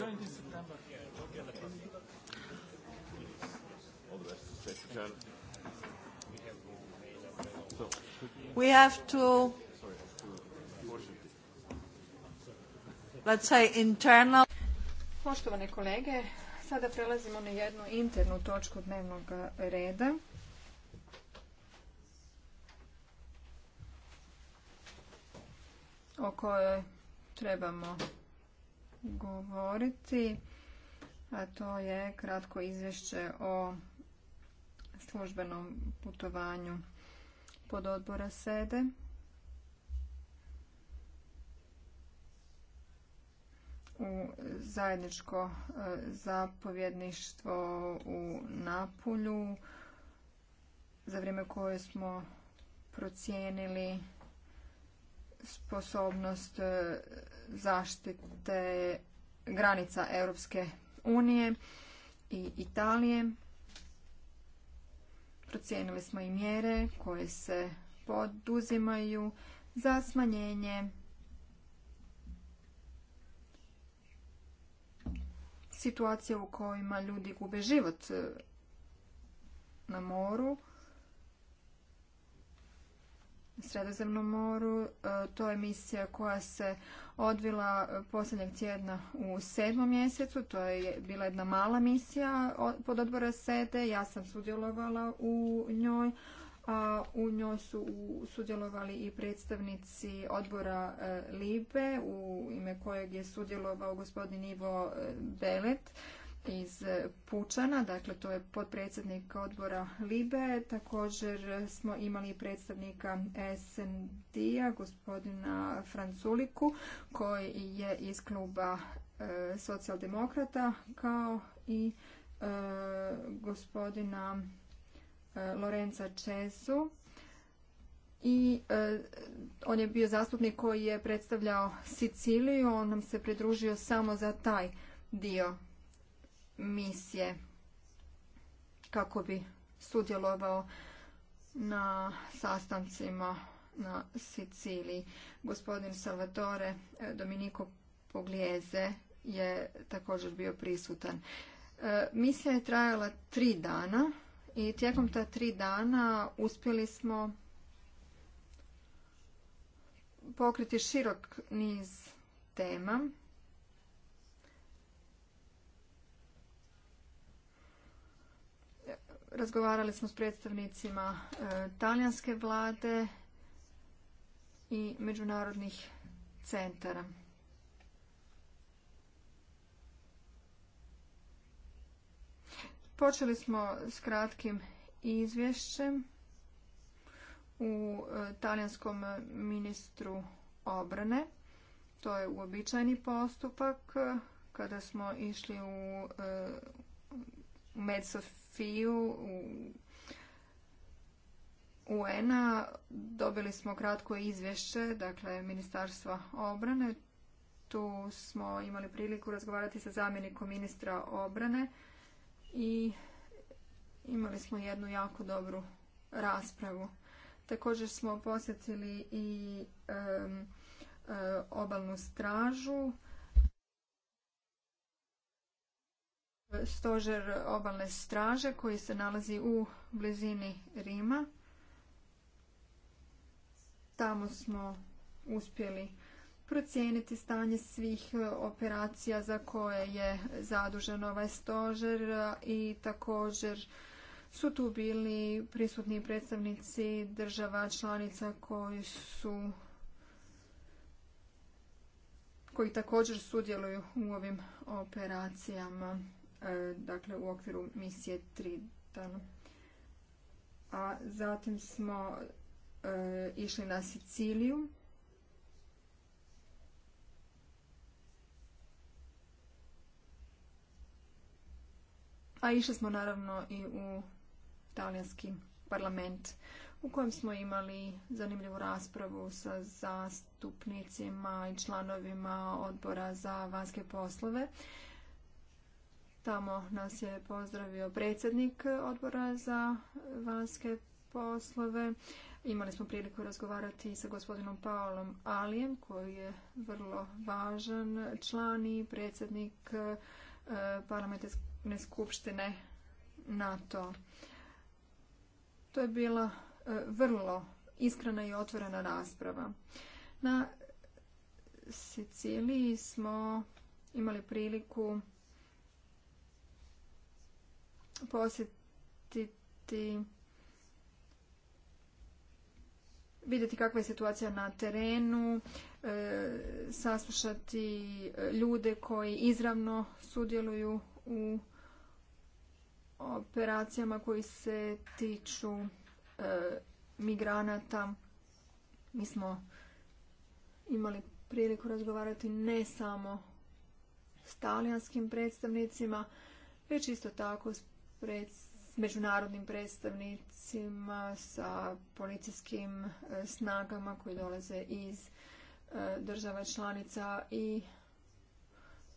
We have to, let's say, internal. Poštovane kolege, sada prelazimo na jednu internu točku dnevnog reda. o kojoj trebamo govoriti, a to je kratko izvješće o službenom putovanju pod odbora sede. u zajedničko e, zapovjedništvo u Napulju za vrijeme koje smo procijenili sposobnost e, zaštite granica Europske unije i Italije. Procijenili smo i mjere koje se poduzimaju za smanjenje situacije u kojima ljudi gube život e, na moru. Sredozemnom moru. E, to je misija koja se odvila posljednjeg tjedna u sedmom mjesecu. To je bila jedna mala misija pod odbora SEDE. Ja sam sudjelovala u njoj. A u njoj su sudjelovali i predstavnici odbora e, LIBE u ime kojeg je sudjelovao gospodin Ivo e, Belet iz Pučana, dakle to je podpredsjednik odbora Libe. Također smo imali predstavnika SND-a, gospodina Franculiku, koji je iz kluba e, socijaldemokrata, kao i e, gospodina e, Lorenza Česu. I on je bio zastupnik koji je predstavljao Siciliju, on nam se pridružio samo za taj dio misije kako bi sudjelovao na sastancima na Siciliji. Gospodin Salvatore eh, dominiko Poglijeze je također bio prisutan. Eh, misija je trajala tri dana i tijekom ta tri dana uspjeli smo pokriti širok niz tema Razgovarali smo s predstavnicima e, talijanske vlade i međunarodnih centara. Počeli smo s kratkim izvješćem u e, talijanskom ministru obrane. To je uobičajeni postupak e, kada smo išli u medsofiju u un dobili smo kratko izvješće, dakle Ministarstva obrane. Tu smo imali priliku razgovarati sa zamjenikom ministra obrane i imali smo jednu jako dobru raspravu. Također smo posjetili i e, obalnu stražu stožer obalne straže koji se nalazi u blizini Rima. Tamo smo uspjeli procijeniti stanje svih operacija za koje je zadužen ovaj stožer i također su tu bili prisutni predstavnici država članica koji su koji također sudjeluju u ovim operacijama. E, dakle u okviru misije dana. A zatim smo e, išli na Siciliju. A išli smo naravno i u talijanski parlament u kojem smo imali zanimljivu raspravu sa zastupnicima i članovima odbora za vanjske poslove Tamo nas je pozdravio predsjednik odbora za vanjske poslove. Imali smo priliku razgovarati sa gospodinom Paolom Alijem koji je vrlo važan član i predsjednik e, parlamentarne skupštine NATO. To je bila e, vrlo iskrena i otvorena rasprava. Na Siciliji smo imali priliku posjetiti vidjeti kakva je situacija na terenu, e, saslušati e, ljude koji izravno sudjeluju u operacijama koji se tiču e, migranata. Mi smo imali priliku razgovarati ne samo s talijanskim predstavnicima, već isto tako s s međunarodnim predstavnicima, sa policijskim e, snagama koji dolaze iz e, država članica i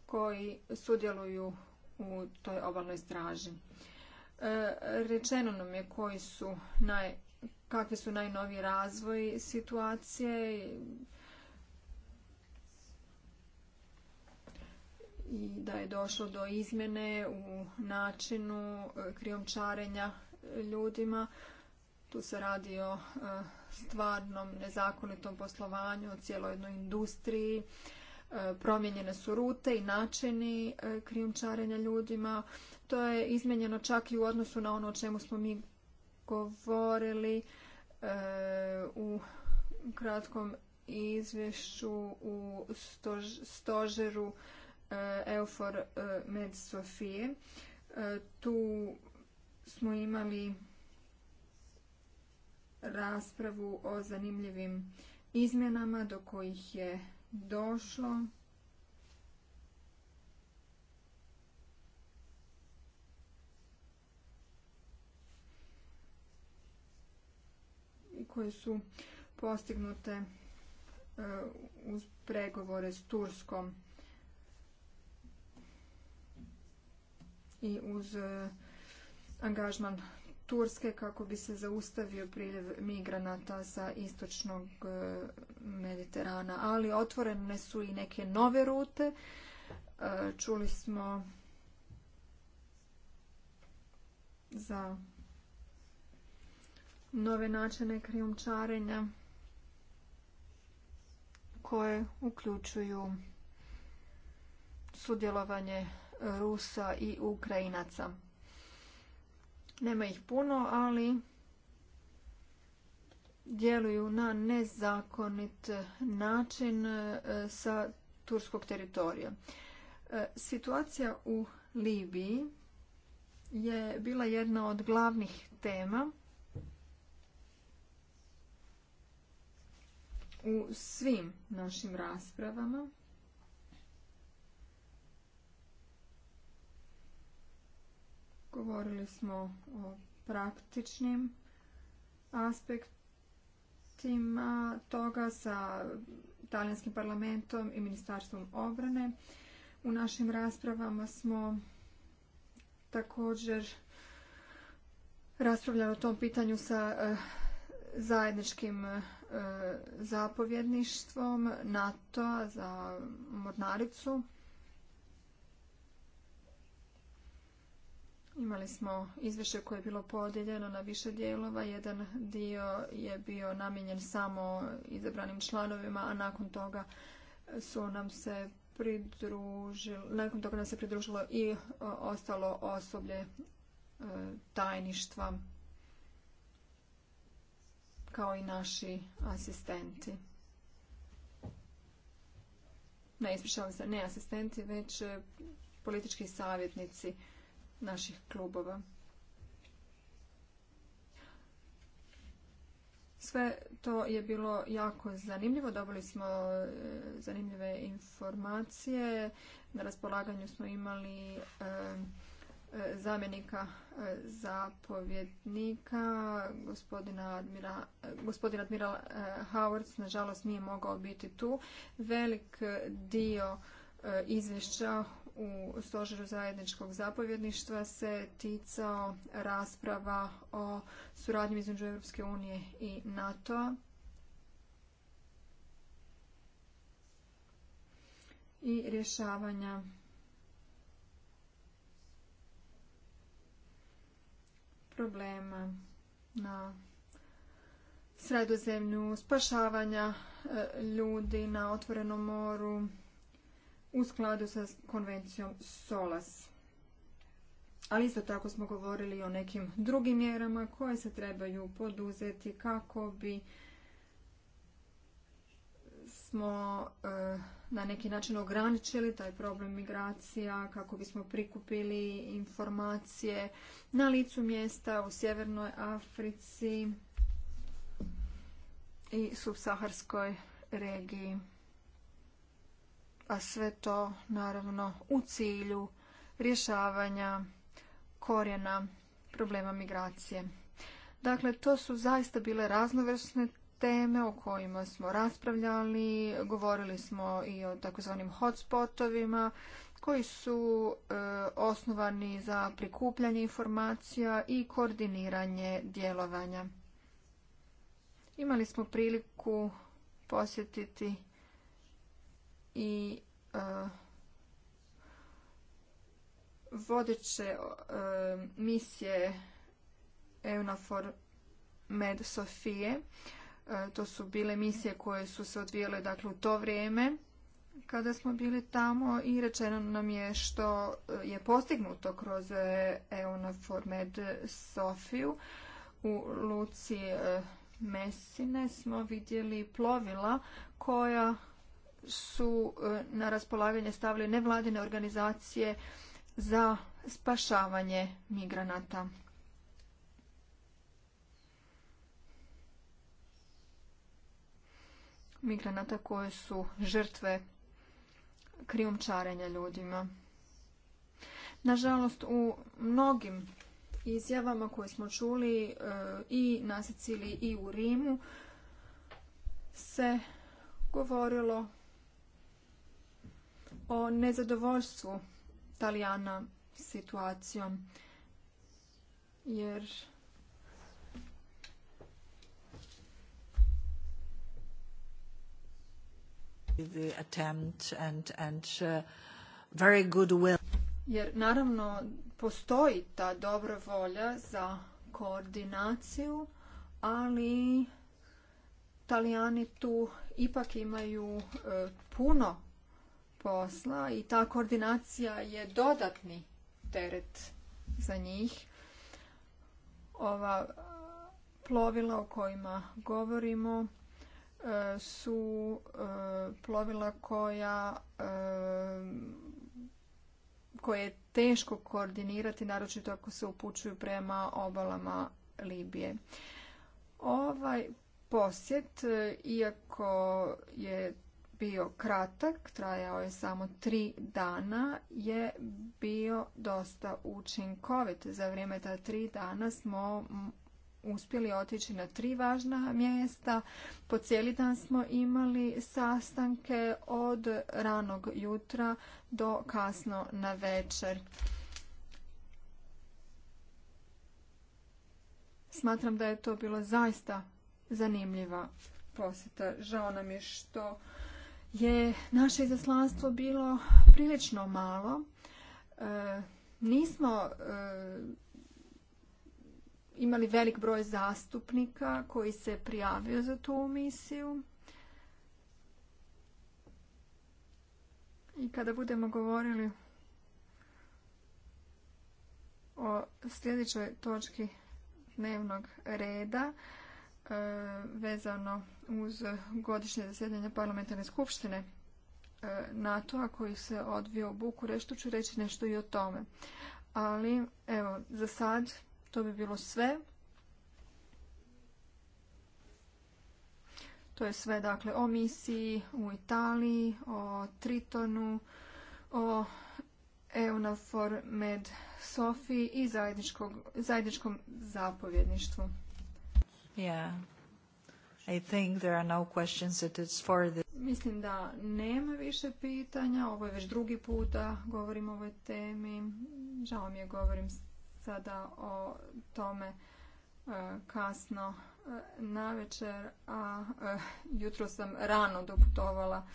koji sudjeluju u toj obalnoj straži. E, rečeno nam je koji su naj, kakvi su najnoviji razvoj situacije, i da je došlo do izmjene u načinu e, krijomčarenja e, ljudima. Tu se radi o e, stvarnom nezakonitom poslovanju, o cijeloj jednoj industriji. Promijenjene su rute i načini krijumčarenja ljudima. To je izmijenjeno čak i u odnosu na ono o čemu smo mi govorili u kratkom izvješću u stožeru Eh, EUFOR eh, Med Sofije. Eh, tu smo imali raspravu o zanimljivim izmjenama do kojih je došlo. koje su postignute uz pregovore s Turskom. i uz e, angažman Turske kako bi se zaustavio priljev migranata sa istočnog e, Mediterana. Ali otvorene su i neke nove rute. E, čuli smo za nove načine krijumčarenja koje uključuju sudjelovanje Rusa i Ukrajinaca. Nema ih puno, ali djeluju na nezakonit način e, sa turskog teritorija. E, situacija u Libiji je bila jedna od glavnih tema u svim našim raspravama. Govorili smo o praktičnim aspektima toga sa talijanskim parlamentom i ministarstvom obrane. U našim raspravama smo također raspravljali o tom pitanju sa eh, zajedničkim eh, zapovjedništvom NATO-a za mornaricu Imali smo izvješće koje je bilo podijeljeno na više dijelova. Jedan dio je bio namijenjen samo izabranim članovima, a nakon toga su nam se pridružilo, nakon toga nam se pridružilo i e, ostalo osoblje e, tajništva kao i naši asistenti. Ne, ispričavam se, ne asistenti, već e, politički savjetnici naših klubova. Sve to je bilo jako zanimljivo. Dobili smo e, zanimljive informacije. Na raspolaganju smo imali e, e, zamjenika zapovjednika, gospodina admira, gospodin admiral Howard, nažalost nije mogao biti tu. Velik dio izvješća u stožeru zajedničkog zapovjedništva se ticao rasprava o suradnji između Europske unije i NATO-a. i rješavanja problema na sredozemlju, spašavanja e, ljudi na otvorenom moru, u skladu sa konvencijom SOLAS. Ali isto tako smo govorili o nekim drugim mjerama koje se trebaju poduzeti kako bi smo e, na neki način ograničili taj problem migracija, kako bismo prikupili informacije na licu mjesta u Sjevernoj Africi i subsaharskoj regiji a sve to naravno u cilju rješavanja korijena problema migracije. Dakle, to su zaista bile raznovrsne teme o kojima smo raspravljali, govorili smo i o takozvanim hotspotovima koji su e, osnovani za prikupljanje informacija i koordiniranje djelovanja. Imali smo priliku posjetiti i e, vodeće e, misije EUNAFOR Med Sofije. E, to su bile misije koje su se odvijale dakle, u to vrijeme kada smo bili tamo i rečeno nam je što je postignuto kroz EUNAFOR Med Sofiju. U Luci Mesine smo vidjeli plovila koja su e, na raspolaganje stavili nevladine organizacije za spašavanje migranata. Migranata koje su žrtve krijumčarenja ljudima. Nažalost, u mnogim izjavama koje smo čuli e, i na i u Rimu se govorilo o nezadovoljstvu Talijana situacijom jer the attempt and, and uh, very good will. Jer naravno postoji ta dobra volja za koordinaciju, ali Talijani tu ipak imaju e, puno posla i ta koordinacija je dodatni teret za njih. Ova plovila o kojima govorimo e, su e, plovila koja e, koje je teško koordinirati, naročito ako se upućuju prema obalama Libije. Ovaj posjet, iako je bio kratak, trajao je samo tri dana, je bio dosta učinkovit. Za vrijeme ta tri dana smo uspjeli otići na tri važna mjesta. Po cijeli dan smo imali sastanke od ranog jutra do kasno na večer. Smatram da je to bilo zaista zanimljiva posjeta. Žao nam je što je naše izaslanstvo bilo prilično malo. E, nismo e, imali velik broj zastupnika koji se prijavio za tu misiju. I kada budemo govorili o sljedećoj točki dnevnog reda, E, vezano uz godišnje zasjedanje parlamentarne skupštine e, NATO-a koji se odvio u Bukureštu ću reći nešto i o tome. Ali evo, za sad to bi bilo sve. To je sve dakle o misiji u Italiji, o Tritonu, o EUNAFOR Med Sofi i zajedničkom zapovjedništvu. Yeah. I think there are no questions for the... Mislim da nema više pitanja. Ovo je već drugi puta govorim o ovoj temi. Žao mi je govorim sada o tome e, kasno e, večer, a e, jutro sam rano doputovala.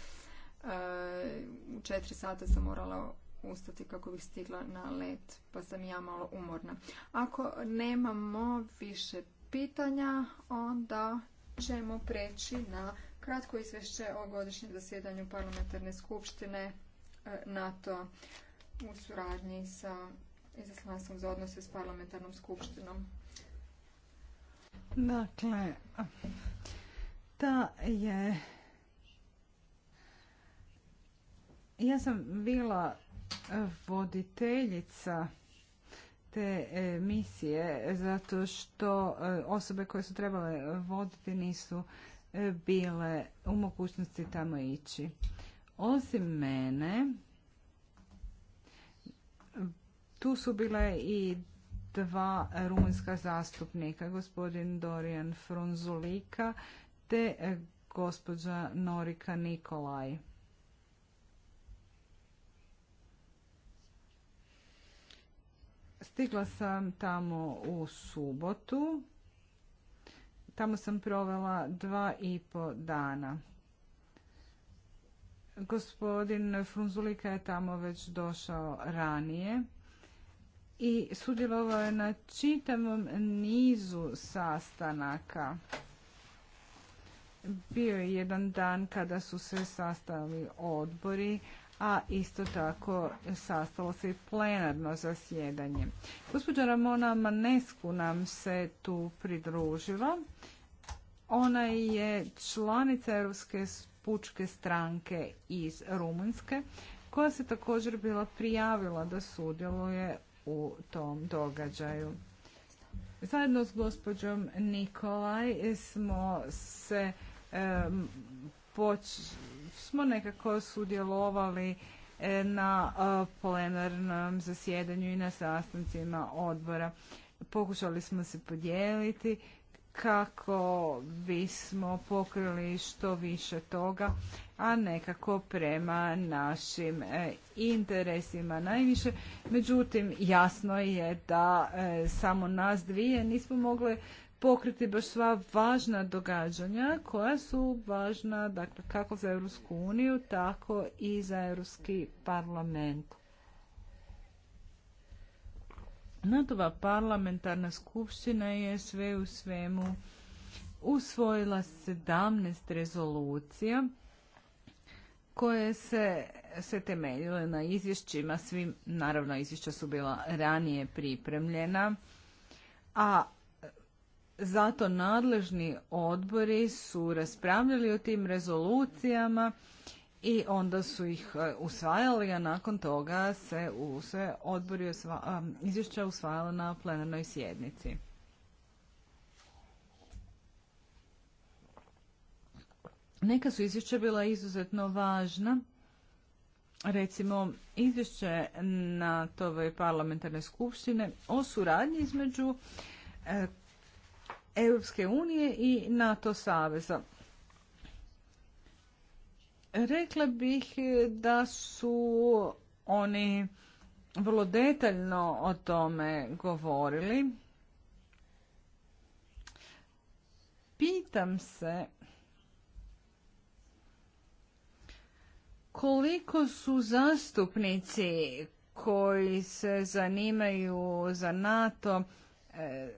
U četiri sata sam morala ustati kako bih stigla na let, pa sam ja malo umorna. Ako nemamo više pitanja, onda ćemo preći na kratko izvješće o godišnjem zasjedanju parlamentarne skupštine e, NATO u suradnji sa izaslanstvom za odnose s parlamentarnom skupštinom. Dakle, je... Ja sam bila voditeljica te e, misije zato što e, osobe koje su trebale voditi nisu e, bile u mogućnosti tamo ići. Osim mene, tu su bile i dva rumunjska zastupnika, gospodin Dorian Frunzulika te gospođa Norika Nikolaj. Stigla sam tamo u subotu. Tamo sam provela dva i po dana. Gospodin Frunzulika je tamo već došao ranije i sudjelovao je na čitavom nizu sastanaka. Bio je jedan dan kada su se sastali odbori, a isto tako sastalo se i plenarno zasjedanje. Gospođa Ramona Manesku nam se tu pridružila. Ona je članica Europske pučke stranke iz Rumunjske, koja se također bila prijavila da sudjeluje u tom događaju. Zajedno s gospođom Nikolaj smo se počeli smo nekako sudjelovali e, na e, plenarnom zasjedanju i na sastancima odbora. Pokušali smo se podijeliti kako bismo pokrili što više toga, a nekako prema našim e, interesima najviše. Međutim, jasno je da samo nas dvije nismo mogle pokriti baš sva važna događanja koja su važna dakle, kako za Europsku uniju, tako i za Europski parlament. Natova parlamentarna skupština je sve u svemu usvojila 17 rezolucija koje se, se temeljile na izvješćima. Svim, naravno, izvješća su bila ranije pripremljena, a zato nadležni odbori su raspravljali o tim rezolucijama i onda su ih e, usvajali, a nakon toga se u sve odbori izvješća usvajala na plenarnoj sjednici. Neka su izvješća bila izuzetno važna. Recimo, izvješće na tove parlamentarne skupštine o suradnji između e, Europske unije i NATO saveza. Rekla bih da su oni vrlo detaljno o tome govorili. Pitam se koliko su zastupnici koji se zanimaju za NATO e,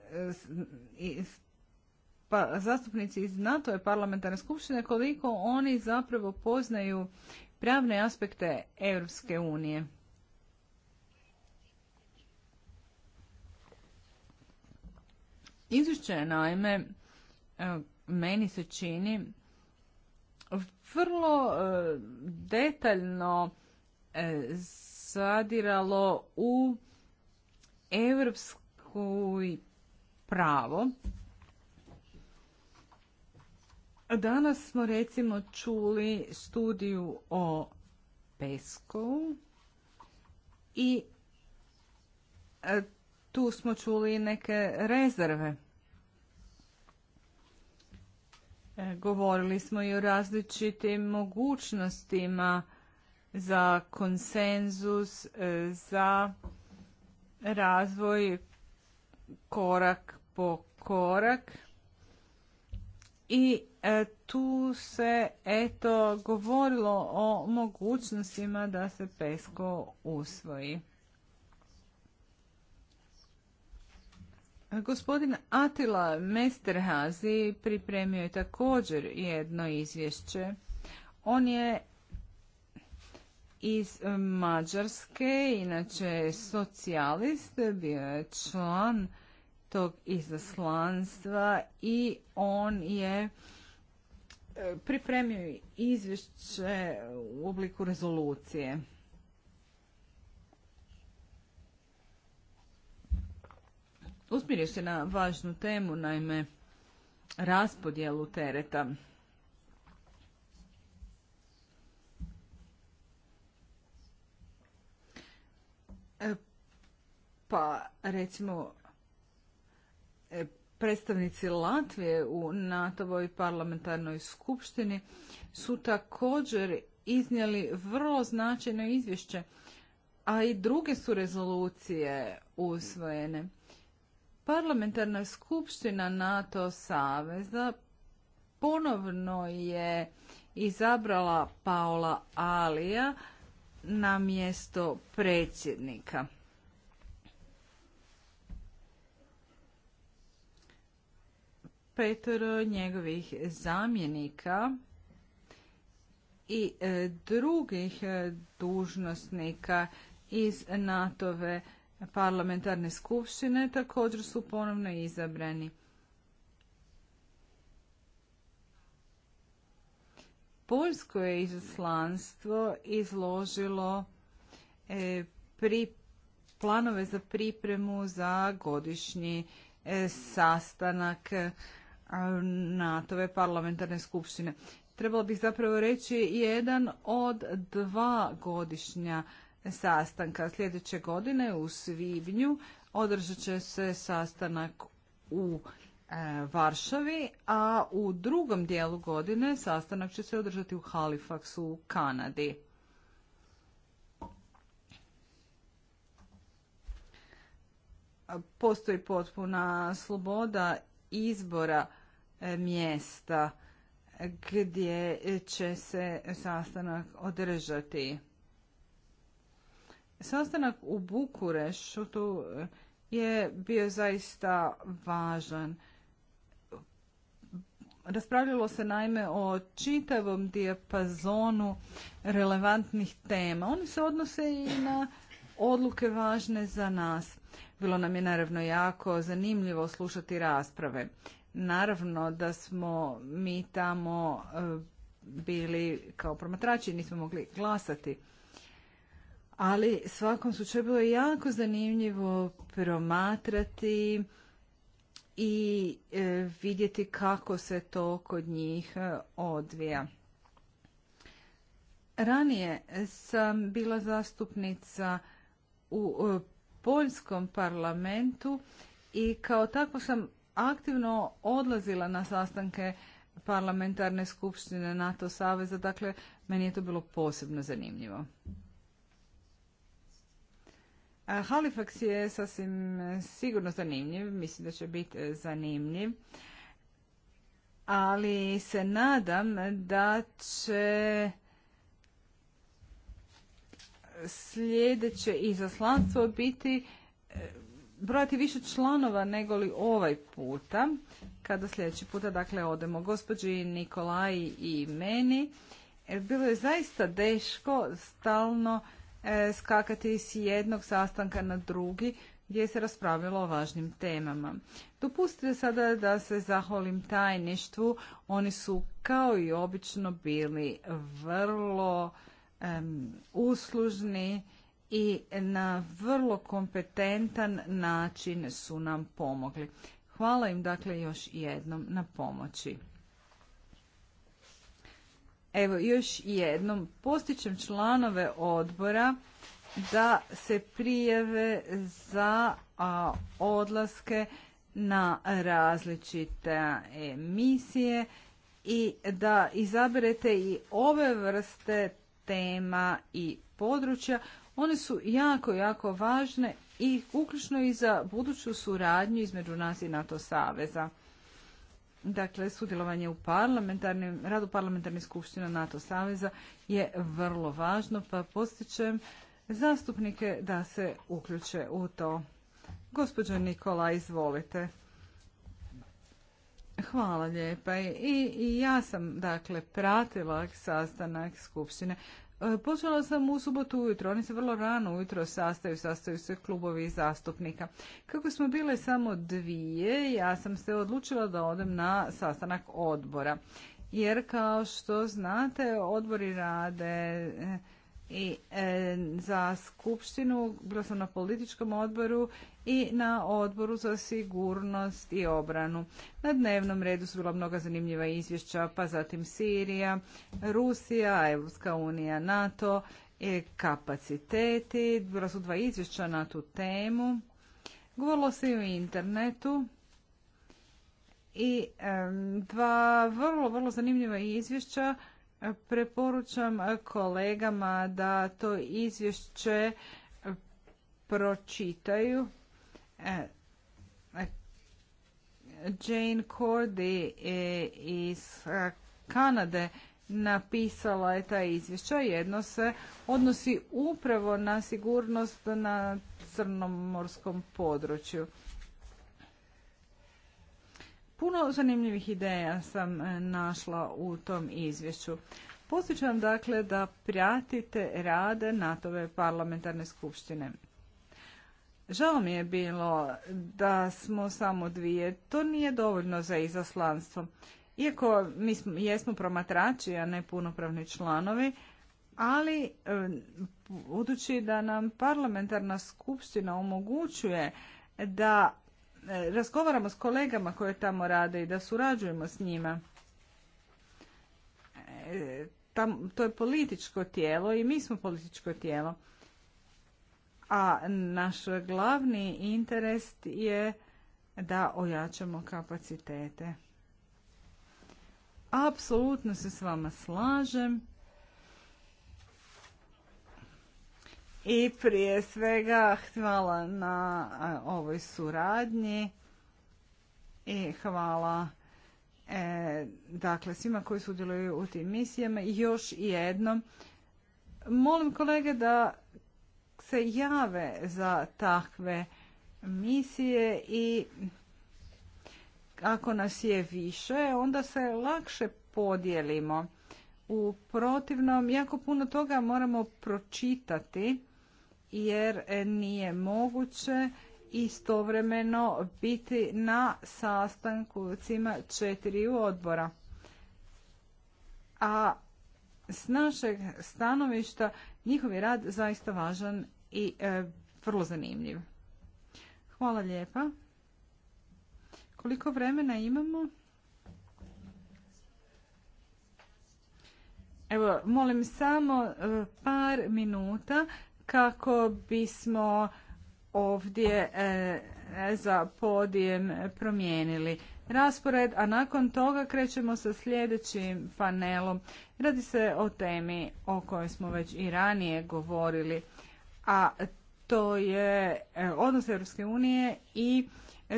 pa, zastupnici iz NATO je parlamentarne skupštine koliko oni zapravo poznaju pravne aspekte Europske unije. Izvješće naime, meni se čini, vrlo e, detaljno e, zadiralo u europsku pravo Danas smo recimo čuli studiju o Peskovu i e, tu smo čuli neke rezerve. E, govorili smo i o različitim mogućnostima za konsenzus, e, za razvoj korak po korak i E, tu se eto govorilo o mogućnostima da se pesko usvoji. Gospodin Atila Mesterhazi pripremio je također jedno izvješće. On je iz Mađarske, inače socijalist, bio je član tog izaslanstva i on je pripremio izvješće u obliku rezolucije. Usmjerio se na važnu temu, naime raspodjelu tereta. E, pa recimo e, predstavnici Latvije u NATO-voj parlamentarnoj skupštini su također iznijeli vrlo značajno izvješće, a i druge su rezolucije usvojene. Parlamentarna skupština NATO saveza ponovno je izabrala Paola Alija na mjesto predsjednika. petoro njegovih zamjenika i e, drugih e, dužnosnika iz NATO-ve parlamentarne skupštine također su ponovno izabrani. Poljsko je izaslanstvo izložilo e, planove za pripremu za godišnji sastanak NATO-ve parlamentarne skupštine. Trebalo bih zapravo reći jedan od dva godišnja sastanka. Sljedeće godine u Svibnju održat će se sastanak u e, Varšavi, a u drugom dijelu godine sastanak će se održati u Halifaxu u Kanadi. Postoji potpuna sloboda izbora e, mjesta gdje će se sastanak održati. Sastanak u Bukurešu tu e, je bio zaista važan. Raspravljalo se naime o čitavom dijapazonu relevantnih tema. Oni se odnose i na odluke važne za nas. Bilo nam je naravno jako zanimljivo slušati rasprave. Naravno da smo mi tamo e, bili kao promatrači, nismo mogli glasati. Ali svakom slučaju bilo je jako zanimljivo promatrati i e, vidjeti kako se to kod njih e, odvija. Ranije sam bila zastupnica u poljskom parlamentu i kao tako sam aktivno odlazila na sastanke parlamentarne skupštine NATO saveza, dakle meni je to bilo posebno zanimljivo. A Halifax je sasvim e, sigurno zanimljiv, mislim da će biti e, zanimljiv, ali se nadam da će sljedeće izaslanstvo biti e, brojati više članova nego li ovaj puta, kada sljedeći puta dakle odemo gospođi Nikolaji i meni. E, bilo je zaista deško stalno e, skakati s jednog sastanka na drugi gdje se raspravilo o važnim temama. Dopustite sada da se zahvalim tajništvu. Oni su kao i obično bili vrlo uslužni i na vrlo kompetentan način su nam pomogli. Hvala im dakle još jednom na pomoći. Evo još jednom postičem članove odbora da se prijave za a, odlaske na različite emisije i da izaberete i ove vrste tema i područja. One su jako, jako važne i uključno i za buduću suradnju između nas i NATO saveza. Dakle, sudjelovanje u parlamentarnim, radu parlamentarne skupština NATO saveza je vrlo važno, pa postičem zastupnike da se uključe u to. Gospođo Nikola, izvolite. Hvala lijepa. I, i ja sam dakle pratila sastanak skupštine. E, počela sam u subotu ujutro, oni se vrlo rano ujutro sastaju, sastaju se klubovi zastupnika. Kako smo bile samo dvije, ja sam se odlučila da odem na sastanak odbora. Jer kao što znate, odbori rade e, i e, za skupštinu, bila sam na političkom odboru i na odboru za sigurnost i obranu. Na dnevnom redu su bila mnoga zanimljiva izvješća, pa zatim Sirija, Rusija, Evropska unija, NATO, e, kapaciteti, bila su dva izvješća na tu temu. Govorilo se i o internetu i dva vrlo, vrlo zanimljiva izvješća Preporučam kolegama da to izvješće pročitaju. Jane Cordy e, iz Kanade napisala je ta izvješća. Jedno se odnosi upravo na sigurnost na crnomorskom području. Puno zanimljivih ideja sam e, našla u tom izvješću. Posjećam dakle da pratite rade NATO-ve parlamentarne skupštine. Žao mi je bilo da smo samo dvije. To nije dovoljno za izaslanstvo. Iako mi smo, jesmo promatrači, a ne punopravni članovi, ali e, budući da nam parlamentarna skupština omogućuje da E, razgovaramo s kolegama koje tamo rade i da surađujemo s njima. E, tam, to je političko tijelo i mi smo političko tijelo. A naš glavni interes je da ojačamo kapacitete. Apsolutno se s vama slažem i prije svega hvala na ovoj suradnji i hvala e, dakle svima koji sudjeluju u tim misijama. I još jednom molim kolege da se jave za takve misije i ako nas je više, onda se lakše podijelimo. U protivnom, jako puno toga moramo pročitati jer e, nije moguće istovremeno biti na sastanku cima četiri odbora. A s našeg stanovišta njihov je rad zaista važan i e, vrlo zanimljiv. Hvala lijepa. Koliko vremena imamo? Evo, molim samo e, par minuta kako bismo ovdje e, za podijem promijenili raspored, a nakon toga krećemo sa sljedećim panelom. Radi se o temi o kojoj smo već i ranije govorili, a to je e, odnos Europske unije i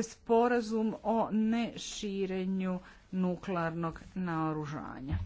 sporazum o neširenju nuklearnog naoružanja.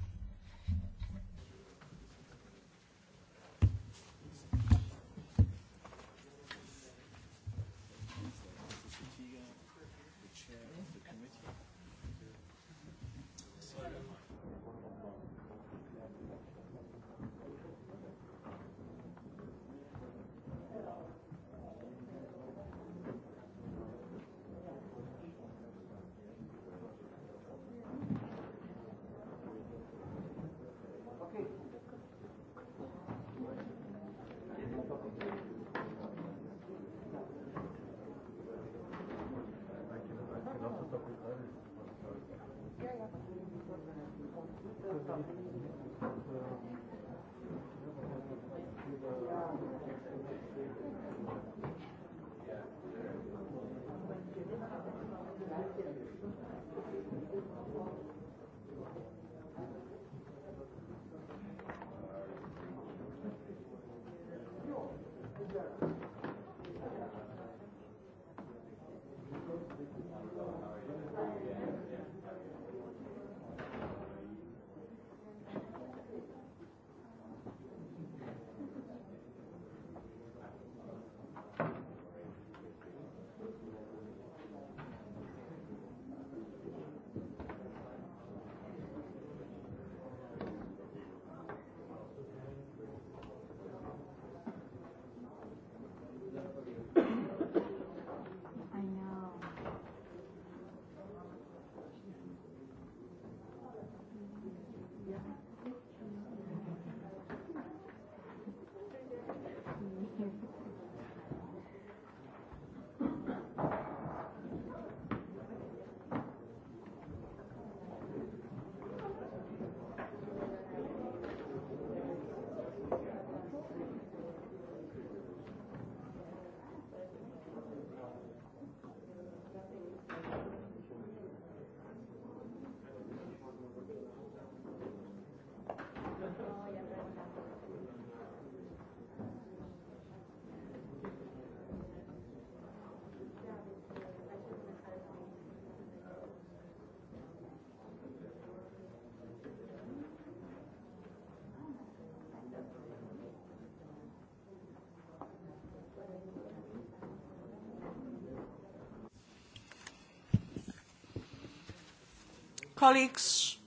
Colleagues,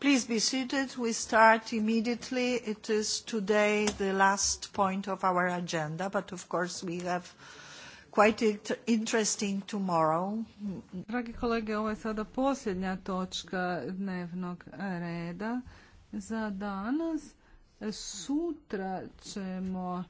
please be seated. We start immediately. It is today the last point of our agenda, but of course we have quite interesting tomorrow. Dragi kolege, ovo je sada posljednja točka dnevnog reda za danas. Sutra ćemo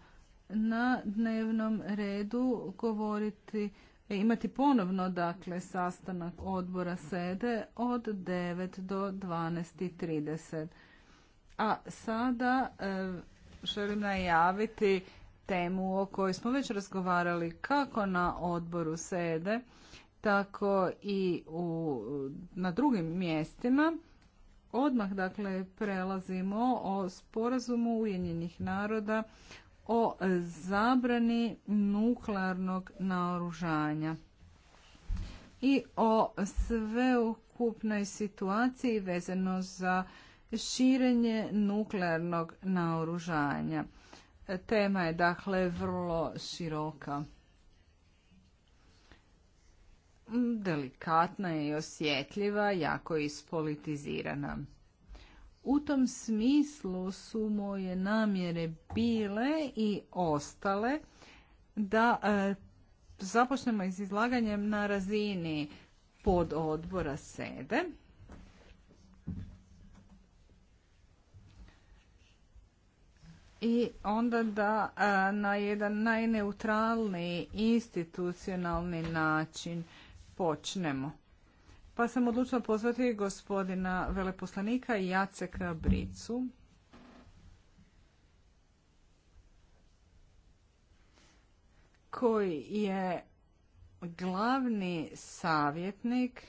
na dnevnom redu govoriti E, imati ponovno dakle sastanak odbora sede od 9 do 12.30. A sada e, želim najaviti temu o kojoj smo već razgovarali kako na odboru sede, tako i u, na drugim mjestima. Odmah dakle prelazimo o sporazumu Ujedinjenih naroda o zabrani nuklearnog naoružanja i o sveukupnoj situaciji vezano za širenje nuklearnog naoružanja. Tema je dakle vrlo široka. Delikatna je i osjetljiva, jako ispolitizirana. U tom smislu su moje namjere bile i ostale da e, započnemo s izlaganjem na razini pododbora sede. I onda da e, na jedan najneutralniji institucionalni način počnemo pa sam odlučila pozvati gospodina veleposlanika Jaceka Bricu. koji je glavni savjetnik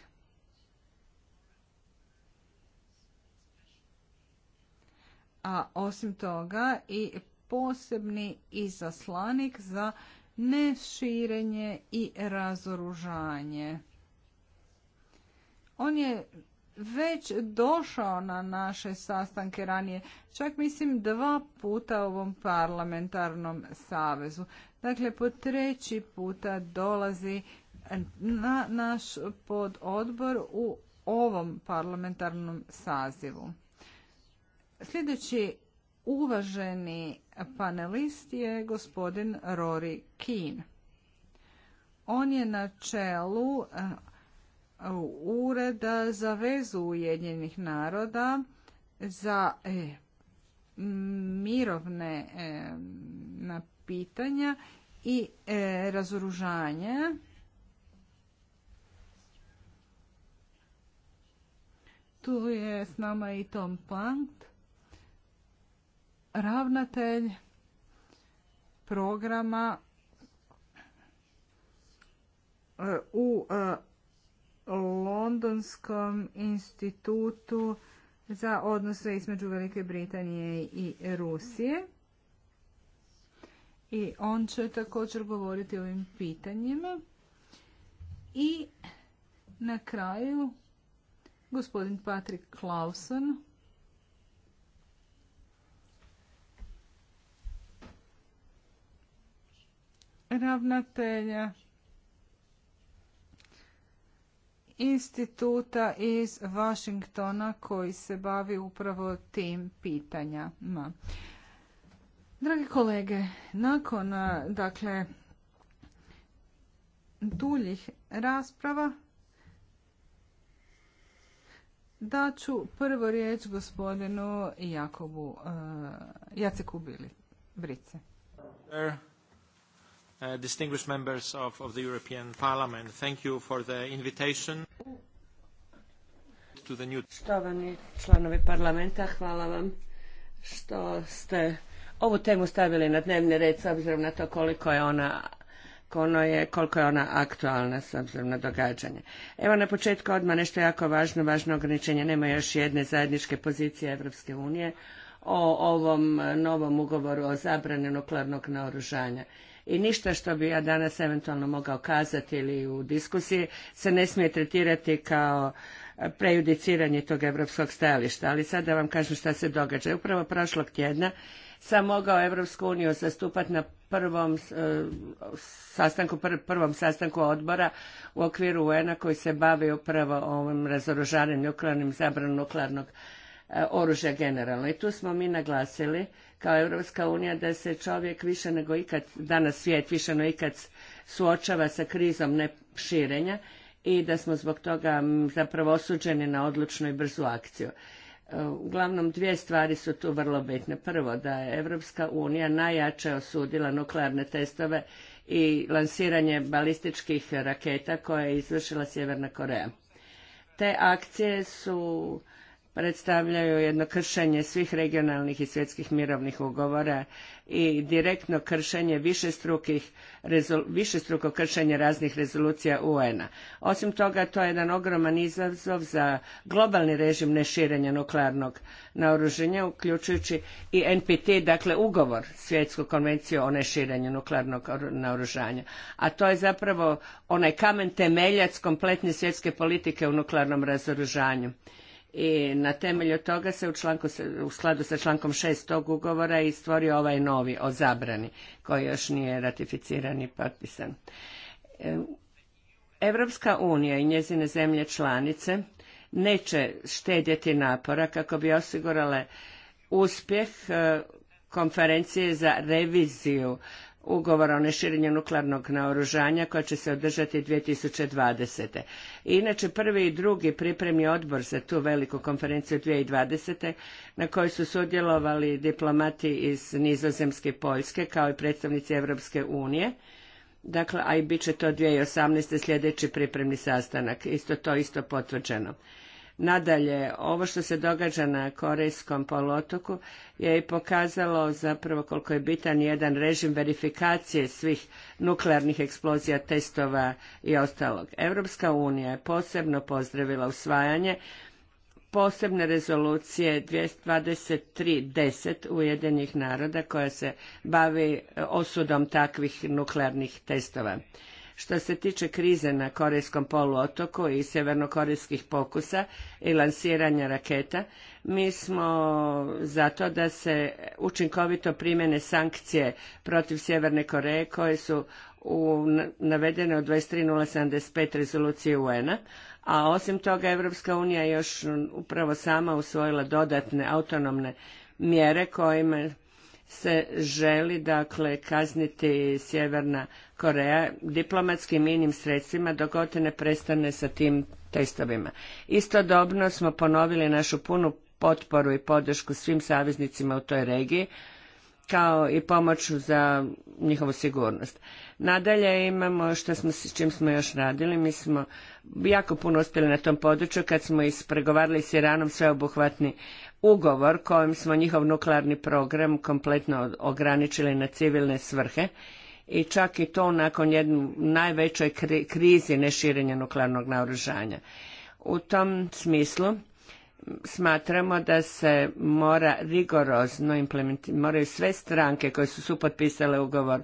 a osim toga i posebni izaslanik za neširenje i razoružanje. On je već došao na naše sastanke ranije, čak mislim dva puta u ovom parlamentarnom savezu. Dakle, po treći puta dolazi na naš pododbor u ovom parlamentarnom sazivu. Sljedeći uvaženi panelist je gospodin Rory Keane. On je na čelu ureda za vezu Ujedinjenih naroda za e, mirovne e, pitanja i e, razoružanje tu je s nama i Tom plant, ravnatelj programa e, u e, Londonskom institutu za odnose između Velike Britanije i Rusije. I on će također govoriti o ovim pitanjima. I na kraju gospodin Patrick Clausen. Ravnatelja instituta iz Washingtona koji se bavi upravo tim pitanjama. Dragi kolege, nakon dakle duljih rasprava daću prvo riječ gospodinu Jakobu uh, Jaceku Bili Brice. Uh, distinguished members of, of the European Parliament. Thank you for the invitation to the new... Štovani članovi parlamenta, hvala vam što ste ovu temu stavili na dnevni red s obzirom na to koliko je ona ono je, koliko je ona aktualna s obzirom na događanje. Evo na početku odmah nešto jako važno, važno ograničenje. Nema još jedne zajedničke pozicije Evropske unije o ovom novom ugovoru o zabrani nuklearnog naoružanja i ništa što bi ja danas eventualno mogao kazati ili u diskusiji se ne smije tretirati kao e, prejudiciranje tog europskog stajališta. Ali sad da vam kažem šta se događa. Upravo prošlog tjedna sam mogao Europsku uniju zastupati na prvom e, sastanku, prvom sastanku odbora u okviru UN-a koji se bavi upravo ovim razoružanjem nuklearnim zabranom nuklearnog e, oružja generalno. I tu smo mi naglasili kao Europska unija da se čovjek više nego ikad, danas svijet više nego ikad suočava sa krizom ne širenja i da smo zbog toga zapravo osuđeni na odlučnu i brzu akciju. E, uglavnom dvije stvari su tu vrlo bitne. Prvo, da je Evropska unija najjače osudila nuklearne testove i lansiranje balističkih raketa koje je izvršila Sjeverna Koreja. Te akcije su predstavljaju jedno kršenje svih regionalnih i svjetskih mirovnih ugovora i direktno kršenje višestrukih, višestruko kršenje raznih rezolucija UN-a. Osim toga, to je jedan ogroman izazov za globalni režim neširenja nuklearnog naoružanja uključujući i NPT, dakle ugovor Svjetsku konvenciju o neširenju nuklearnog naoružanja. A to je zapravo onaj kamen temeljac kompletne svjetske politike u nuklearnom razoružanju i na temelju toga se u, članku, u skladu sa člankom 6 tog ugovora i stvorio ovaj novi o zabrani koji još nije ratificiran i potpisan. E, Evropska unija i njezine zemlje članice neće štedjeti napora kako bi osigurale uspjeh e, konferencije za reviziju ugovora o neširenju nuklearnog naoružanja koja će se održati 2020. inače prvi i drugi pripremni odbor za tu veliku konferenciju 2020. na kojoj su sudjelovali diplomati iz Nizozemske Poljske kao i predstavnici Europske unije. Dakle, a i bit će to 2018. sljedeći pripremni sastanak. Isto to isto potvrđeno. Nadalje, ovo što se događa na Korejskom poluotoku je i pokazalo zapravo koliko je bitan jedan režim verifikacije svih nuklearnih eksplozija, testova i ostalog. Evropska unija je posebno pozdravila usvajanje posebne rezolucije 223.10 Ujedinjenih naroda koja se bavi osudom takvih nuklearnih testova. Što se tiče krize na Korejskom poluotoku i severnokorejskih pokusa i lansiranja raketa, mi smo za to da se učinkovito primjene sankcije protiv Sjeverne Koreje koje su u, navedene u 23.075 rezolucije UN-a, a osim toga Evropska unija još upravo sama usvojila dodatne autonomne mjere kojima se želi dakle kazniti Sjeverna Koreja diplomatskim inim sredstvima dok god ne prestane sa tim testovima. Istodobno smo ponovili našu punu potporu i podršku svim saveznicima u toj regiji, kao i pomoć za njihovu sigurnost. Nadalje imamo što smo, s čim smo još radili, mi smo jako puno uspjeli na tom području kad smo ispregovarali s Iranom sveobuhvatni ugovor kojim smo njihov nuklearni program kompletno ograničili na civilne svrhe i čak i to nakon jedne najvećoj krizi neširenja nuklearnog naoružanja. U tom smislu smatramo da se mora rigorozno implementirati, moraju sve stranke koje su supotpisale ugovor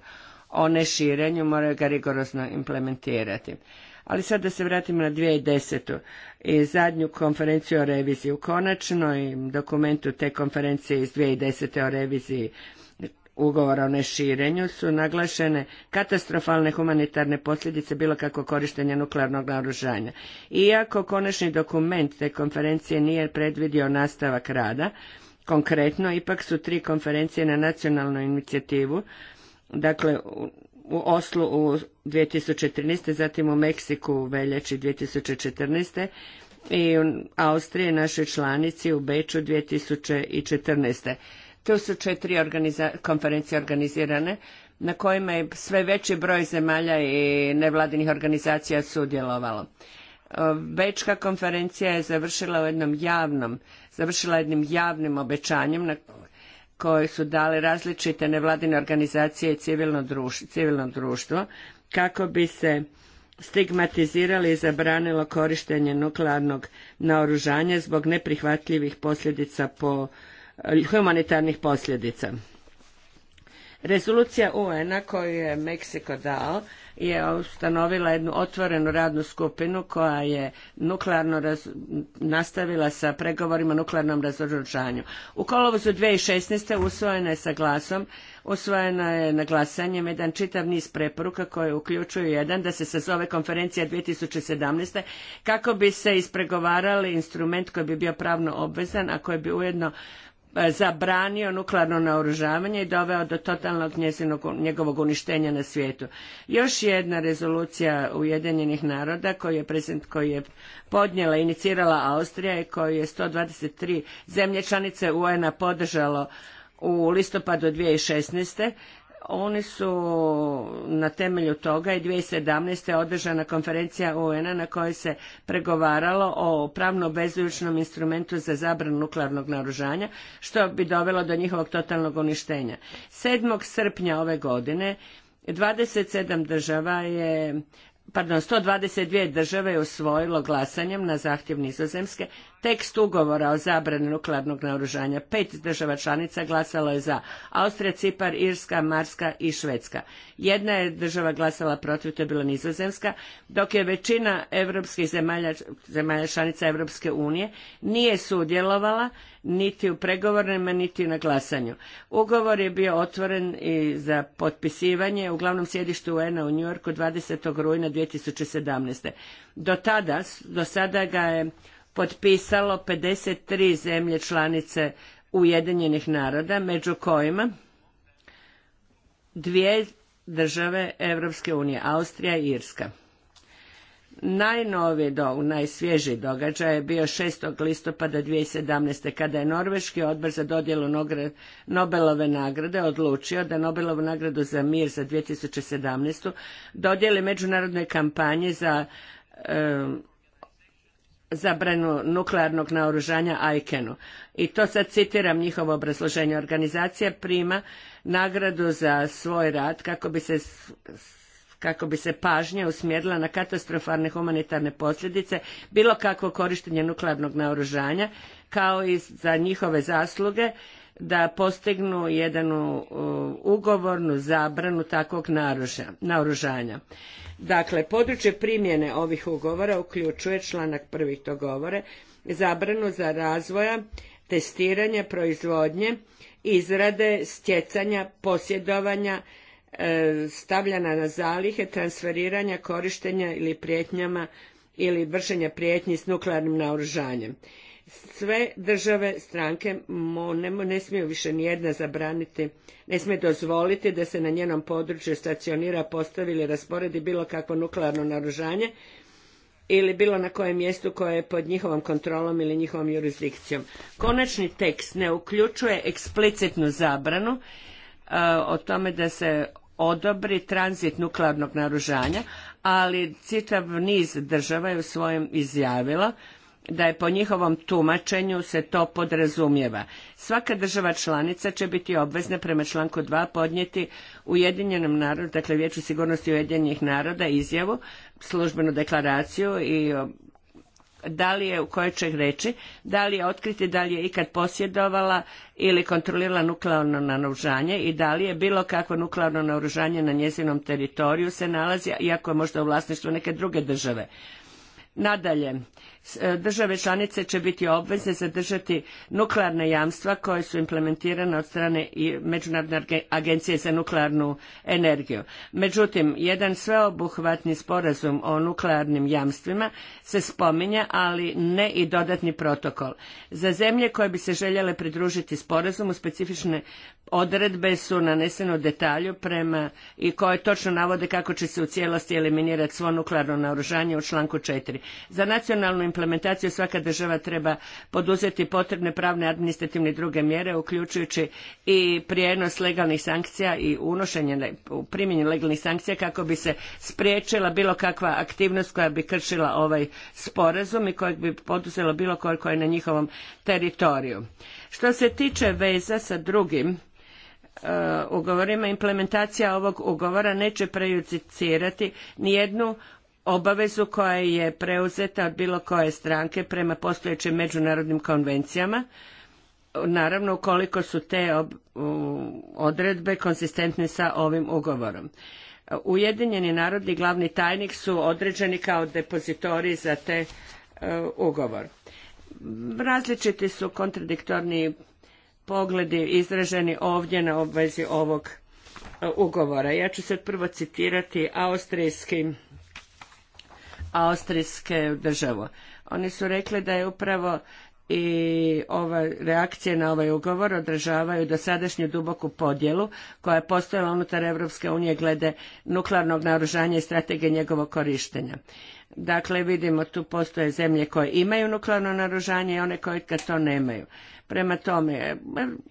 o neširenju, moraju ga rigorozno implementirati. Ali sad da se vratimo na 2010. i zadnju konferenciju o reviziji. U konačnoj dokumentu te konferencije iz 2010. o reviziji ugovora o neširenju su naglašene katastrofalne humanitarne posljedice bilo kako korištenja nuklearnog naoružanja. Iako konačni dokument te konferencije nije predvidio nastavak rada, konkretno ipak su tri konferencije na nacionalnu inicijativu, dakle u Oslu u 2013. zatim u Meksiku u veljači 2014 i u Austriji, našoj članici u Beču 2014. Tu su četiri konferencije organizirane na kojima je sve veći broj zemalja i nevladinih organizacija sudjelovalo. Bečka konferencija je završila u jednom javnom, završila jednim javnim obećanjem na koje su dali različite nevladine organizacije i civilno, civilno društvo kako bi se stigmatizirali i zabranilo korištenje nuklearnog naoružanja zbog neprihvatljivih posljedica po humanitarnih posljedica. Rezolucija UN-a koju je Meksiko dao je ustanovila jednu otvorenu radnu skupinu koja je nuklearno nastavila sa pregovorima o nuklearnom razoružanju. U kolovozu 2016. usvojena je sa glasom, usvojena je na glasanjem jedan čitav niz preporuka koje uključuju jedan da se sazove konferencija 2017. kako bi se ispregovarali instrument koji bi bio pravno obvezan, a koji bi ujedno E, zabranio nuklearno naoružavanje i doveo do totalnog njezinog, njegovog uništenja na svijetu. Još jedna rezolucija Ujedinjenih naroda koju je, prezent, koju je podnijela, inicirala Austrija i koju je 123 zemlje članice UN-a podržalo u listopadu 2016. Oni su na temelju toga i 2017. održana konferencija UN-a na kojoj se pregovaralo o pravno obvezujućnom instrumentu za zabranu nuklearnog naružanja, što bi dovelo do njihovog totalnog uništenja. 7. srpnja ove godine 27 država je pardon, 122 države je usvojilo glasanjem na zahtjev nizozemske tekst ugovora o zabrani nuklearnog naoružanja. Pet država članica glasalo je za. Austrija, Cipar, Irska, Marska i Švedska. Jedna je država glasala protiv, to je bila Nizozemska, dok je većina europskih zemalja, zemalja članica Europske unije nije sudjelovala niti u pregovorima, niti na glasanju. Ugovor je bio otvoren i za potpisivanje u glavnom sjedištu UN-a u Njujorku 20. rujna 2017. Do tada, do sada ga je potpisalo 53 zemlje članice Ujedinjenih naroda, među kojima dvije države Evropske unije, Austrija i Irska. Najnoviji, do, najsvježiji događaj je bio 6. listopada 2017. kada je Norveški odbor za dodjelu Nobelove nagrade odlučio da Nobelovu nagradu za mir za 2017. dodjeli međunarodnoj kampanji za zabranu nuklearnog naoružanja Aikenu. I to sad citiram njihovo obrazloženje. Organizacija prima nagradu za svoj rad kako bi se kako bi se pažnja usmjerila na katastrofalne humanitarne posljedice bilo kakvo korištenje nuklearnog naoružanja kao i za njihove zasluge da postignu jednu ugovornu zabranu takvog naoružanja. Dakle, područje primjene ovih ugovora uključuje članak prvih dogovore, zabranu za razvoja, testiranje, proizvodnje, izrade, stjecanja, posjedovanja, e, stavljana na zalihe, transferiranja, korištenja ili prijetnjama ili vršenja prijetnji s nuklearnim naoružanjem sve države stranke ne, ne smiju više nijedna zabraniti, ne smije dozvoliti da se na njenom području stacionira, postavi ili rasporedi bilo kakvo nuklearno naružanje ili bilo na kojem mjestu koje je pod njihovom kontrolom ili njihovom jurisdikcijom. Konačni tekst ne uključuje eksplicitnu zabranu e, o tome da se odobri tranzit nuklearnog naružanja, ali citav niz država je u svojem izjavila da je po njihovom tumačenju se to podrazumijeva. Svaka država članica će biti obvezna prema članku 2 podnijeti Ujedinjenom narodu, dakle Vijeću sigurnosti Ujedinjenih naroda izjavu, službenu deklaraciju i da li je, u kojoj će reći, da li je otkriti, da li je ikad posjedovala ili kontrolirala nuklearno naoružanje i da li je bilo kakvo nuklearno naoružanje na njezinom teritoriju se nalazi, iako je možda u vlasništvu neke druge države. Nadalje, E, države članice će biti obvezne zadržati nuklearna jamstva koje su implementirane od strane i Međunarodne agencije za nuklearnu energiju. Međutim, jedan sveobuhvatni sporazum o nuklearnim jamstvima se spominja, ali ne i dodatni protokol. Za zemlje koje bi se željele pridružiti sporazumu, specifične odredbe su nanesene u detalju prema i koje točno navode kako će se u cijelosti eliminirati svo nuklearno naoružanje u članku 4. Za nacionalnu implementaciju svaka država treba poduzeti potrebne pravne, administrativne i druge mjere, uključujući i prijenos legalnih sankcija i unošenje u primjenju legalnih sankcija kako bi se spriječila bilo kakva aktivnost koja bi kršila ovaj sporazum i kojeg bi poduzelo bilo koje je na njihovom teritoriju. Što se tiče veza sa drugim e, ugovorima implementacija ovog ugovora neće prejudicirati nijednu obavezu koja je preuzeta od bilo koje stranke prema postojećim međunarodnim konvencijama naravno ukoliko su te odredbe konzistentne sa ovim ugovorom. Ujedinjeni narodni glavni tajnik su određeni kao depozitori za te e, ugovor. Različiti su kontradiktorni pogledi izraženi ovdje na obvezi ovog e, ugovora. Ja ću sad prvo citirati austrijskim austrijske državu. Oni su rekli da je upravo i ova reakcija na ovaj ugovor do dosadašnju duboku podjelu koja je postojala unutar Europske unije glede nuklearnog naoružanja i strategije njegovog korištenja. Dakle, vidimo tu postoje zemlje koje imaju nuklearno naružanje i one koje to nemaju. Prema tome,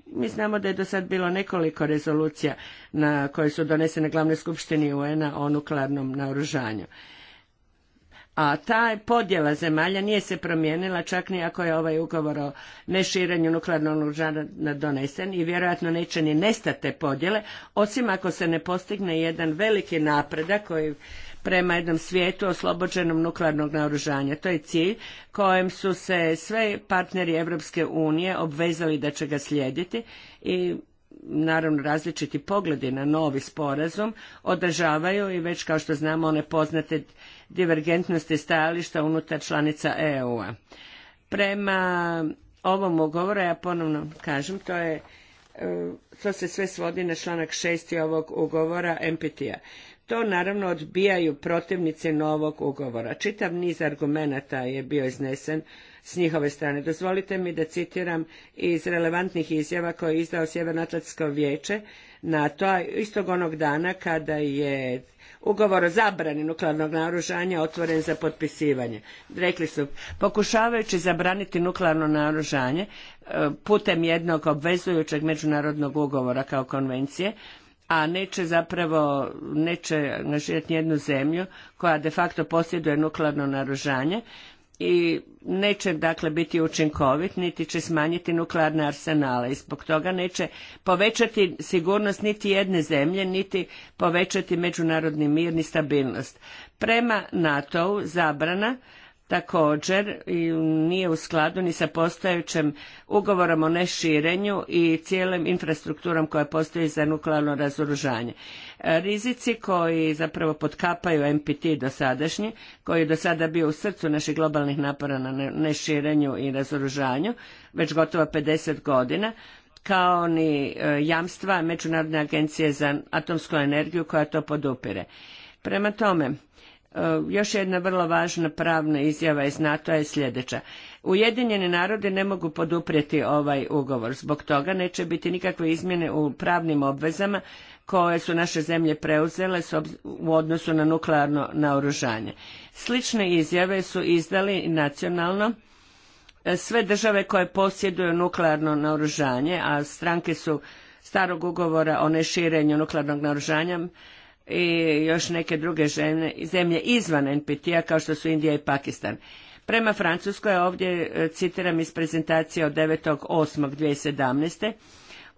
mi znamo da je do sad bilo nekoliko rezolucija na, koje su donesene na glavnoj skupštini UN-a o nuklearnom naoružanju. A ta podjela zemalja nije se promijenila čak ni ako je ovaj ugovor o neširenju nuklearnog oružja donesen i vjerojatno neće ni nestati te podjele, osim ako se ne postigne jedan veliki napredak koji prema jednom svijetu oslobođenom nuklearnog naoružanja. To je cilj kojem su se sve partneri Europske unije obvezali da će ga slijediti i naravno različiti pogledi na novi sporazum održavaju i već kao što znamo one poznate divergentnosti stajališta unutar članica EU-a. Prema ovom ugovoru, ja ponovno kažem, to je e, to se sve svodi na članak 6. ovog ugovora MPT-a. To naravno odbijaju protivnice novog ugovora. Čitav niz argumenata je bio iznesen s njihove strane. Dozvolite mi da citiram iz relevantnih izjava koje je izdao Sjevernatlatsko vijeće na to istog onog dana kada je ugovor o zabrani nuklearnog naoružanja otvoren za potpisivanje. Rekli su, pokušavajući zabraniti nuklearno naoružanje e, putem jednog obvezujućeg međunarodnog ugovora kao konvencije, a neće zapravo, neće naživjeti jednu zemlju koja de facto posjeduje nuklearno naružanje, i neće dakle biti učinkovit niti će smanjiti nuklearne arsenale i zbog toga neće povećati sigurnost niti jedne zemlje niti povećati međunarodni mir ni stabilnost. Prema NATO-u zabrana također nije u skladu ni sa postojećim ugovorom o neširenju i cijelim infrastrukturom koja postoji za nuklearno razoružanje. E, rizici koji zapravo potkapaju MPT dosadašnji, koji je do sada bio u srcu naših globalnih napora na neširenju i razoružanju, već gotovo 50 godina, kao ni e, jamstva Međunarodne agencije za atomsku energiju koja to podupire. Prema tome, E, još jedna vrlo važna pravna izjava iz nato je sljedeća. Ujedinjeni narodi ne mogu poduprijeti ovaj ugovor. Zbog toga neće biti nikakve izmjene u pravnim obvezama koje su naše zemlje preuzele u odnosu na nuklearno naoružanje. Slične izjave su izdali nacionalno e, sve države koje posjeduju nuklearno naoružanje, a stranke su starog ugovora o neširenju nuklearnog naoružanja i još neke druge žene, zemlje izvan NPT-a kao što su Indija i Pakistan. Prema Francuskoj, ovdje e, citiram iz prezentacije od 9.8.2017.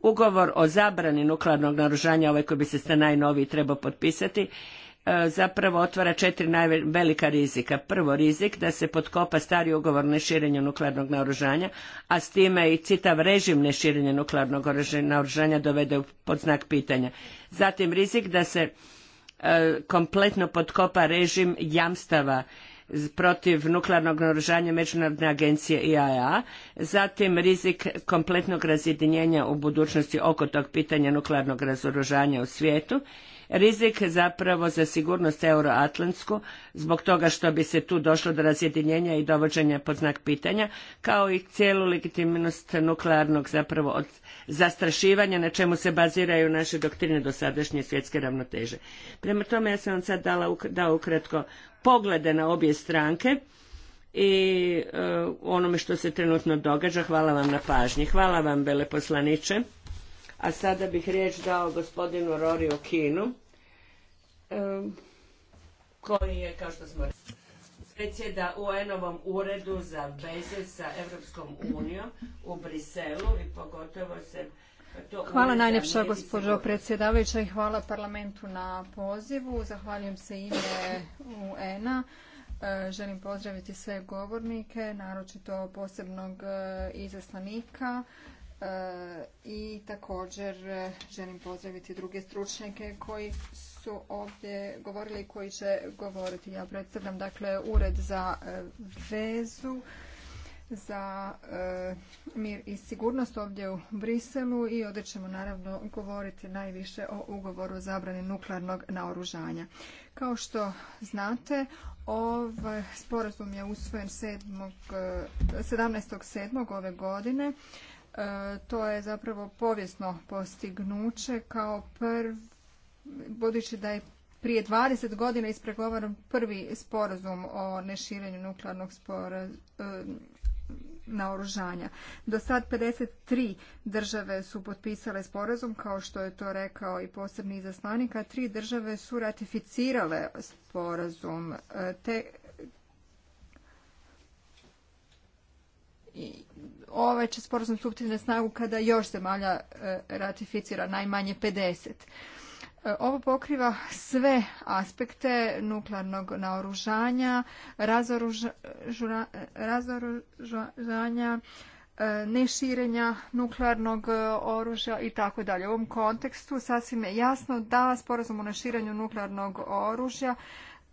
Ugovor o zabrani nuklearnog naružanja, ovaj koji bi se sta najnoviji trebao potpisati, e, zapravo otvara četiri najvelika rizika. Prvo rizik da se potkopa stari ugovor o neširenju nuklearnog naružanja a s time i citav režim neširenja nuklearnog naružanja dovede pod znak pitanja. Zatim rizik da se E, kompletno potkopa režim jamstava protiv nuklearnog naoružanja Međunarodne agencije IAEA, zatim rizik kompletnog razjedinjenja u budućnosti oko tog pitanja nuklearnog razoružanja u svijetu rizik zapravo za sigurnost euroatlantsku zbog toga što bi se tu došlo do razjedinjenja i dovođenja pod znak pitanja kao i cijelu legitimnost nuklearnog zapravo od zastrašivanja na čemu se baziraju naše doktrine dosadašnje svjetske ravnoteže. Prema tome ja sam vam sad dala, dao ukratko poglede na obje stranke i uh, onome što se trenutno događa. Hvala vam na pažnji. Hvala vam, veleposlaniče. A sada bih riječ dao gospodinu Roriju Kinu, koji je, kao što smo predsjeda UN-ovom uredu za veze sa Evropskom unijom u Briselu i pogotovo se Hvala najljepša gospođo predsjedavajuća i hvala parlamentu na pozivu. Zahvaljujem se ime UN-a. E, želim pozdraviti sve govornike, naročito posebnog e, izaslanika E, i također e, želim pozdraviti druge stručnjake koji su ovdje govorili i koji će govoriti. Ja predstavljam dakle ured za e, vezu za mir i sigurnost ovdje u Briselu i ovdje ćemo naravno govoriti najviše o ugovoru o zabrani nuklearnog naoružanja. Kao što znate, ovaj sporazum je usvojen 17.7. ove godine E, to je zapravo povijesno postignuće kao prv, budući da je prije 20 godina ispregovaran prvi sporazum o neširenju nuklearnog spora, e, naoružanja. Do sad 53 države su potpisale sporazum, kao što je to rekao i posebni izaslanik, a tri države su ratificirale sporazum, e, te ovaj će sporazum stupiti na snagu kada još zemalja e, ratificira najmanje 50. E, ovo pokriva sve aspekte nuklearnog naoružanja, razoružanja, e, neširenja nuklearnog oružja i tako dalje. U ovom kontekstu sasvim je jasno da sporazum o neširenju nuklearnog oružja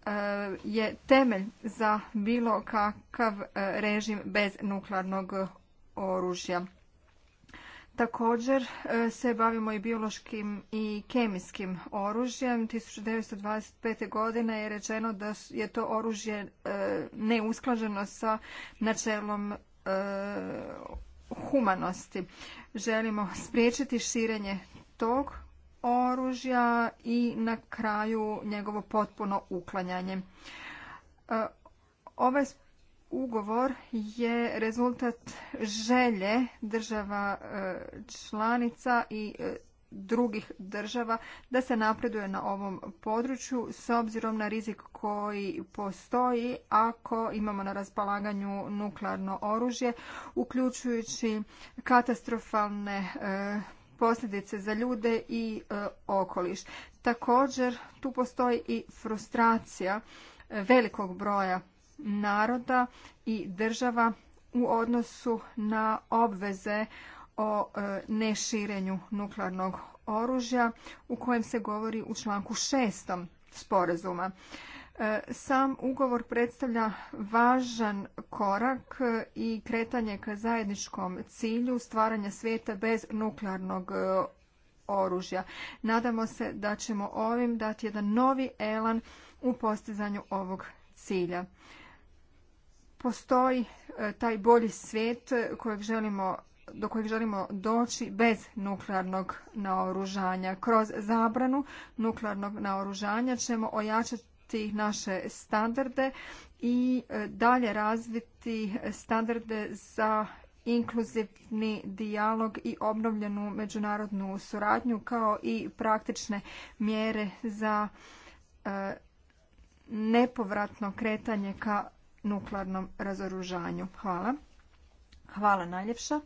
E, je temelj za bilo kakav e, režim bez nuklearnog oružja. Također e, se bavimo i biološkim i kemijskim oružjem. 1925. godine je rečeno da je to oružje neusklađeno sa načelom humanosti. Želimo spriječiti širenje tog oružja i na kraju njegovo potpuno uklanjanje. E, ovaj ugovor je rezultat želje država e, članica i e, drugih država da se napreduje na ovom području s obzirom na rizik koji postoji ako imamo na raspolaganju nuklearno oružje uključujući katastrofalne posljedice za ljude i e, okoliš. Također tu postoji i frustracija e, velikog broja naroda i država u odnosu na obveze o e, neširenju nuklearnog oružja u kojem se govori u članku šestom sporazuma. E, sam ugovor predstavlja važan korak i kretanje ka zajedničkom cilju stvaranja svijeta bez nuklearnog e, oružja. Nadamo se da ćemo ovim dati jedan novi elan u postizanju ovog cilja. Postoji e, taj bolji svijet kojeg želimo do kojeg želimo doći bez nuklearnog naoružanja. Kroz zabranu nuklearnog naoružanja ćemo ojačati naše standarde i e, dalje razviti standarde za inkluzivni dijalog i obnovljenu međunarodnu suradnju kao i praktične mjere za e, nepovratno kretanje ka nuklearnom razoružanju. Hvala. Hvala najljepša,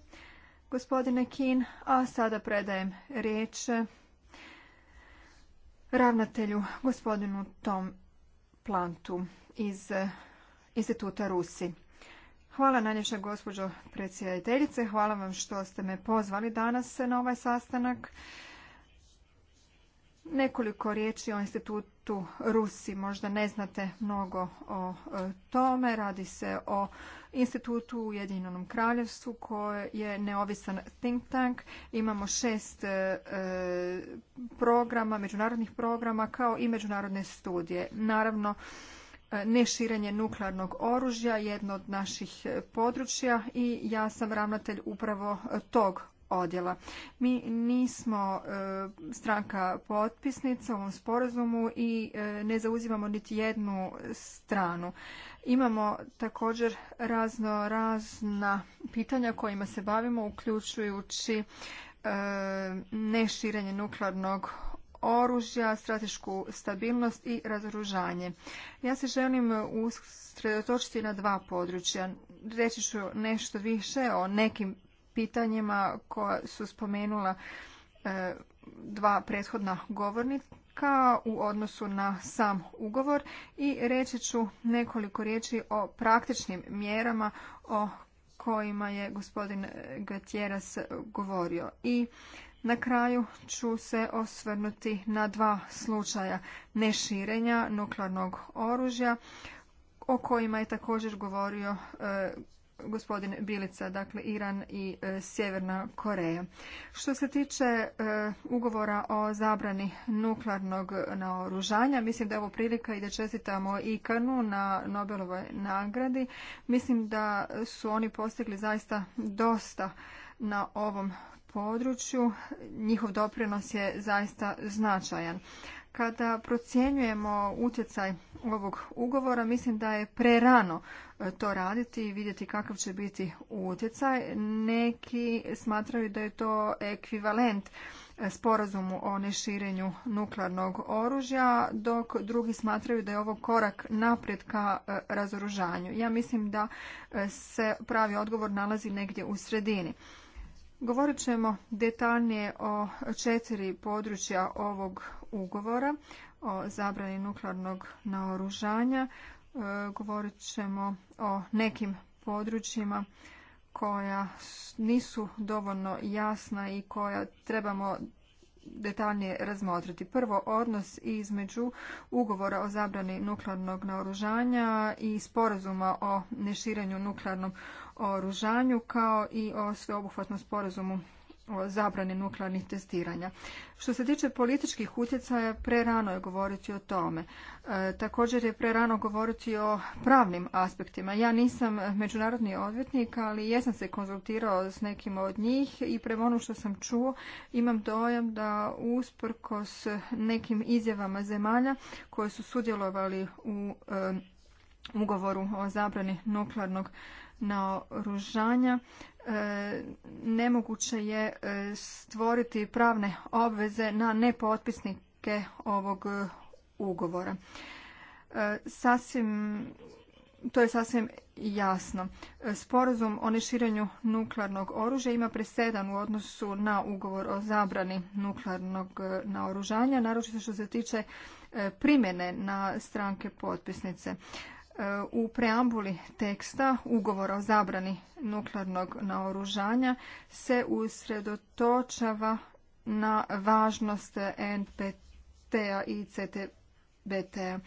gospodine Kin. A sada predajem riječ ravnatelju gospodinu Tom Plantu iz eh, Instituta Rusi. Hvala najljepša gospođo predsjedateljice, hvala vam što ste me pozvali danas na ovaj sastanak. Nekoliko riječi o institutu Rusi. Možda ne znate mnogo o e, tome. Radi se o institutu u Ujedinjenom kraljevstvu koji je neovisan think tank. Imamo šest e, programa, međunarodnih programa kao i međunarodne studije. Naravno, e, neširenje nuklearnog oružja, jedno od naših područja i ja sam ravnatelj upravo tog odjela. Mi nismo e, stranka potpisnica u ovom sporazumu i e, ne zauzimamo niti jednu stranu. Imamo također razno razna pitanja kojima se bavimo uključujući e, neširenje nuklearnog oružja, stratešku stabilnost i razoružanje. Ja se želim usredotočiti na dva područja. Reći ću nešto više o nekim pitanjima koja su spomenula e, dva prethodna govornika u odnosu na sam ugovor i reći ću nekoliko riječi o praktičnim mjerama o kojima je gospodin Gatjeras govorio. I na kraju ću se osvrnuti na dva slučaja neširenja nuklearnog oružja o kojima je također govorio e, gospodin Bilica, dakle Iran i e, Sjeverna Koreja. Što se tiče e, ugovora o zabrani nuklearnog naoružanja, mislim da je ovo prilika i da čestitamo Ikanu na Nobelovoj nagradi. Mislim da su oni postigli zaista dosta na ovom području. Njihov doprinos je zaista značajan. Kada procjenjujemo utjecaj ovog ugovora, mislim da je prerano e, to raditi i vidjeti kakav će biti utjecaj. Neki smatraju da je to ekvivalent e, sporazumu o neširenju nuklearnog oružja, dok drugi smatraju da je ovo korak naprijed ka e, razoružanju. Ja mislim da se pravi odgovor nalazi negdje u sredini. Govorit ćemo detaljnije o četiri područja ovog ugovora o zabrani nuklearnog naoružanja. E, govorit ćemo o nekim područjima koja nisu dovoljno jasna i koja trebamo detaljnije razmotriti. Prvo, odnos između ugovora o zabrani nuklearnog naoružanja i sporazuma o neširanju nuklearnom oružanju kao i o sveobuhvatnom sporazumu o zabrani nuklearnih testiranja. Što se tiče političkih utjecaja, prerano je govoriti o tome. E, također je prerano govoriti o pravnim aspektima. Ja nisam međunarodni odvjetnik, ali jesam se konzultirao s nekim od njih i prema onom što sam čuo imam dojam da s nekim izjavama zemalja koje su sudjelovali u e, ugovoru o zabrani nuklearnog naoružanja e, nemoguće je e, stvoriti pravne obveze na nepotpisnike ovog e, ugovora. Sasvim to je sasvim jasno. Sporazum o neširenju nuklearnog oružja ima presedan u odnosu na ugovor o zabrani nuklearnog naoružanja, naročito što se tiče primjene na stranke potpisnice. E, u preambuli teksta ugovora o zabrani nuklearnog naoružanja se usredotočava na važnost NPT-a i CTBT-a.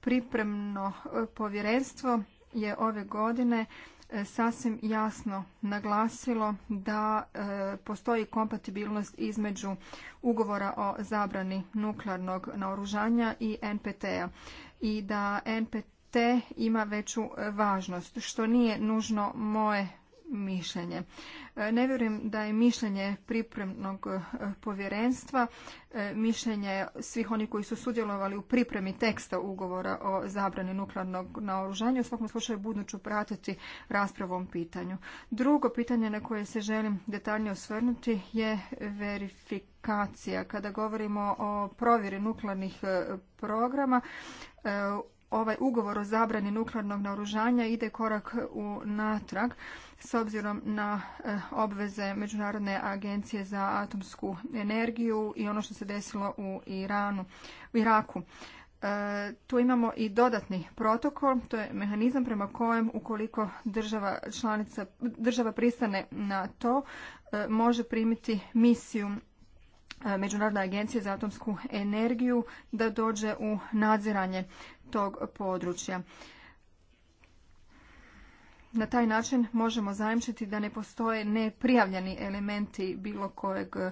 Pripremno e, povjerenstvo je ove godine e, sasvim jasno naglasilo da postoji kompatibilnost između ugovora o zabrani nuklearnog naoružanja i NPT-a i da NPT te ima veću e, važnost, što nije nužno moje mišljenje. E, ne vjerujem da je mišljenje pripremnog e, povjerenstva, mišljenje svih oni koji su sudjelovali u pripremi teksta ugovora o zabrani nuklearnog naoružanja. U svakom slučaju buduću pratiti raspravu ovom pitanju. Drugo pitanje na koje se želim detaljnije osvrnuti je verifikacija. Kada govorimo o provjeri nuklearnih programa, ovaj ugovor o zabrani nuklearnog naoružanja ide korak u natrag s obzirom na e, obveze Međunarodne agencije za atomsku energiju i ono što se desilo u Iranu, u Iraku. E, tu imamo i dodatni protokol, to je mehanizam prema kojem ukoliko država članica, država pristane na to, e, može primiti misiju Međunarodne agencije za atomsku energiju da dođe u nadziranje tog područja. Na taj način možemo zajamčiti da ne postoje neprijavljeni elementi bilo kojeg e,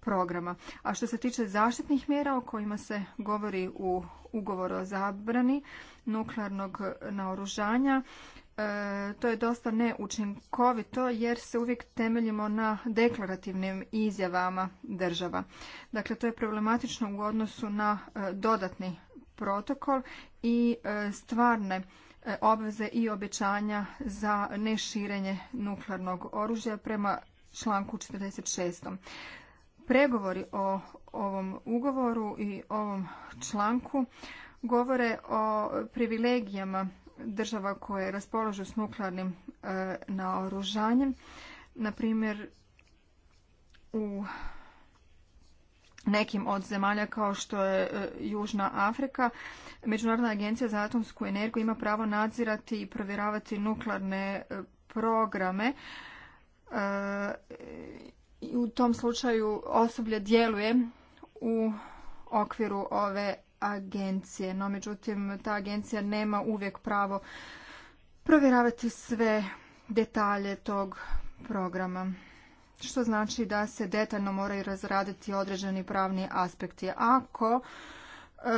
programa. A što se tiče zaštitnih mjera o kojima se govori u ugovoru o zabrani nuklearnog naoružanja, e, to je dosta neučinkovito jer se uvijek temeljimo na deklarativnim izjavama država. Dakle, to je problematično u odnosu na e, dodatni protokol i e, stvarne e, obveze i obećanja za neširenje nuklearnog oružja prema članku 46. Pregovori o ovom ugovoru i ovom članku govore o privilegijama država koje raspolažu s nuklearnim e, naoružanjem. Na primjer, u nekim od zemalja kao što je e, Južna Afrika. Međunarodna agencija za atomsku energiju ima pravo nadzirati i provjeravati nuklearne e, programe. E, u tom slučaju osoblje djeluje u okviru ove agencije, no međutim ta agencija nema uvijek pravo provjeravati sve detalje tog programa što znači da se detaljno moraju razraditi određeni pravni aspekti. Ako E,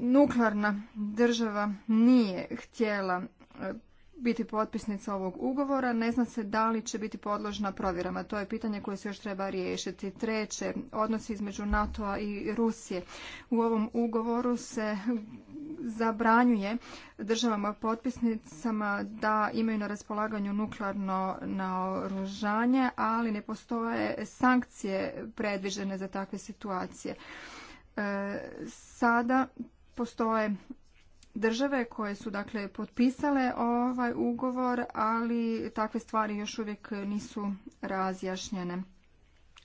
nuklearna država nije htjela biti potpisnica ovog ugovora, ne zna se da li će biti podložna provjerama. To je pitanje koje se još treba riješiti. Treće, odnosi između NATO-a i Rusije. U ovom ugovoru se zabranjuje državama potpisnicama da imaju na raspolaganju nuklearno naoružanje, ali ne postoje sankcije predviđene za takve situacije. E, sada postoje države koje su dakle potpisale ovaj ugovor, ali takve stvari još uvijek nisu razjašnjene.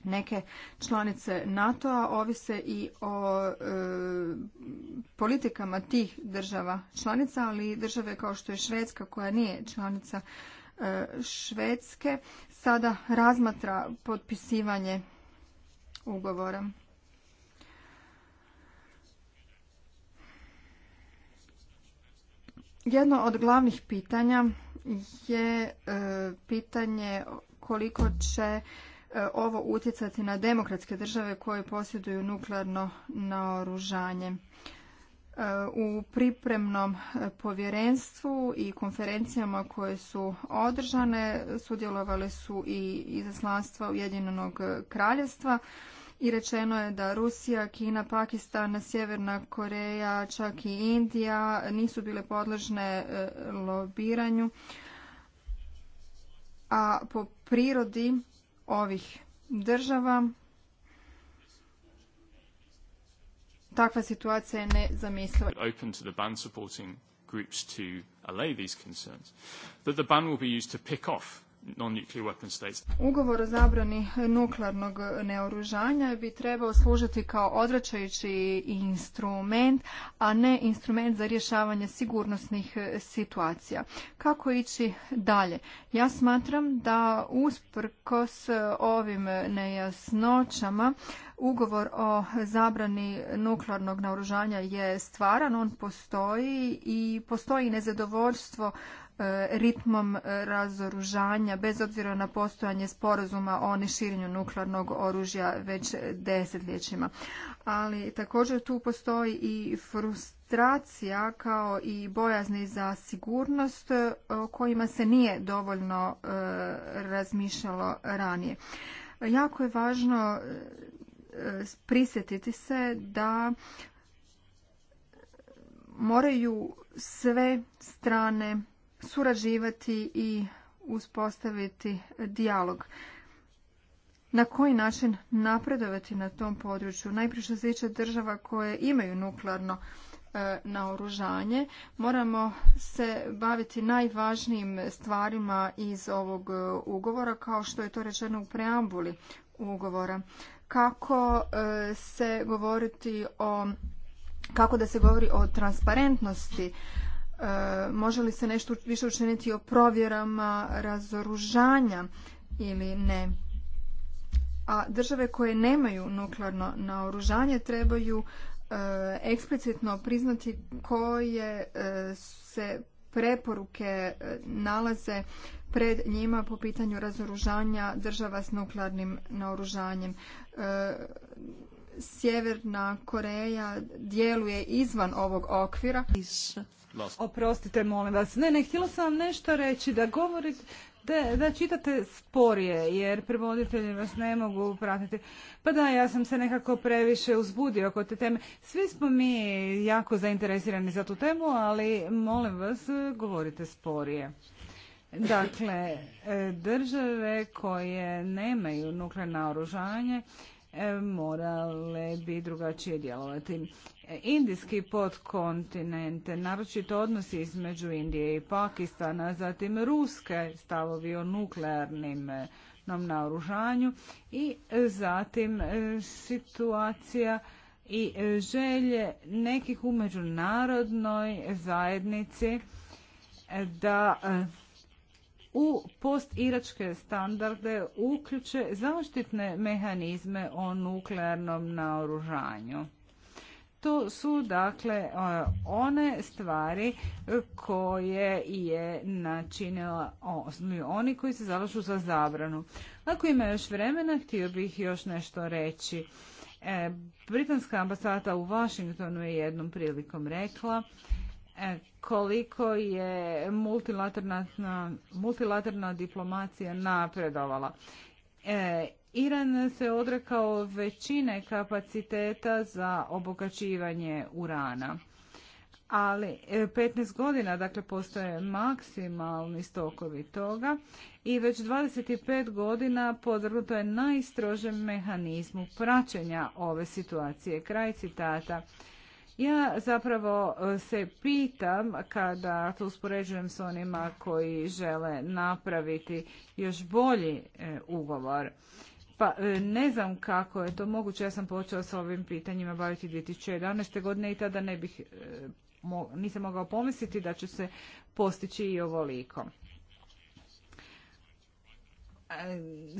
Neke članice NATO-a ovise i o e, politikama tih država članica, ali i države kao što je Švedska koja nije članica e, Švedske sada razmatra potpisivanje ugovora. Jedno od glavnih pitanja je e, pitanje koliko će e, ovo utjecati na demokratske države koje posjeduju nuklearno naoružanje. E, u pripremnom povjerenstvu i konferencijama koje su održane sudjelovale su i izaslanstva Ujedinjenog kraljevstva i rečeno je da Rusija, Kina, Pakistan, Sjeverna Koreja, čak i Indija nisu bile podložne e, lobiranju, a po prirodi ovih država takva situacija je nezamisliva. Open to the ban ban Ugovor o zabrani nuklearnog neoružanja bi trebao služiti kao odvraćajući instrument, a ne instrument za rješavanje sigurnosnih situacija. Kako ići dalje? Ja smatram da usprkos ovim nejasnoćama ugovor o zabrani nuklearnog naoružanja je stvaran, on postoji i postoji nezadovoljstvo E, ritmom e, razoružanja bez obzira na postojanje sporazuma o neširenju nuklearnog oružja već desetljećima. Ali također tu postoji i frustracija kao i bojazni za sigurnost e, o kojima se nije dovoljno razmišljalo ranije. Jako je važno prisjetiti se da moraju sve strane surađivati i uspostaviti dijalog. Na koji način napredovati na tom području? Najprije što se tiče država koje imaju nuklearno e, naoružanje. Moramo se baviti najvažnijim stvarima iz ovog e, ugovora, kao što je to rečeno u preambuli ugovora. Kako e, se govoriti o kako da se govori o transparentnosti E, može li se nešto više učiniti o provjerama razoružanja ili ne. A države koje nemaju nuklearno naoružanje trebaju e, eksplicitno priznati koje e, se preporuke nalaze pred njima po pitanju razoružanja država s nuklearnim naoružanjem. Sjeverna Koreja djeluje izvan ovog okvira. Iz Oprostite, molim vas. Ne, ne, htjela sam vam nešto reći, da govorite, da, da čitate sporije, jer prevoditelji vas ne mogu pratiti. Pa da, ja sam se nekako previše uzbudio oko te teme. Svi smo mi jako zainteresirani za tu temu, ali molim vas, govorite sporije. Dakle, e, države koje nemaju nuklearno oružanje E, morale bi drugačije djelovati. E, indijski podkontinent, naročito odnosi između Indije i Pakistana, zatim ruske stavovi o nuklearnim e, naoružanju i zatim situacija i želje nekih u međunarodnoj zajednici da u post-iračke standarde uključe zaštitne mehanizme o nuklearnom naoružanju. To su dakle e, one stvari koje je načinila oni koji se zalažu za zabranu. Ako ima još vremena, htio bih još nešto reći. E, Britanska ambasada u Washingtonu je jednom prilikom rekla E, koliko je multilaterna diplomacija napredovala. E, Iran se odrekao većine kapaciteta za obogaćivanje urana. Ali 15 e, godina, dakle, postoje maksimalni stokovi toga i već 25 godina podvrgnuto je najstrožem mehanizmu praćenja ove situacije. Kraj citata. Ja zapravo e, se pitam kada to uspoređujem s onima koji žele napraviti još bolji e, ugovor. Pa e, ne znam kako je to moguće. Ja sam počela s ovim pitanjima baviti 2011. godine i tada ne bih, nisam mogao pomisliti da će se postići i ovoliko.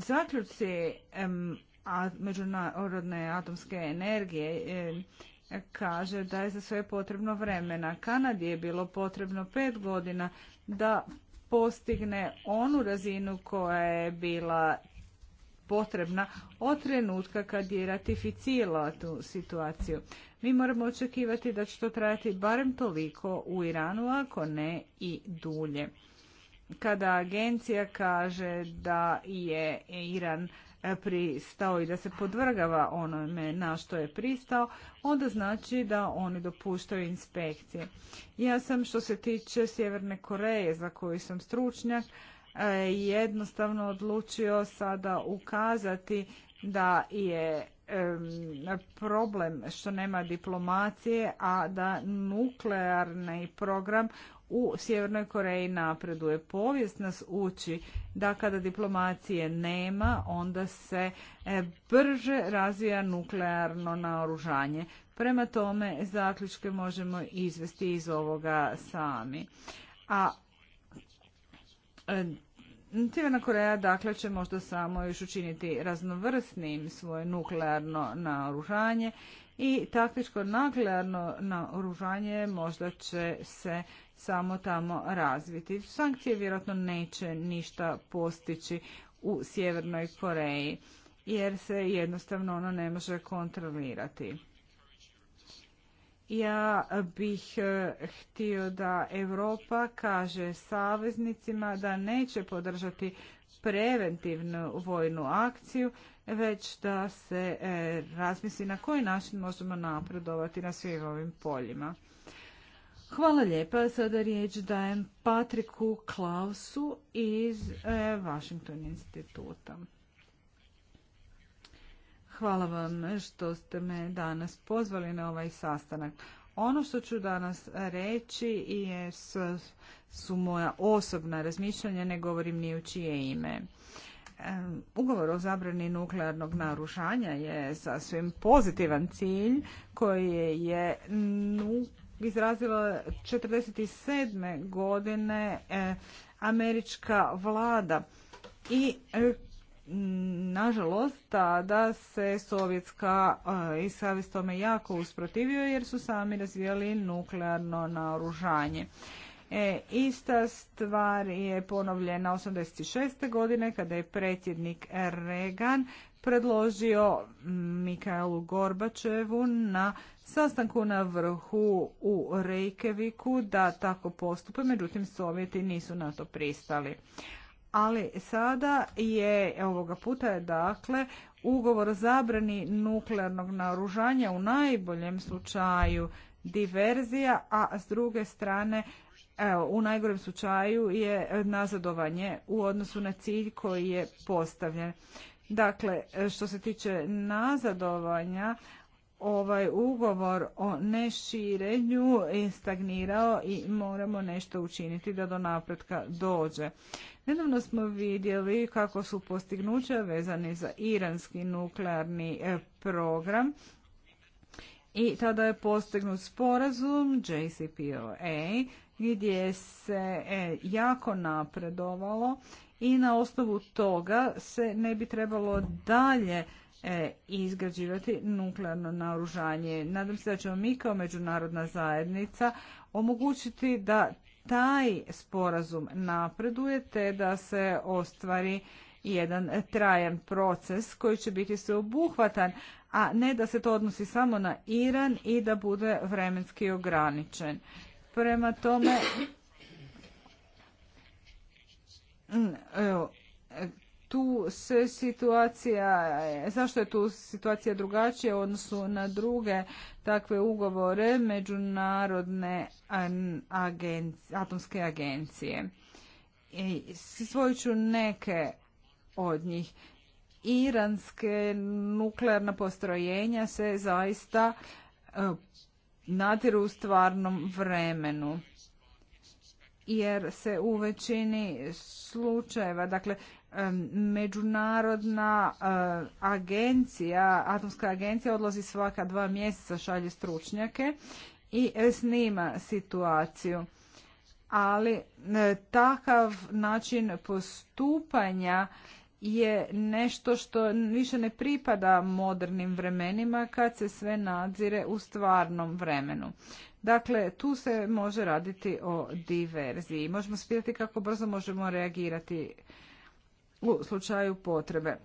zaključci međunarodne atomske energije kaže da je za sve potrebno vremena. Kanadi je bilo potrebno pet godina da postigne onu razinu koja je bila potrebna od trenutka kad je ratificirala tu situaciju. Mi moramo očekivati da će to trajati barem toliko u Iranu, ako ne i dulje kada agencija kaže da je Iran pristao i da se podvrgava onome na što je pristao, onda znači da oni dopuštaju inspekcije. Ja sam što se tiče Sjeverne Koreje za koju sam stručnjak, eh, jednostavno odlučio sada ukazati da je problem što nema diplomacije, a da nuklearni program u Sjevernoj Koreji napreduje. Povijest nas uči da kada diplomacije nema, onda se e, brže razvija nuklearno naoružanje. Prema tome, zaključke možemo izvesti iz ovoga sami. A e, Sjeverna Koreja dakle će možda samo još učiniti raznovrsnim svoje nuklearno naoružanje i taktičko nuklearno naoružanje možda će se samo tamo razviti. Sankcije vjerojatno neće ništa postići u Sjevernoj Koreji jer se jednostavno ono ne može kontrolirati. Ja bih e, htio da Europa kaže saveznicima da neće podržati preventivnu vojnu akciju, već da se e, razmisli na koji način možemo napredovati na svim ovim poljima. Hvala lijepa. Sada riječ dajem Patriku Klausu iz e, Washington instituta. Hvala vam što ste me danas pozvali na ovaj sastanak. Ono što ću danas reći je, su moja osobna razmišljanja, ne govorim ni u čije ime. E, ugovor o zabrani nuklearnog narušanja je sasvim pozitivan cilj koji je nuklearno izrazila 47. godine e, američka vlada i e, Nažalost, tada se Sovjetska e, i Savez tome jako usprotivio jer su sami razvijali nuklearno naoružanje. ista stvar je ponovljena 86. godine kada je predsjednik Reagan predložio Mikaelu Gorbačevu na sastanku na vrhu u Reykjaviku da tako postupe, međutim Sovjeti nisu na to pristali. Ali sada je ovoga puta je dakle ugovor o zabrani nuklearnog naružanja u najboljem slučaju diverzija, a s druge strane evo, u najgorem slučaju je nazadovanje u odnosu na cilj koji je postavljen. Dakle, što se tiče nazadovanja, ovaj ugovor o neširenju je stagnirao i moramo nešto učiniti da do napretka dođe. Nedavno smo vidjeli kako su postignuća vezani za iranski nuklearni e, program i tada je postignut sporazum JCPOA gdje se e, jako napredovalo i na osnovu toga se ne bi trebalo dalje E, izgrađivati nuklearno naoružanje. Nadam se da ćemo mi kao međunarodna zajednica omogućiti da taj sporazum napreduje te da se ostvari jedan trajan proces koji će biti sveobuhvatan, a ne da se to odnosi samo na Iran i da bude vremenski ograničen. Prema tome, tu se situacija, zašto je tu situacija drugačija u odnosu na druge takve ugovore međunarodne agencije, atomske agencije. I svoju ću neke od njih. Iranske nuklearna postrojenja se zaista e, nadiru u stvarnom vremenu jer se u većini slučajeva, dakle Međunarodna eh, agencija, atomska agencija odlazi svaka dva mjeseca, šalje stručnjake i snima situaciju. Ali eh, takav način postupanja je nešto što više ne pripada modernim vremenima kad se sve nadzire u stvarnom vremenu. Dakle, tu se može raditi o diverziji. Možemo spijeti kako brzo možemo reagirati u slučaju potrebe.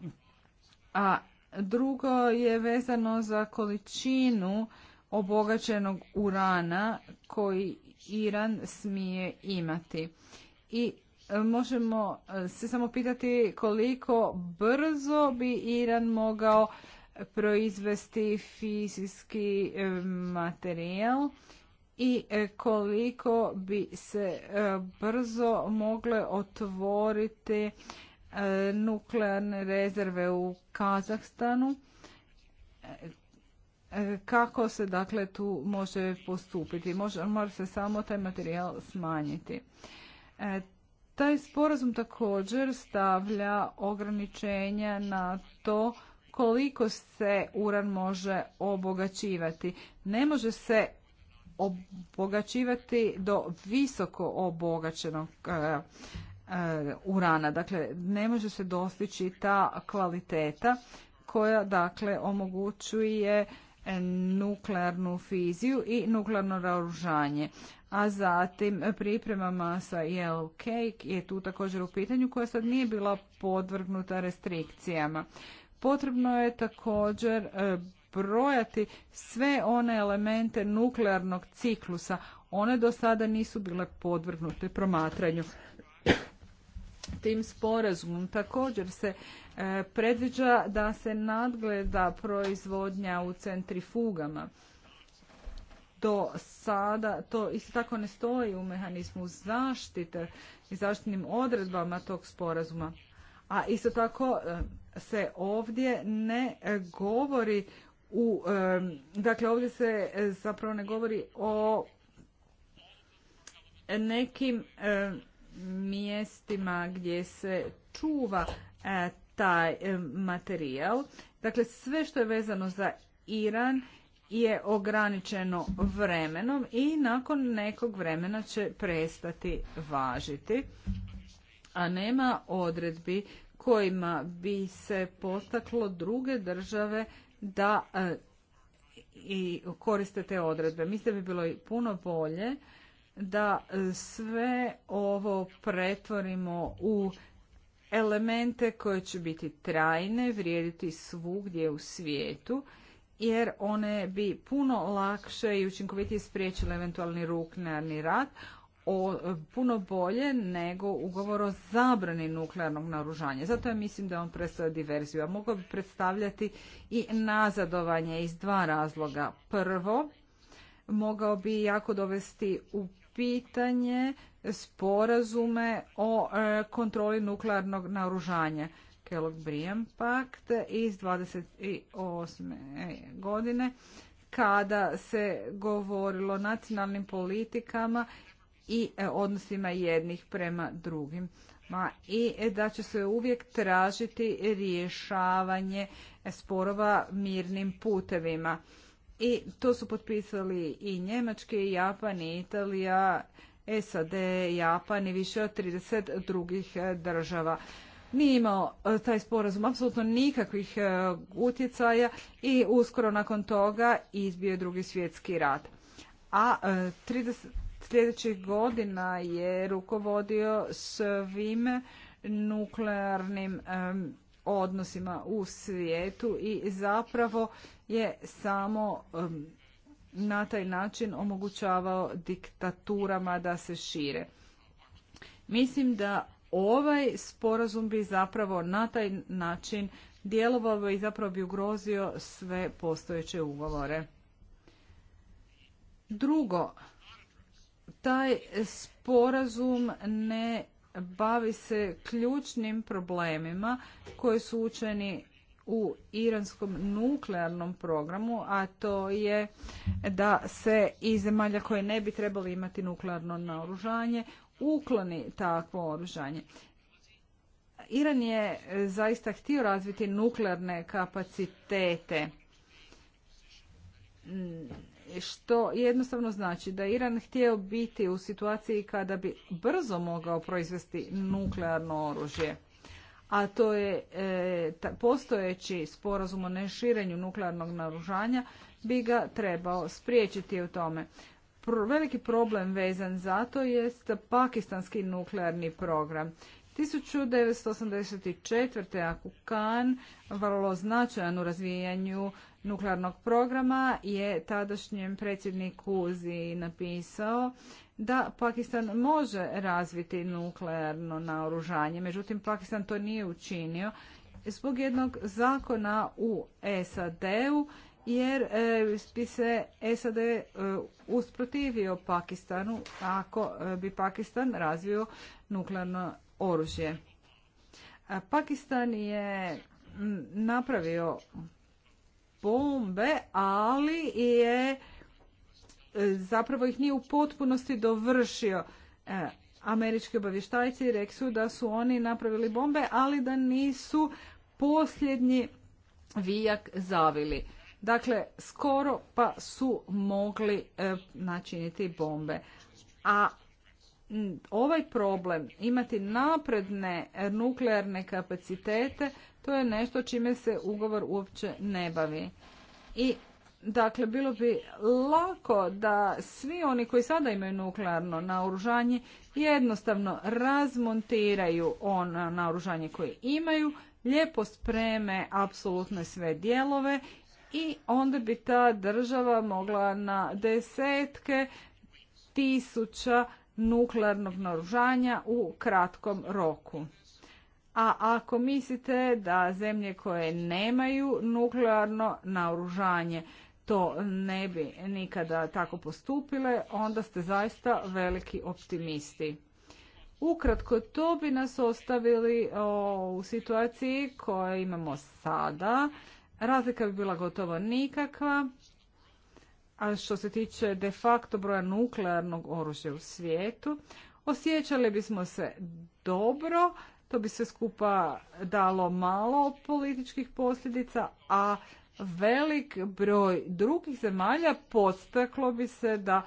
A drugo je vezano za količinu obogaćenog urana koji Iran smije imati. I e, možemo se samo pitati koliko brzo bi Iran mogao proizvesti fizijski e, materijal i e, koliko bi se brzo mogle otvoriti nuklearne rezerve u Kazahstanu. Kako se dakle tu može postupiti? Može, se samo taj materijal smanjiti. E, taj sporazum također stavlja ograničenja na to koliko se uran može obogaćivati. Ne može se obogaćivati do visoko obogaćenog e, E, urana. Dakle, ne može se dostići ta kvaliteta koja dakle omogućuje nuklearnu fiziju i nuklearno raoružanje. A zatim priprema masa Yellow Cake je tu također u pitanju koja sad nije bila podvrgnuta restrikcijama. Potrebno je također e, brojati sve one elemente nuklearnog ciklusa. One do sada nisu bile podvrgnute promatranju tim sporazumom. Također se e, predviđa da se nadgleda proizvodnja u centrifugama. Do sada to isto tako ne stoji u mehanizmu zaštite i zaštitnim odredbama tog sporazuma. A isto tako e, se ovdje ne govori u, e, dakle ovdje se zapravo ne govori o nekim mjestima gdje se čuva e, taj e, materijal. Dakle, sve što je vezano za Iran je ograničeno vremenom i nakon nekog vremena će prestati važiti, a nema odredbi kojima bi se postaklo druge države da e, i koriste te odredbe. Mislim da bi bilo puno bolje da e, sve ovo pretvorimo u elemente koje će biti trajne, vrijediti svugdje u svijetu, jer one bi puno lakše i učinkovitije spriječile eventualni nuklearni rat, o, puno bolje nego ugovor o zabrani nuklearnog naoružanja. Zato ja mislim da on predstavlja diverziju, a mogao bi predstavljati i nazadovanje iz dva razloga. Prvo, mogao bi jako dovesti u pitanje sporazume o e, kontroli nuklearnog naoružanja. kellogg briam pakt iz 28. godine kada se govorilo nacionalnim politikama i e, odnosima jednih prema drugim. i e, da će se uvijek tražiti rješavanje sporova mirnim putevima. I to su potpisali i Njemačke, i Japan, i Italija, SAD, Japan i više od 30 drugih e, država. Nije imao e, taj sporazum apsolutno nikakvih e, utjecaja i uskoro nakon toga izbio je drugi svjetski rat. A 30, sljedećih godina je rukovodio svim nuklearnim odnosima u svijetu i zapravo je samo na taj način omogućavao diktaturama da se šire. Mislim da ovaj sporazum bi zapravo na taj način djelovao i zapravo bi ugrozio sve postojeće ugovore. Drugo, taj sporazum ne bavi se ključnim problemima koji su učeni u iranskom nuklearnom programu, a to je da se iz zemalja koje ne bi trebali imati nuklearno naoružanje ukloni takvo oružanje. Iran je zaista htio razviti nuklearne kapacitete, što jednostavno znači da Iran htio biti u situaciji kada bi brzo mogao proizvesti nuklearno oružje a to je e, postojeći sporazum o neširenju nuklearnog naružanja bi ga trebao spriječiti u tome. Veliki problem vezan za to jest pakistanski nuklearni program. 1984. Akukan, vrlo značajan u razvijanju nuklearnog programa, je tadašnjem predsjedniku Uzi napisao da Pakistan može razviti nuklearno naoružanje. Međutim, Pakistan to nije učinio zbog jednog zakona u SAD-u jer e, bi se SAD e, usprotivio Pakistanu ako e, bi Pakistan razvio nuklearno oružje. Pakistan je napravio bombe, ali je E, zapravo ih nije u potpunosti dovršio. E, američki obavještajci reksu da su oni napravili bombe, ali da nisu posljednji vijak zavili. Dakle, skoro pa su mogli e, načiniti bombe. A ovaj problem imati napredne nuklearne kapacitete, to je nešto čime se ugovor uopće ne bavi. I Dakle, bilo bi lako da svi oni koji sada imaju nuklearno naoružanje jednostavno razmontiraju ono naoružanje koje imaju, lijepo spreme apsolutno sve dijelove i onda bi ta država mogla na desetke tisuća nuklearnog naoružanja u kratkom roku. A ako mislite da zemlje koje nemaju nuklearno naoružanje to ne bi nikada tako postupile, onda ste zaista veliki optimisti. Ukratko, to bi nas ostavili u situaciji koju imamo sada. Razlika bi bila gotovo nikakva. A što se tiče de facto broja nuklearnog oružja u svijetu, osjećali bismo se dobro, to bi se skupa dalo malo političkih posljedica, a velik broj drugih zemalja postaklo bi se da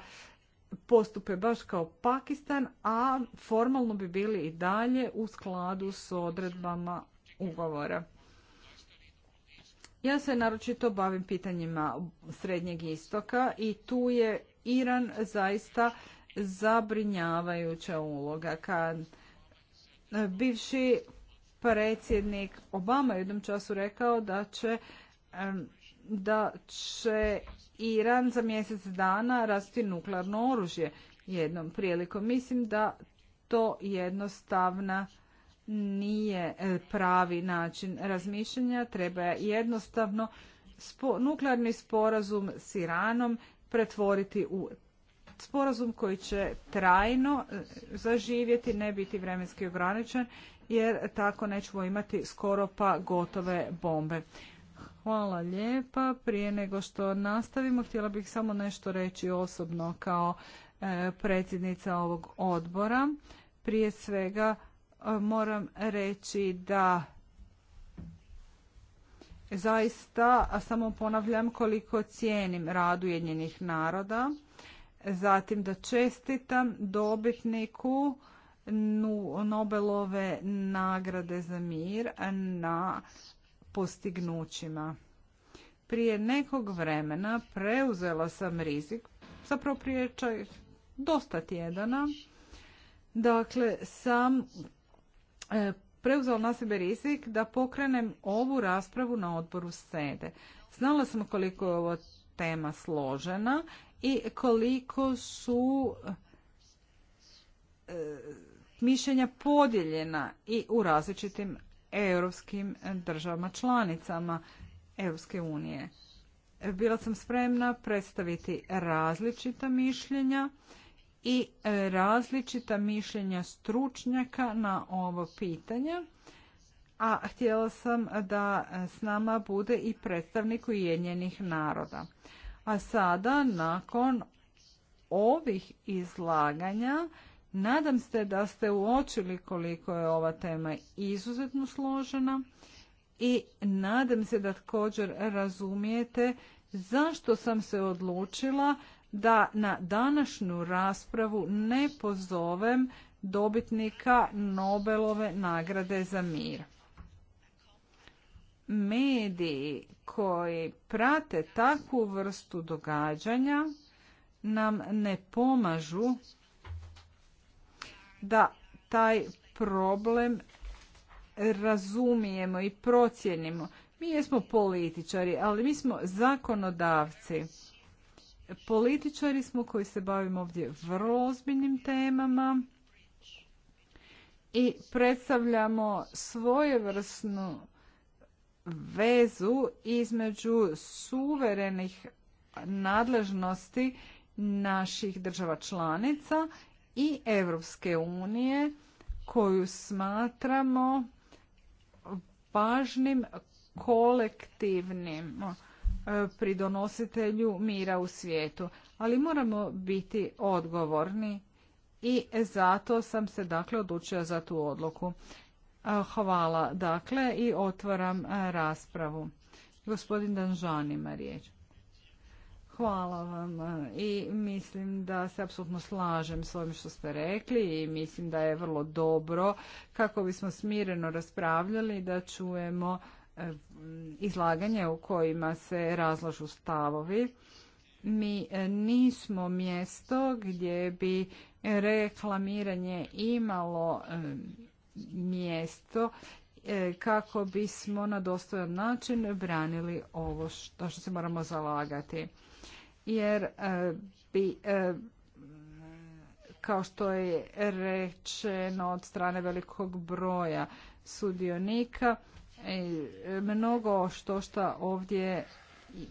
postupe baš kao Pakistan, a formalno bi bili i dalje u skladu s odredbama ugovora. Ja se naročito bavim pitanjima Srednjeg istoka i tu je Iran zaista zabrinjavajuća uloga. Kad bivši predsjednik Obama jednom času rekao da će da će Iran za mjesec dana rasti nuklearno oružje jednom prilikom. Mislim da to jednostavna nije e, pravi način razmišljanja. Treba je jednostavno nuklearni sporazum s Iranom pretvoriti u sporazum koji će trajno e, zaživjeti, ne biti vremenski ograničen, jer tako nećemo imati skoro pa gotove bombe. Hvala lijepa. Prije nego što nastavimo, htjela bih samo nešto reći osobno kao e, predsjednica ovog odbora. Prije svega e, moram reći da zaista, a samo ponavljam koliko cijenim rad Ujedinjenih naroda, zatim da čestitam dobitniku Nobelove nagrade za mir na postignućima. Prije nekog vremena preuzela sam rizik, zapravo prije čaj, dosta tjedana, dakle sam e, preuzela na sebe rizik da pokrenem ovu raspravu na odboru sede. Znala sam koliko je ovo tema složena i koliko su e, mišljenja podijeljena i u različitim europskim državama članicama Europske unije. Bila sam spremna predstaviti različita mišljenja i različita mišljenja stručnjaka na ovo pitanje, a htjela sam da s nama bude i predstavnik Ujedinjenih naroda. A sada, nakon ovih izlaganja, Nadam se da ste uočili koliko je ova tema izuzetno složena i nadam se da također razumijete zašto sam se odlučila da na današnju raspravu ne pozovem dobitnika Nobelove nagrade za mir. Mediji koji prate takvu vrstu događanja nam ne pomažu da taj problem razumijemo i procijenimo. Mi jesmo političari, ali mi smo zakonodavci. Političari smo koji se bavimo ovdje vrlo ozbiljnim temama i predstavljamo svojevrsnu vezu između suverenih nadležnosti naših država članica i Europske unije koju smatramo važnim kolektivnim e, pridonositelju mira u svijetu. Ali moramo biti odgovorni i zato sam se dakle odlučila za tu odluku. E, hvala dakle i otvaram e, raspravu. Gospodin Danžan ima riječ. Hvala vam i mislim da se apsolutno slažem s ovim što ste rekli i mislim da je vrlo dobro kako bismo smireno raspravljali da čujemo e, izlaganje u kojima se razlažu stavovi. Mi e, nismo mjesto gdje bi reklamiranje imalo e, mjesto kako bismo na dostojan način branili ovo što, što se moramo zalagati jer e, bi e, kao što je rečeno od strane velikog broja sudionika e, mnogo što što ovdje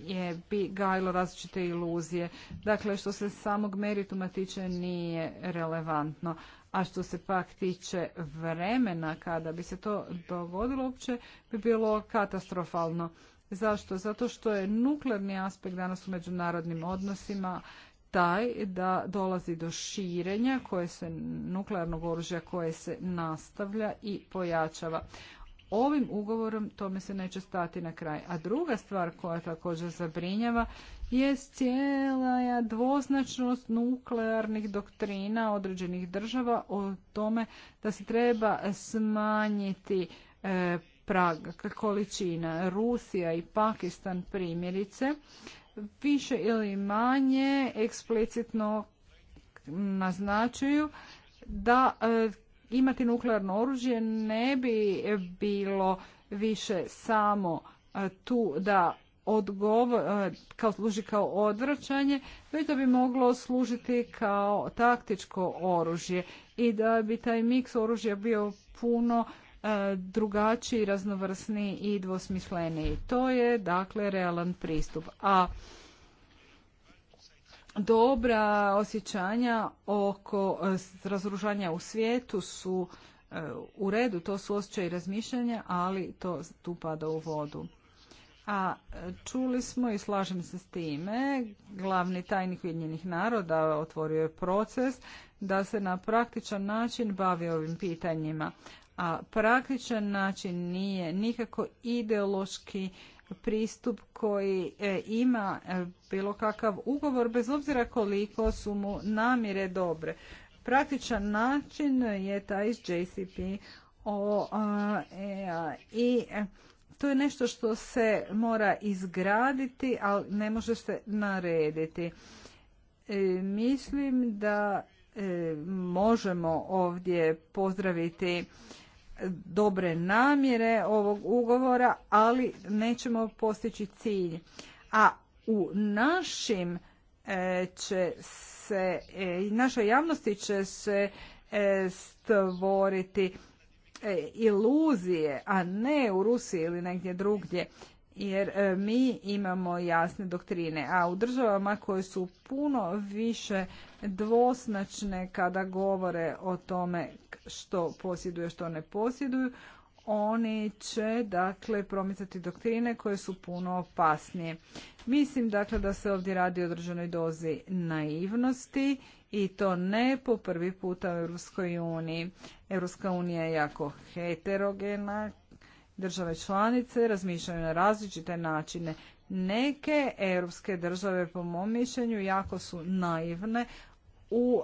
je bi gajilo različite iluzije. Dakle, što se samog merituma tiče nije relevantno. A što se pak tiče vremena kada bi se to dogodilo uopće bi bilo katastrofalno. Zašto? Zato što je nuklearni aspekt danas u međunarodnim odnosima taj da dolazi do širenja koje se nuklearnog oružja koje se nastavlja i pojačava. Ovim ugovorom tome se neće stati na kraj. A druga stvar koja također zabrinjava je cijela dvoznačnost nuklearnih doktrina određenih država o tome da se treba smanjiti e, prag količina. Rusija i Pakistan primjerice više ili manje eksplicitno naznačuju da e, imati nuklearno oružje ne bi bilo više samo e, tu da odgovor, e, kao služi kao odvraćanje, već da bi moglo služiti kao taktičko oružje i da bi taj miks oružja bio puno E, drugačiji, raznovrsni i dvosmisleniji. To je dakle realan pristup. A dobra osjećanja oko e, razružanja u svijetu su e, u redu, to su osjećaj i razmišljanja, ali to tu pada u vodu. A čuli smo i slažem se s time, glavni tajnik Ujedinjenih naroda otvorio je proces da se na praktičan način bavi ovim pitanjima a praktičan način nije nikako ideološki pristup koji e, ima e, bilo kakav ugovor bez obzira koliko su mu namjere dobre. Praktičan način je taj JCP o, a, e, i to je nešto što se mora izgraditi, ali ne može se narediti. mislim da možemo ovdje pozdraviti dobre namjere ovog ugovora, ali nećemo postići cilj. A u našim e, će se, e, našoj javnosti će se e, stvoriti iluzije, a ne u Rusiji ili negdje drugdje, jer e, mi imamo jasne doktrine, a u državama koje su puno više dvosnačne kada govore o tome što posjeduju, što ne posjeduju, oni će dakle promicati doktrine koje su puno opasnije. Mislim dakle da se ovdje radi o državnoj dozi naivnosti i to ne po prvi puta u EU. uniji. Europska unija je jako heterogena Države članice razmišljaju na različite načine. Neke europske države, po mom mišljenju, jako su naivne u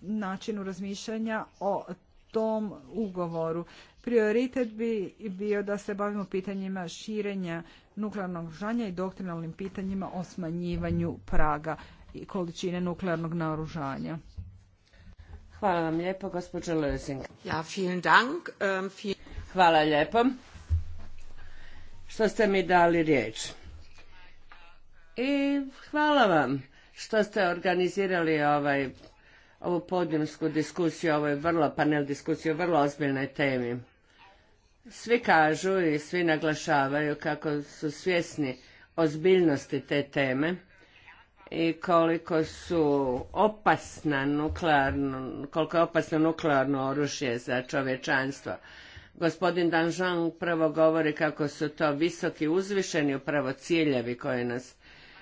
načinu razmišljanja o tom ugovoru. Prioritet bi bio da se bavimo pitanjima širenja nuklearnog žanja i doktrinalnim pitanjima o smanjivanju praga i količine nuklearnog naoružanja. Hvala vam lijepo, gospođo Ja, dank. Ähm, Hvala lijepo što ste mi dali riječ. I hvala vam što ste organizirali ovaj, ovu podnjemsku diskusiju, ovo je vrlo panel diskusiju o vrlo ozbiljnoj temi. Svi kažu i svi naglašavaju kako su svjesni ozbiljnosti te teme i koliko su opasna nuklearno, koliko je opasno nuklearno oružje za čovječanstvo Gospodin Danžan upravo govori kako su to visoki uzvišeni upravo ciljevi koje nas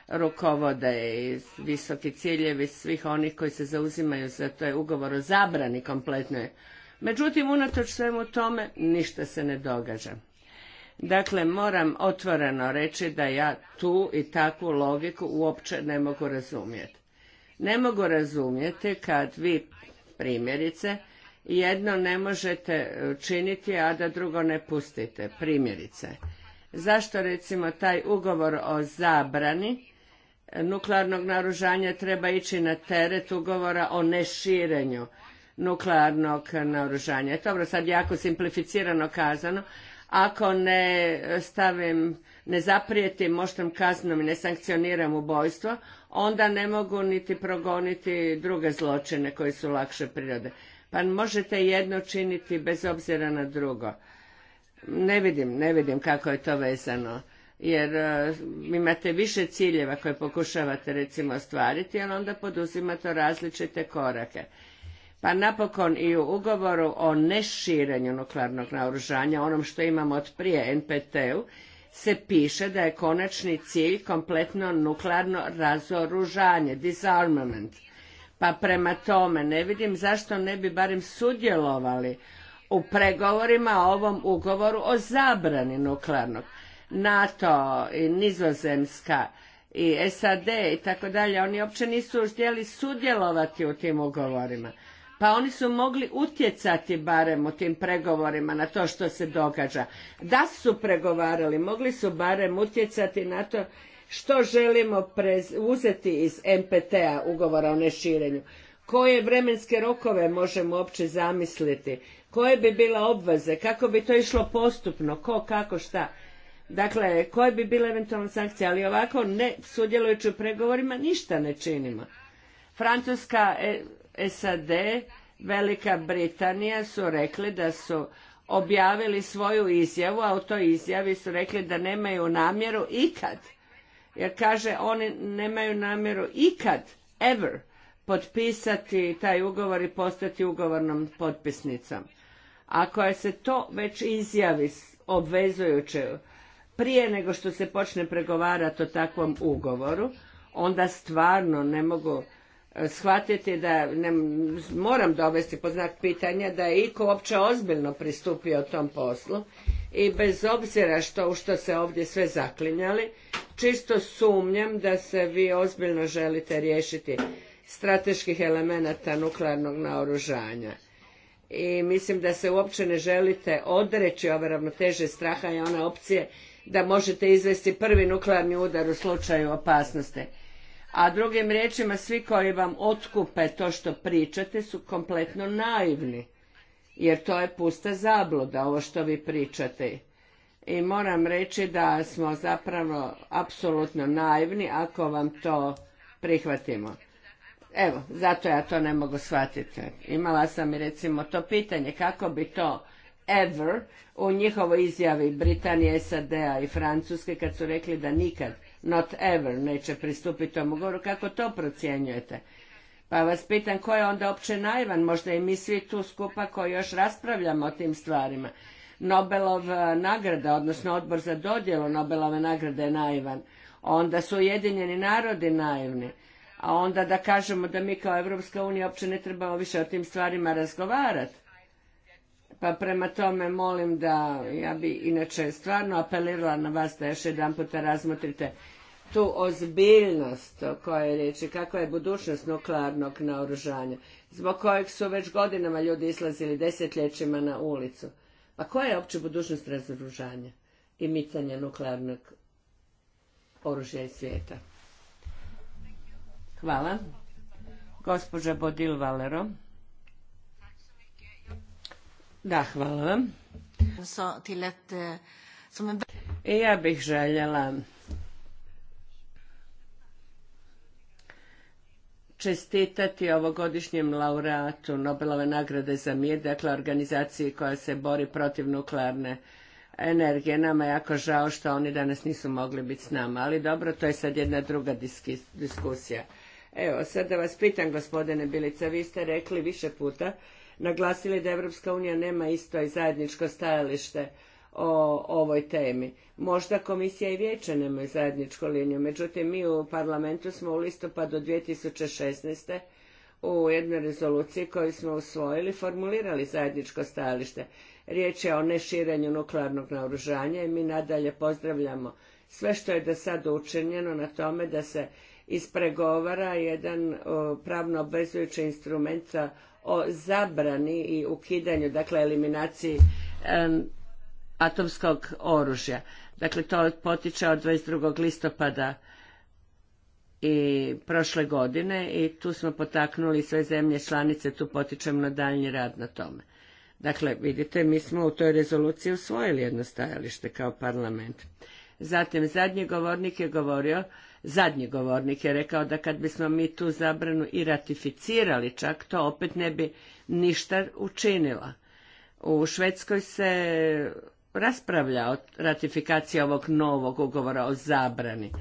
rukovode i visoki ciljevi svih onih koji se zauzimaju za to je ugovor o zabrani kompletnoj. Međutim, unatoč svemu tome ništa se ne događa. Dakle, moram otvoreno reći da ja tu i takvu logiku uopće ne mogu razumjeti. Ne mogu razumjeti kad vi primjerice jedno ne možete e, činiti, a da drugo ne pustite, primjerice. Zašto recimo taj ugovor o zabrani e, nuklearnog naružanja treba ići na teret ugovora o neširenju nuklearnog naružanja? E, dobro, sad jako simplificirano kazano. Ako ne stavim, ne zaprijetim moštom kaznom i ne sankcioniram ubojstvo, onda ne mogu niti progoniti druge zločine koji su lakše prirode pa možete jedno činiti bez obzira na drugo. Ne vidim, ne vidim kako je to vezano jer e, imate više ciljeva koje pokušavate recimo ostvariti, ali onda poduzimate različite korake. Pa napokon i u ugovoru o neširenju nuklearnog naoružanja, onom što imamo od prije NPT-u, se piše da je konačni cilj kompletno nuklearno razoružanje, disarmament. Pa prema tome ne vidim zašto ne bi barem sudjelovali u pregovorima o ovom ugovoru o zabrani nuklearnog. NATO i Nizozemska i SAD i tako dalje, oni uopće nisu htjeli sudjelovati u tim ugovorima. Pa oni su mogli utjecati barem u tim pregovorima na to što se događa. Da su pregovarali, mogli su barem utjecati na to što želimo uzeti iz MPT-a, ugovora o neširenju, koje vremenske rokove možemo uopće zamisliti, koje bi bile obveze, kako bi to išlo postupno, ko, kako, šta. Dakle, koje bi bile eventualne sankcije, ali ovako ne sudjelujući u pregovorima ništa ne činimo. Francuska, e, SAD, Velika Britanija su rekli da su objavili svoju izjavu, a u toj izjavi su rekli da nemaju namjeru ikad jer kaže oni nemaju namjeru ikad, ever, potpisati taj ugovor i postati ugovornom potpisnicom. Ako je se to već izjavi obvezujuće prije nego što se počne pregovarati o takvom ugovoru, onda stvarno ne mogu e, shvatiti da moram dovesti po znak pitanja da je iko uopće ozbiljno pristupio tom poslu i bez obzira što što se ovdje sve zaklinjali čisto sumnjam da se vi ozbiljno želite riješiti strateških elemenata nuklearnog naoružanja. I mislim da se uopće ne želite odreći ove ravnoteže straha i one opcije da možete izvesti prvi nuklearni udar u slučaju opasnosti. A drugim riječima, svi koji vam otkupe to što pričate su kompletno naivni, jer to je pusta zabluda ovo što vi pričate i moram reći da smo zapravo apsolutno naivni ako vam to prihvatimo. Evo, zato ja to ne mogu shvatiti. Imala sam i recimo to pitanje kako bi to ever u njihovoj izjavi Britanije, SAD-a i Francuske kad su rekli da nikad, not ever, neće pristupiti tom ugovoru, kako to procjenjujete? Pa vas pitam ko je onda opće naivan, možda i mi svi tu skupa koji još raspravljamo o tim stvarima. Nobelova e, nagrada, odnosno odbor za dodjelu Nobelove nagrade je naivan, onda su Ujedinjeni narodi naivni, a onda da kažemo da mi kao Evropska unija uopće ne trebamo više o tim stvarima razgovarati. Pa prema tome molim da, ja bi inače stvarno apelirala na vas da još jedan puta razmotrite tu ozbiljnost o kojoj je riječ kakva je budućnost nuklearnog naoružanja, zbog kojeg su već godinama ljudi izlazili desetljećima na ulicu. A pa koja je opće budućnost razoružanja i micanja nuklearnog oružja iz svijeta? Hvala. Gospođa Bodil Valero. Da, hvala vam. Eh, I ja bih željela čestitati ovogodišnjem laureatu Nobelove nagrade za mir, dakle organizaciji koja se bori protiv nuklearne energije. Nama je jako žao što oni danas nisu mogli biti s nama, ali dobro, to je sad jedna druga diskusija. Evo, sad da vas pitam, gospodine Bilica, vi ste rekli više puta, naglasili da Evropska unija nema isto i zajedničko stajalište o ovoj temi. Možda komisija i vijeće nemaju zajedničku liniju, međutim mi u parlamentu smo u listopadu 2016. u jednoj rezoluciji koju smo usvojili formulirali zajedničko stajalište. Riječ je o neširenju nuklearnog naoružanja i mi nadalje pozdravljamo sve što je do sada učinjeno na tome da se ispregovara jedan pravno obvezujući instrument o zabrani i ukidanju, dakle eliminaciji atomskog oružja. Dakle, to potiče od 22. listopada i prošle godine i tu smo potaknuli sve zemlje članice, tu potičem na daljnji rad na tome. Dakle, vidite, mi smo u toj rezoluciji usvojili jedno stajalište kao parlament. Zatim, zadnji govornik je govorio, zadnji govornik je rekao da kad bismo mi tu zabranu i ratificirali čak, to opet ne bi ništa učinila. U Švedskoj se raspravlja o ratifikaciji ovog novog ugovora o zabrani.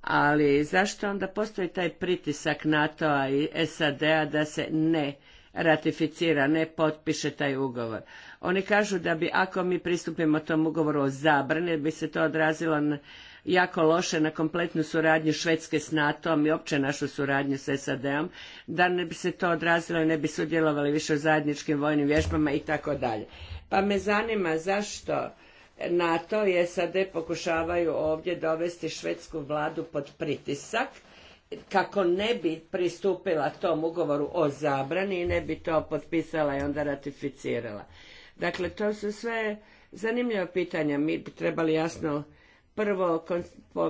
Ali zašto onda postoji taj pritisak NATO-a i SAD-a da se ne ratificira, ne potpiše taj ugovor? Oni kažu da bi ako mi pristupimo tom ugovoru o zabrani, bi se to odrazilo jako loše na kompletnu suradnju Švedske s NATO-om i opće našu suradnju s SAD-om, da ne bi se to odrazilo i ne bi sudjelovali više u zajedničkim vojnim vježbama i tako dalje. Pa me zanima zašto NATO i SAD pokušavaju ovdje dovesti švedsku vladu pod pritisak kako ne bi pristupila tom ugovoru o zabrani i ne bi to potpisala i onda ratificirala. Dakle, to su sve zanimljiva pitanja. Mi bi trebali jasno prvo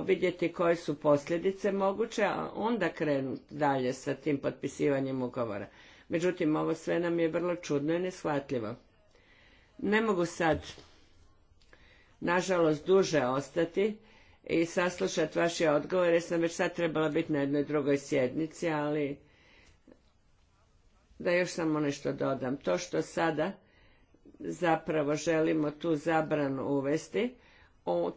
vidjeti koje su posljedice moguće, a onda krenuti dalje sa tim potpisivanjem ugovora. Međutim, ovo sve nam je vrlo čudno i neshvatljivo. Ne mogu sad, nažalost, duže ostati i saslušati vaše odgovore, sam već sad trebala biti na jednoj drugoj sjednici, ali da još samo nešto dodam. To što sada zapravo želimo tu zabranu uvesti,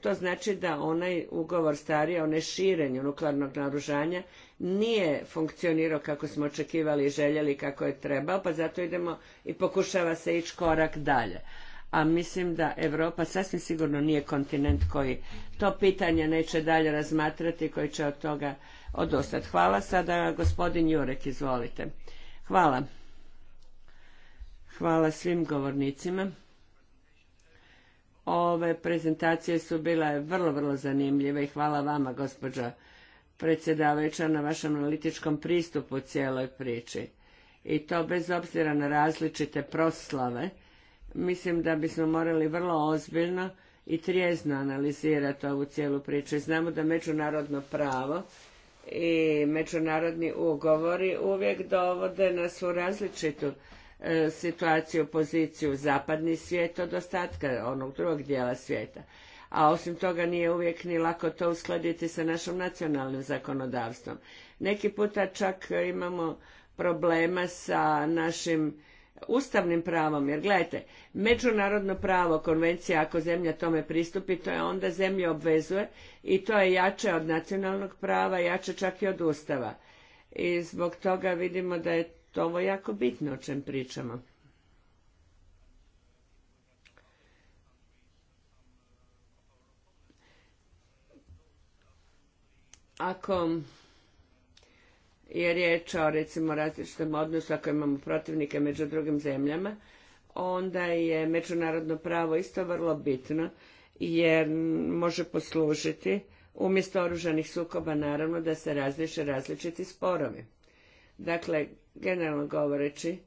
to znači da onaj ugovor stari o neširenju nuklearnog naružanja nije funkcionirao kako smo očekivali i željeli kako je trebao, pa zato idemo i pokušava se ići korak dalje. A mislim da Europa sasvim sigurno nije kontinent koji to pitanje neće dalje razmatrati, koji će od toga odostati. Hvala. Sada gospodin Jurek, izvolite. Hvala. Hvala svim govornicima. Ove prezentacije su bile vrlo, vrlo zanimljive i hvala vama, gospođo predsjedavajuća, na vašem analitičkom pristupu cijeloj priči. I to bez obzira na različite proslave, mislim da bismo morali vrlo ozbiljno i trijezno analizirati ovu cijelu priču. znamo da međunarodno pravo i međunarodni ugovori uvijek dovode nas u različitu E, situaciju, poziciju zapadni svijet od ostatka onog drugog dijela svijeta. A osim toga nije uvijek ni lako to uskladiti sa našom nacionalnim zakonodavstvom. Neki puta čak imamo problema sa našim ustavnim pravom, jer gledajte, međunarodno pravo, konvencija, ako zemlja tome pristupi, to je onda zemlja obvezuje i to je jače od nacionalnog prava, jače čak i od ustava. I zbog toga vidimo da je ovo je jako bitno o čem pričamo. Ako je riječ o recimo različitom odnosu ako imamo protivnike među drugim zemljama, onda je međunarodno pravo isto vrlo bitno jer može poslužiti umjesto oružanih sukoba naravno da se razliše različiti sporovi. Dakle, generalno govoreći,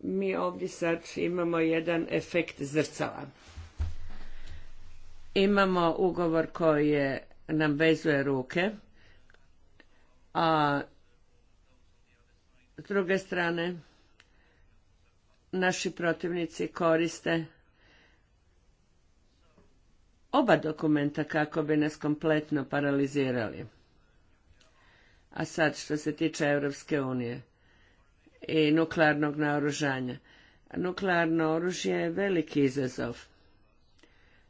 mi ovdje sad imamo jedan efekt zrcala. Imamo ugovor koji je, nam vezuje ruke, a s druge strane naši protivnici koriste oba dokumenta kako bi nas kompletno paralizirali. A sad što se tiče Europske unije i nuklearnog naoružanja. Nuklearno oružje je veliki izazov.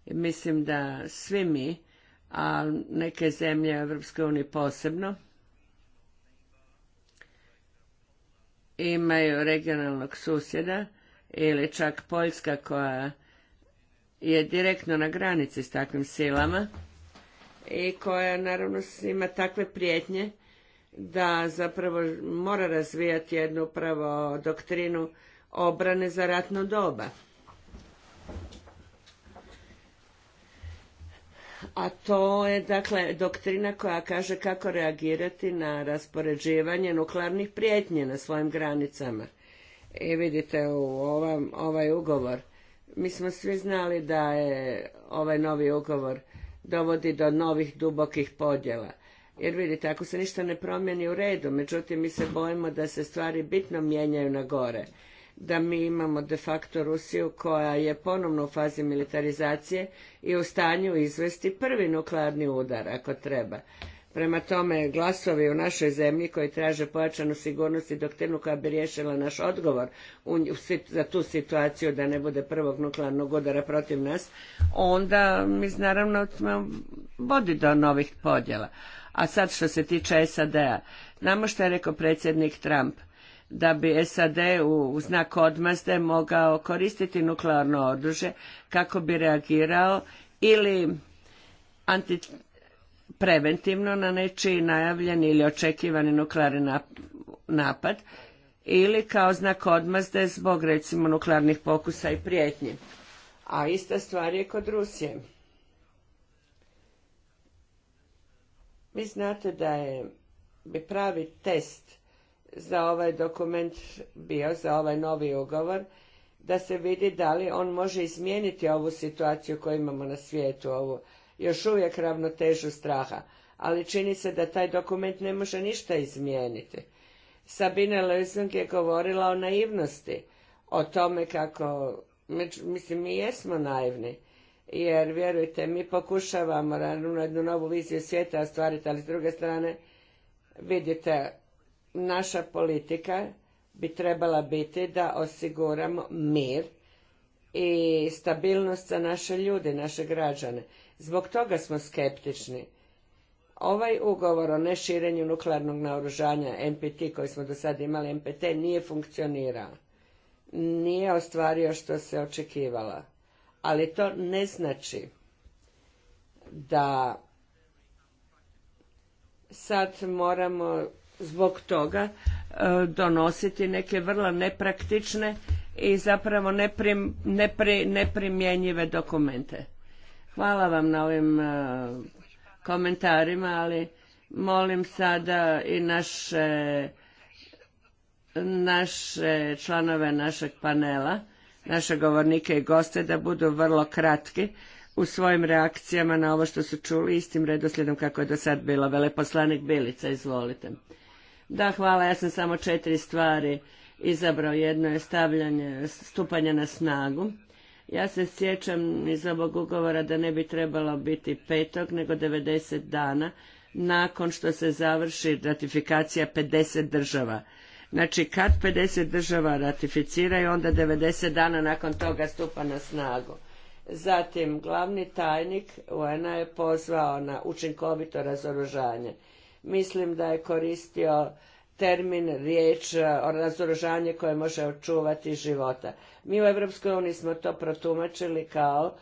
I mislim da svi mi, a neke zemlje Europske unije posebno, imaju regionalnog susjeda ili čak Poljska koja je direktno na granici s takvim silama i koja naravno ima takve prijetnje da zapravo mora razvijati jednu pravo doktrinu obrane za ratno doba. a to je dakle doktrina koja kaže kako reagirati na raspoređivanje nuklearnih prijetnje na svojim granicama. I vidite u ovaj ugovor, mi smo svi znali da je ovaj novi ugovor dovodi do novih dubokih podjela. Jer vidite, ako se ništa ne promijeni u redu, međutim mi se bojimo da se stvari bitno mijenjaju na gore. Da mi imamo de facto Rusiju koja je ponovno u fazi militarizacije i u stanju izvesti prvi nuklearni udar ako treba. Prema tome, glasovi u našoj zemlji koji traže pojačanu sigurnost i doktrinu koja bi riješila naš odgovor za tu situaciju da ne bude prvog nuklearnog udara protiv nas, onda mi naravno vodi do novih podjela. A sad što se tiče SAD-a, znamo što je rekao predsjednik Trump, da bi SAD u, znak odmazde mogao koristiti nuklearno oružje kako bi reagirao ili anti, preventivno na nečiji najavljeni ili očekivani nuklearni napad ili kao znak odmazde zbog recimo nuklearnih pokusa i prijetnji. A ista stvar je kod Rusije. Vi znate da je bi pravi test za ovaj dokument bio, za ovaj novi ugovor, da se vidi da li on može izmijeniti ovu situaciju koju imamo na svijetu, ovu još uvijek ravnotežu straha. Ali čini se da taj dokument ne može ništa izmijeniti. Sabine Lezung je govorila o naivnosti, o tome kako, mislim, mi jesmo naivni, jer vjerujte, mi pokušavamo naravno jednu novu viziju svijeta ostvariti, ali s druge strane vidite, naša politika bi trebala biti da osiguramo mir i stabilnost za naše ljude, naše građane. Zbog toga smo skeptični. Ovaj ugovor o neširenju nuklearnog naoružanja, NPT, koji smo do sada imali, NPT, nije funkcionirao. Nije ostvario što se očekivalo ali to ne znači da sad moramo zbog toga e, donositi neke vrlo nepraktične i zapravo neprimjenjive dokumente. Hvala vam na ovim e, komentarima, ali molim sada i naše, naše članove našeg panela naše govornike i goste da budu vrlo kratki u svojim reakcijama na ovo što su čuli istim redoslijedom kako je do sad bilo. Veleposlanik Bilica, izvolite. Da, hvala, ja sam samo četiri stvari izabrao. Jedno je stavljanje, stupanje na snagu. Ja se sjećam iz ovog ugovora da ne bi trebalo biti petog, nego 90 dana nakon što se završi ratifikacija 50 država Znači kad 50 država ratificiraju onda 90 dana nakon toga stupa na snagu. Zatim glavni tajnik un je pozvao na učinkovito razoružanje. Mislim da je koristio termin, riječ o e, razoružanju koje može očuvati života. Mi u Europskoj uniji smo to protumačili kao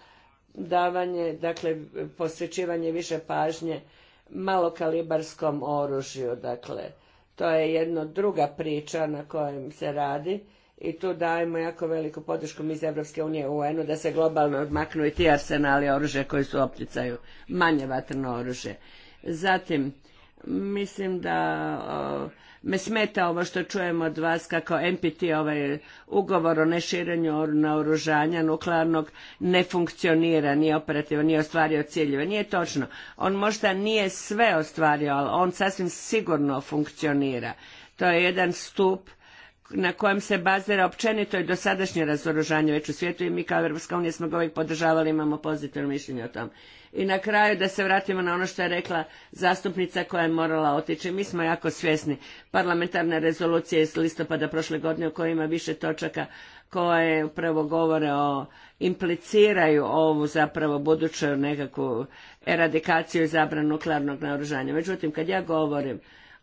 davanje, dakle posvećivanje više pažnje malokalibarskom oružju, dakle to je jedna druga priča na kojem se radi i tu dajemo jako veliku podršku mi iz Evropske unije UN-u da se globalno odmaknu i ti arsenali oružja koji su opticaju manje vatrno oružje. Zatim, mislim da me smeta ovo što čujem od vas kako NPT ovaj ugovor o neširenju naoružanja nuklearnog ne funkcionira, nije operativan, nije ostvario ciljeve. Nije točno. On možda nije sve ostvario, ali on sasvim sigurno funkcionira. To je jedan stup na kojem se bazira općenito i dosadašnje razoružanje već u svijetu i mi kao Europska unija smo ga uvijek podržavali, imamo pozitivno mišljenje o tom. I na kraju da se vratimo na ono što je rekla zastupnica koja je morala otići. Mi smo jako svjesni parlamentarne rezolucije iz listopada prošle godine u kojoj ima više točaka koje upravo govore o, impliciraju ovu zapravo buduću nekakvu eradikaciju i zabranu nuklearnog naoružanja. Međutim, kad ja govorim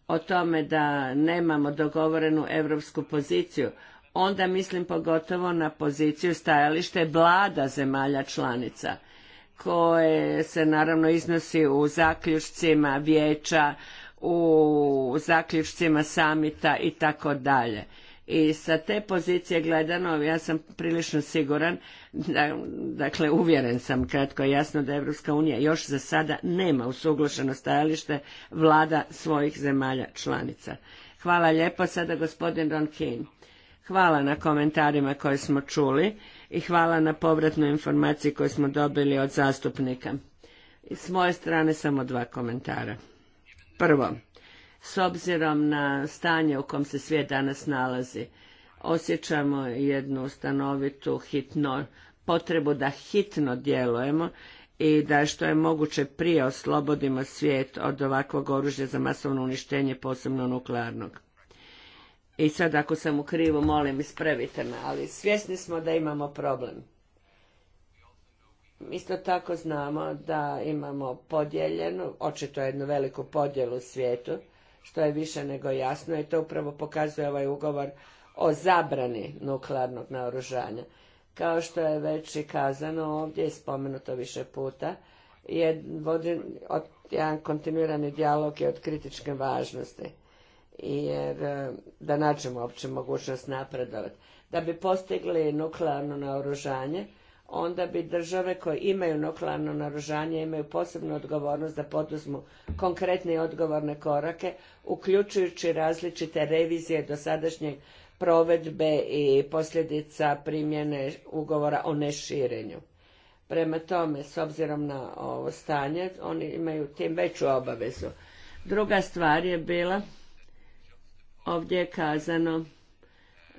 o tome da nemamo dogovorenu europsku poziciju, onda mislim pogotovo na poziciju stajalište vlada zemalja članica koje se naravno iznosi u zaključcima vijeća, u zaključcima samita i tako dalje. I sa te pozicije gledano, ja sam prilično siguran, dakle uvjeren sam kratko i jasno da Evropska unija još za sada nema usuglašeno stajalište vlada svojih zemalja članica. Hvala lijepo, sada gospodin Keane. Hvala na komentarima koje smo čuli i hvala na povratnoj informaciji koju smo dobili od zastupnika. S moje strane samo dva komentara. Prvo, s obzirom na stanje u kom se svijet danas nalazi, osjećamo jednu stanovitu hitno, potrebu da hitno djelujemo i da što je moguće prije oslobodimo svijet od ovakvog oružja za masovno uništenje, posebno nuklearnog. I sad ako sam u krivu, molim, ispravite me, ali svjesni smo da imamo problem. Isto tako znamo da imamo podijeljenu, očito jednu veliku podjelu svijetu, što je više nego jasno i to upravo pokazuje ovaj ugovor o zabrani nuklearnog naoružanja. Kao što je već i kazano, ovdje spomenuto više puta, jedan kontinuirani dijalog je od kritičke važnosti jer e, da nađemo uopće mogućnost napredovati. Da bi postigli nuklearno naoružanje, onda bi države koje imaju nuklearno naoružanje imaju posebnu odgovornost da poduzmu konkretne i odgovorne korake, uključujući različite revizije dosadašnje provedbe i posljedica primjene ugovora o neširenju. Prema tome, s obzirom na ovo stanje, oni imaju tim veću obavezu. Druga stvar je bila ovdje je kazano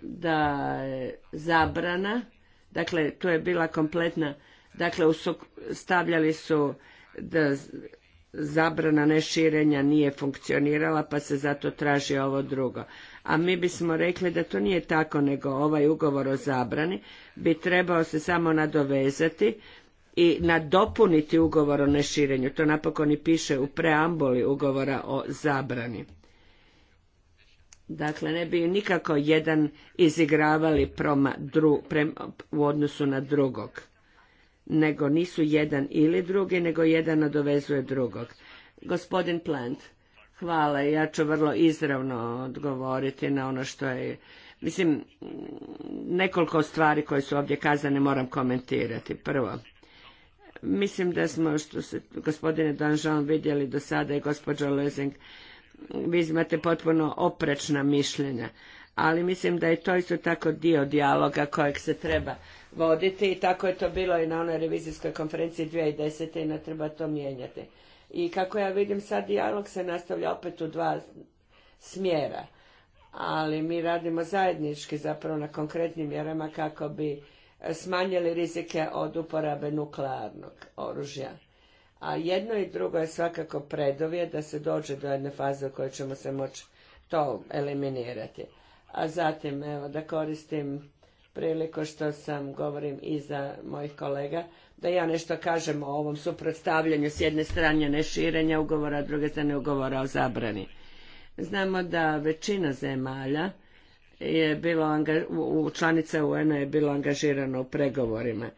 da je zabrana, dakle tu je bila kompletna, dakle stavljali su da zabrana neširenja nije funkcionirala pa se zato traži ovo drugo. A mi bismo rekli da to nije tako nego ovaj ugovor o zabrani bi trebao se samo nadovezati i nadopuniti ugovor o neširenju. To napokon i piše u preambuli ugovora o zabrani. Dakle, ne bi nikako jedan izigravali proma dru, u odnosu na drugog. Nego nisu jedan ili drugi, nego jedan nadovezuje drugog. Gospodin Plant, hvala. Ja ću vrlo izravno odgovoriti na ono što je... Mislim, nekoliko stvari koje su ovdje kazane moram komentirati. Prvo, mislim da smo, što se gospodine Danžan vidjeli do sada i gospođo Lezing, vi imate potpuno oprečna mišljenja. Ali mislim da je to isto tako dio dijaloga kojeg se treba voditi i tako je to bilo i na onoj revizijskoj konferenciji 2010. i ne treba to mijenjati. I kako ja vidim sad dijalog se nastavlja opet u dva smjera, ali mi radimo zajednički zapravo na konkretnim mjerama kako bi smanjili rizike od uporabe nuklearnog oružja. A jedno i drugo je svakako predovje da se dođe do jedne faze u kojoj ćemo se moći to eliminirati. A zatim, evo, da koristim priliku što sam govorim i za mojih kolega, da ja nešto kažem o ovom suprotstavljanju s jedne strane neširenja ugovora, a druge strane ugovora o zabrani. Znamo da većina zemalja je bilo u članica UN-a je bilo angažirano u pregovorima.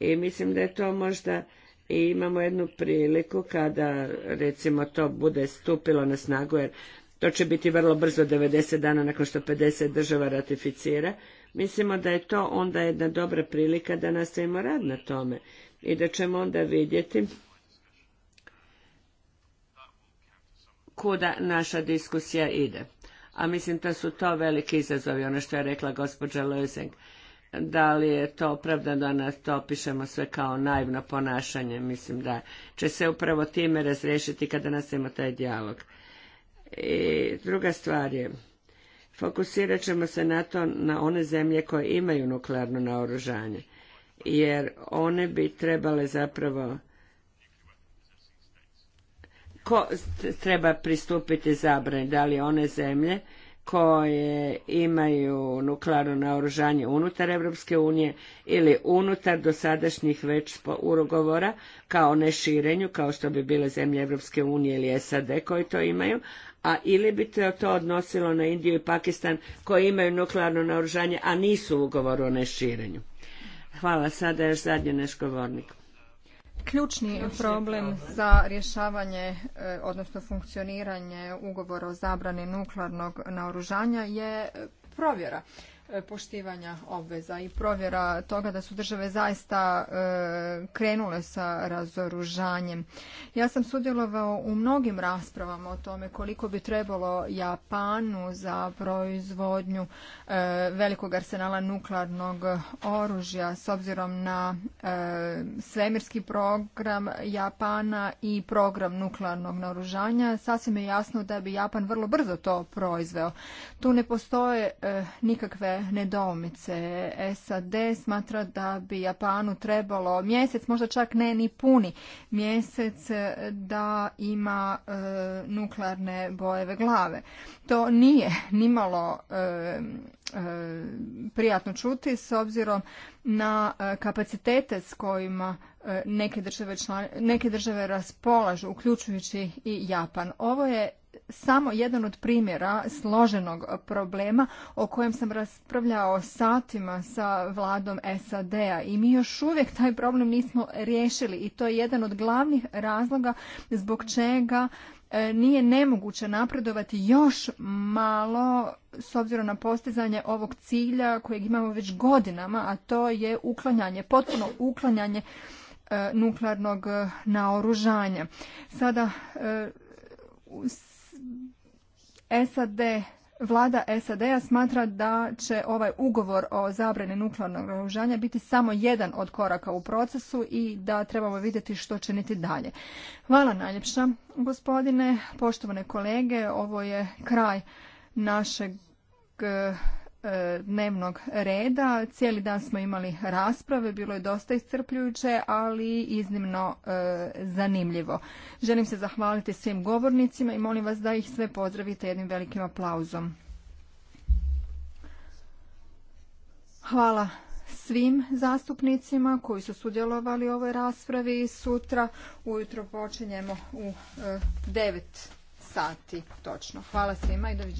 I mislim da je to možda i imamo jednu priliku kada recimo to bude stupilo na snagu jer to će biti vrlo brzo 90 dana nakon što 50 država ratificira. Mislimo da je to onda jedna dobra prilika da nastavimo rad na tome i da ćemo onda vidjeti kuda naša diskusija ide. A mislim da su to veliki izazovi, ono što je rekla gospođa Lozing da li je to opravdano da nas to opišemo sve kao naivno ponašanje. Mislim da će se upravo time razriješiti kada nastavimo taj dijalog. I druga stvar je, fokusirat ćemo se na to na one zemlje koje imaju nuklearno naoružanje, jer one bi trebale zapravo ko treba pristupiti zabrani, da li one zemlje koje imaju nuklearno naoružanje unutar Europske unije ili unutar dosadašnjih već urogovora kao neširenju, kao što bi bile zemlje Europske unije ili SAD koji to imaju, a ili bi to, to odnosilo na Indiju i Pakistan koji imaju nuklearno naoružanje, a nisu u ugovoru o neširenju. Hvala. Sada još zadnji naš govornik. Ključni problem za rješavanje, e, odnosno funkcioniranje ugovora o zabrani nuklearnog naoružanja je e, provjera. E, poštivanja obveza i provjera toga da su države zaista e, krenule sa razoružanjem. Ja sam sudjelovao u mnogim raspravama o tome koliko bi trebalo Japanu za proizvodnju e, velikog arsenala nuklearnog oružja s obzirom na svemirski program Japana i program nuklearnog naružanja. Sasvim je jasno da bi Japan vrlo brzo to proizveo. Tu ne postoje nikakve nedoumice. SAD smatra da bi Japanu trebalo mjesec, možda čak ne ni puni mjesec da ima e, nuklearne bojeve glave. To nije nimalo e, e, prijatno čuti s obzirom na e, kapacitete s kojima e, neke države, neke države raspolažu, uključujući i Japan. Ovo je samo jedan od primjera složenog problema o kojem sam raspravljao satima sa vladom SAD-a i mi još uvijek taj problem nismo riješili i to je jedan od glavnih razloga zbog čega e, nije nemoguće napredovati još malo s obzirom na postizanje ovog cilja kojeg imamo već godinama, a to je uklanjanje, potpuno uklanjanje e, nuklearnog e, naoružanja. Sada SAD Vlada SAD-a smatra da će ovaj ugovor o zabrani nuklearnog naoružanja biti samo jedan od koraka u procesu i da trebamo vidjeti što niti dalje. Hvala najljepša gospodine, poštovane kolege, ovo je kraj našeg E, dnevnog reda. Cijeli dan smo imali rasprave, bilo je dosta iscrpljujuće, ali iznimno e, zanimljivo. Želim se zahvaliti svim govornicima i molim vas da ih sve pozdravite jednim velikim aplauzom. Hvala svim zastupnicima koji su sudjelovali u ovoj raspravi. Sutra ujutro počinjemo u e, 9 sati točno. Hvala svima i doviđenja.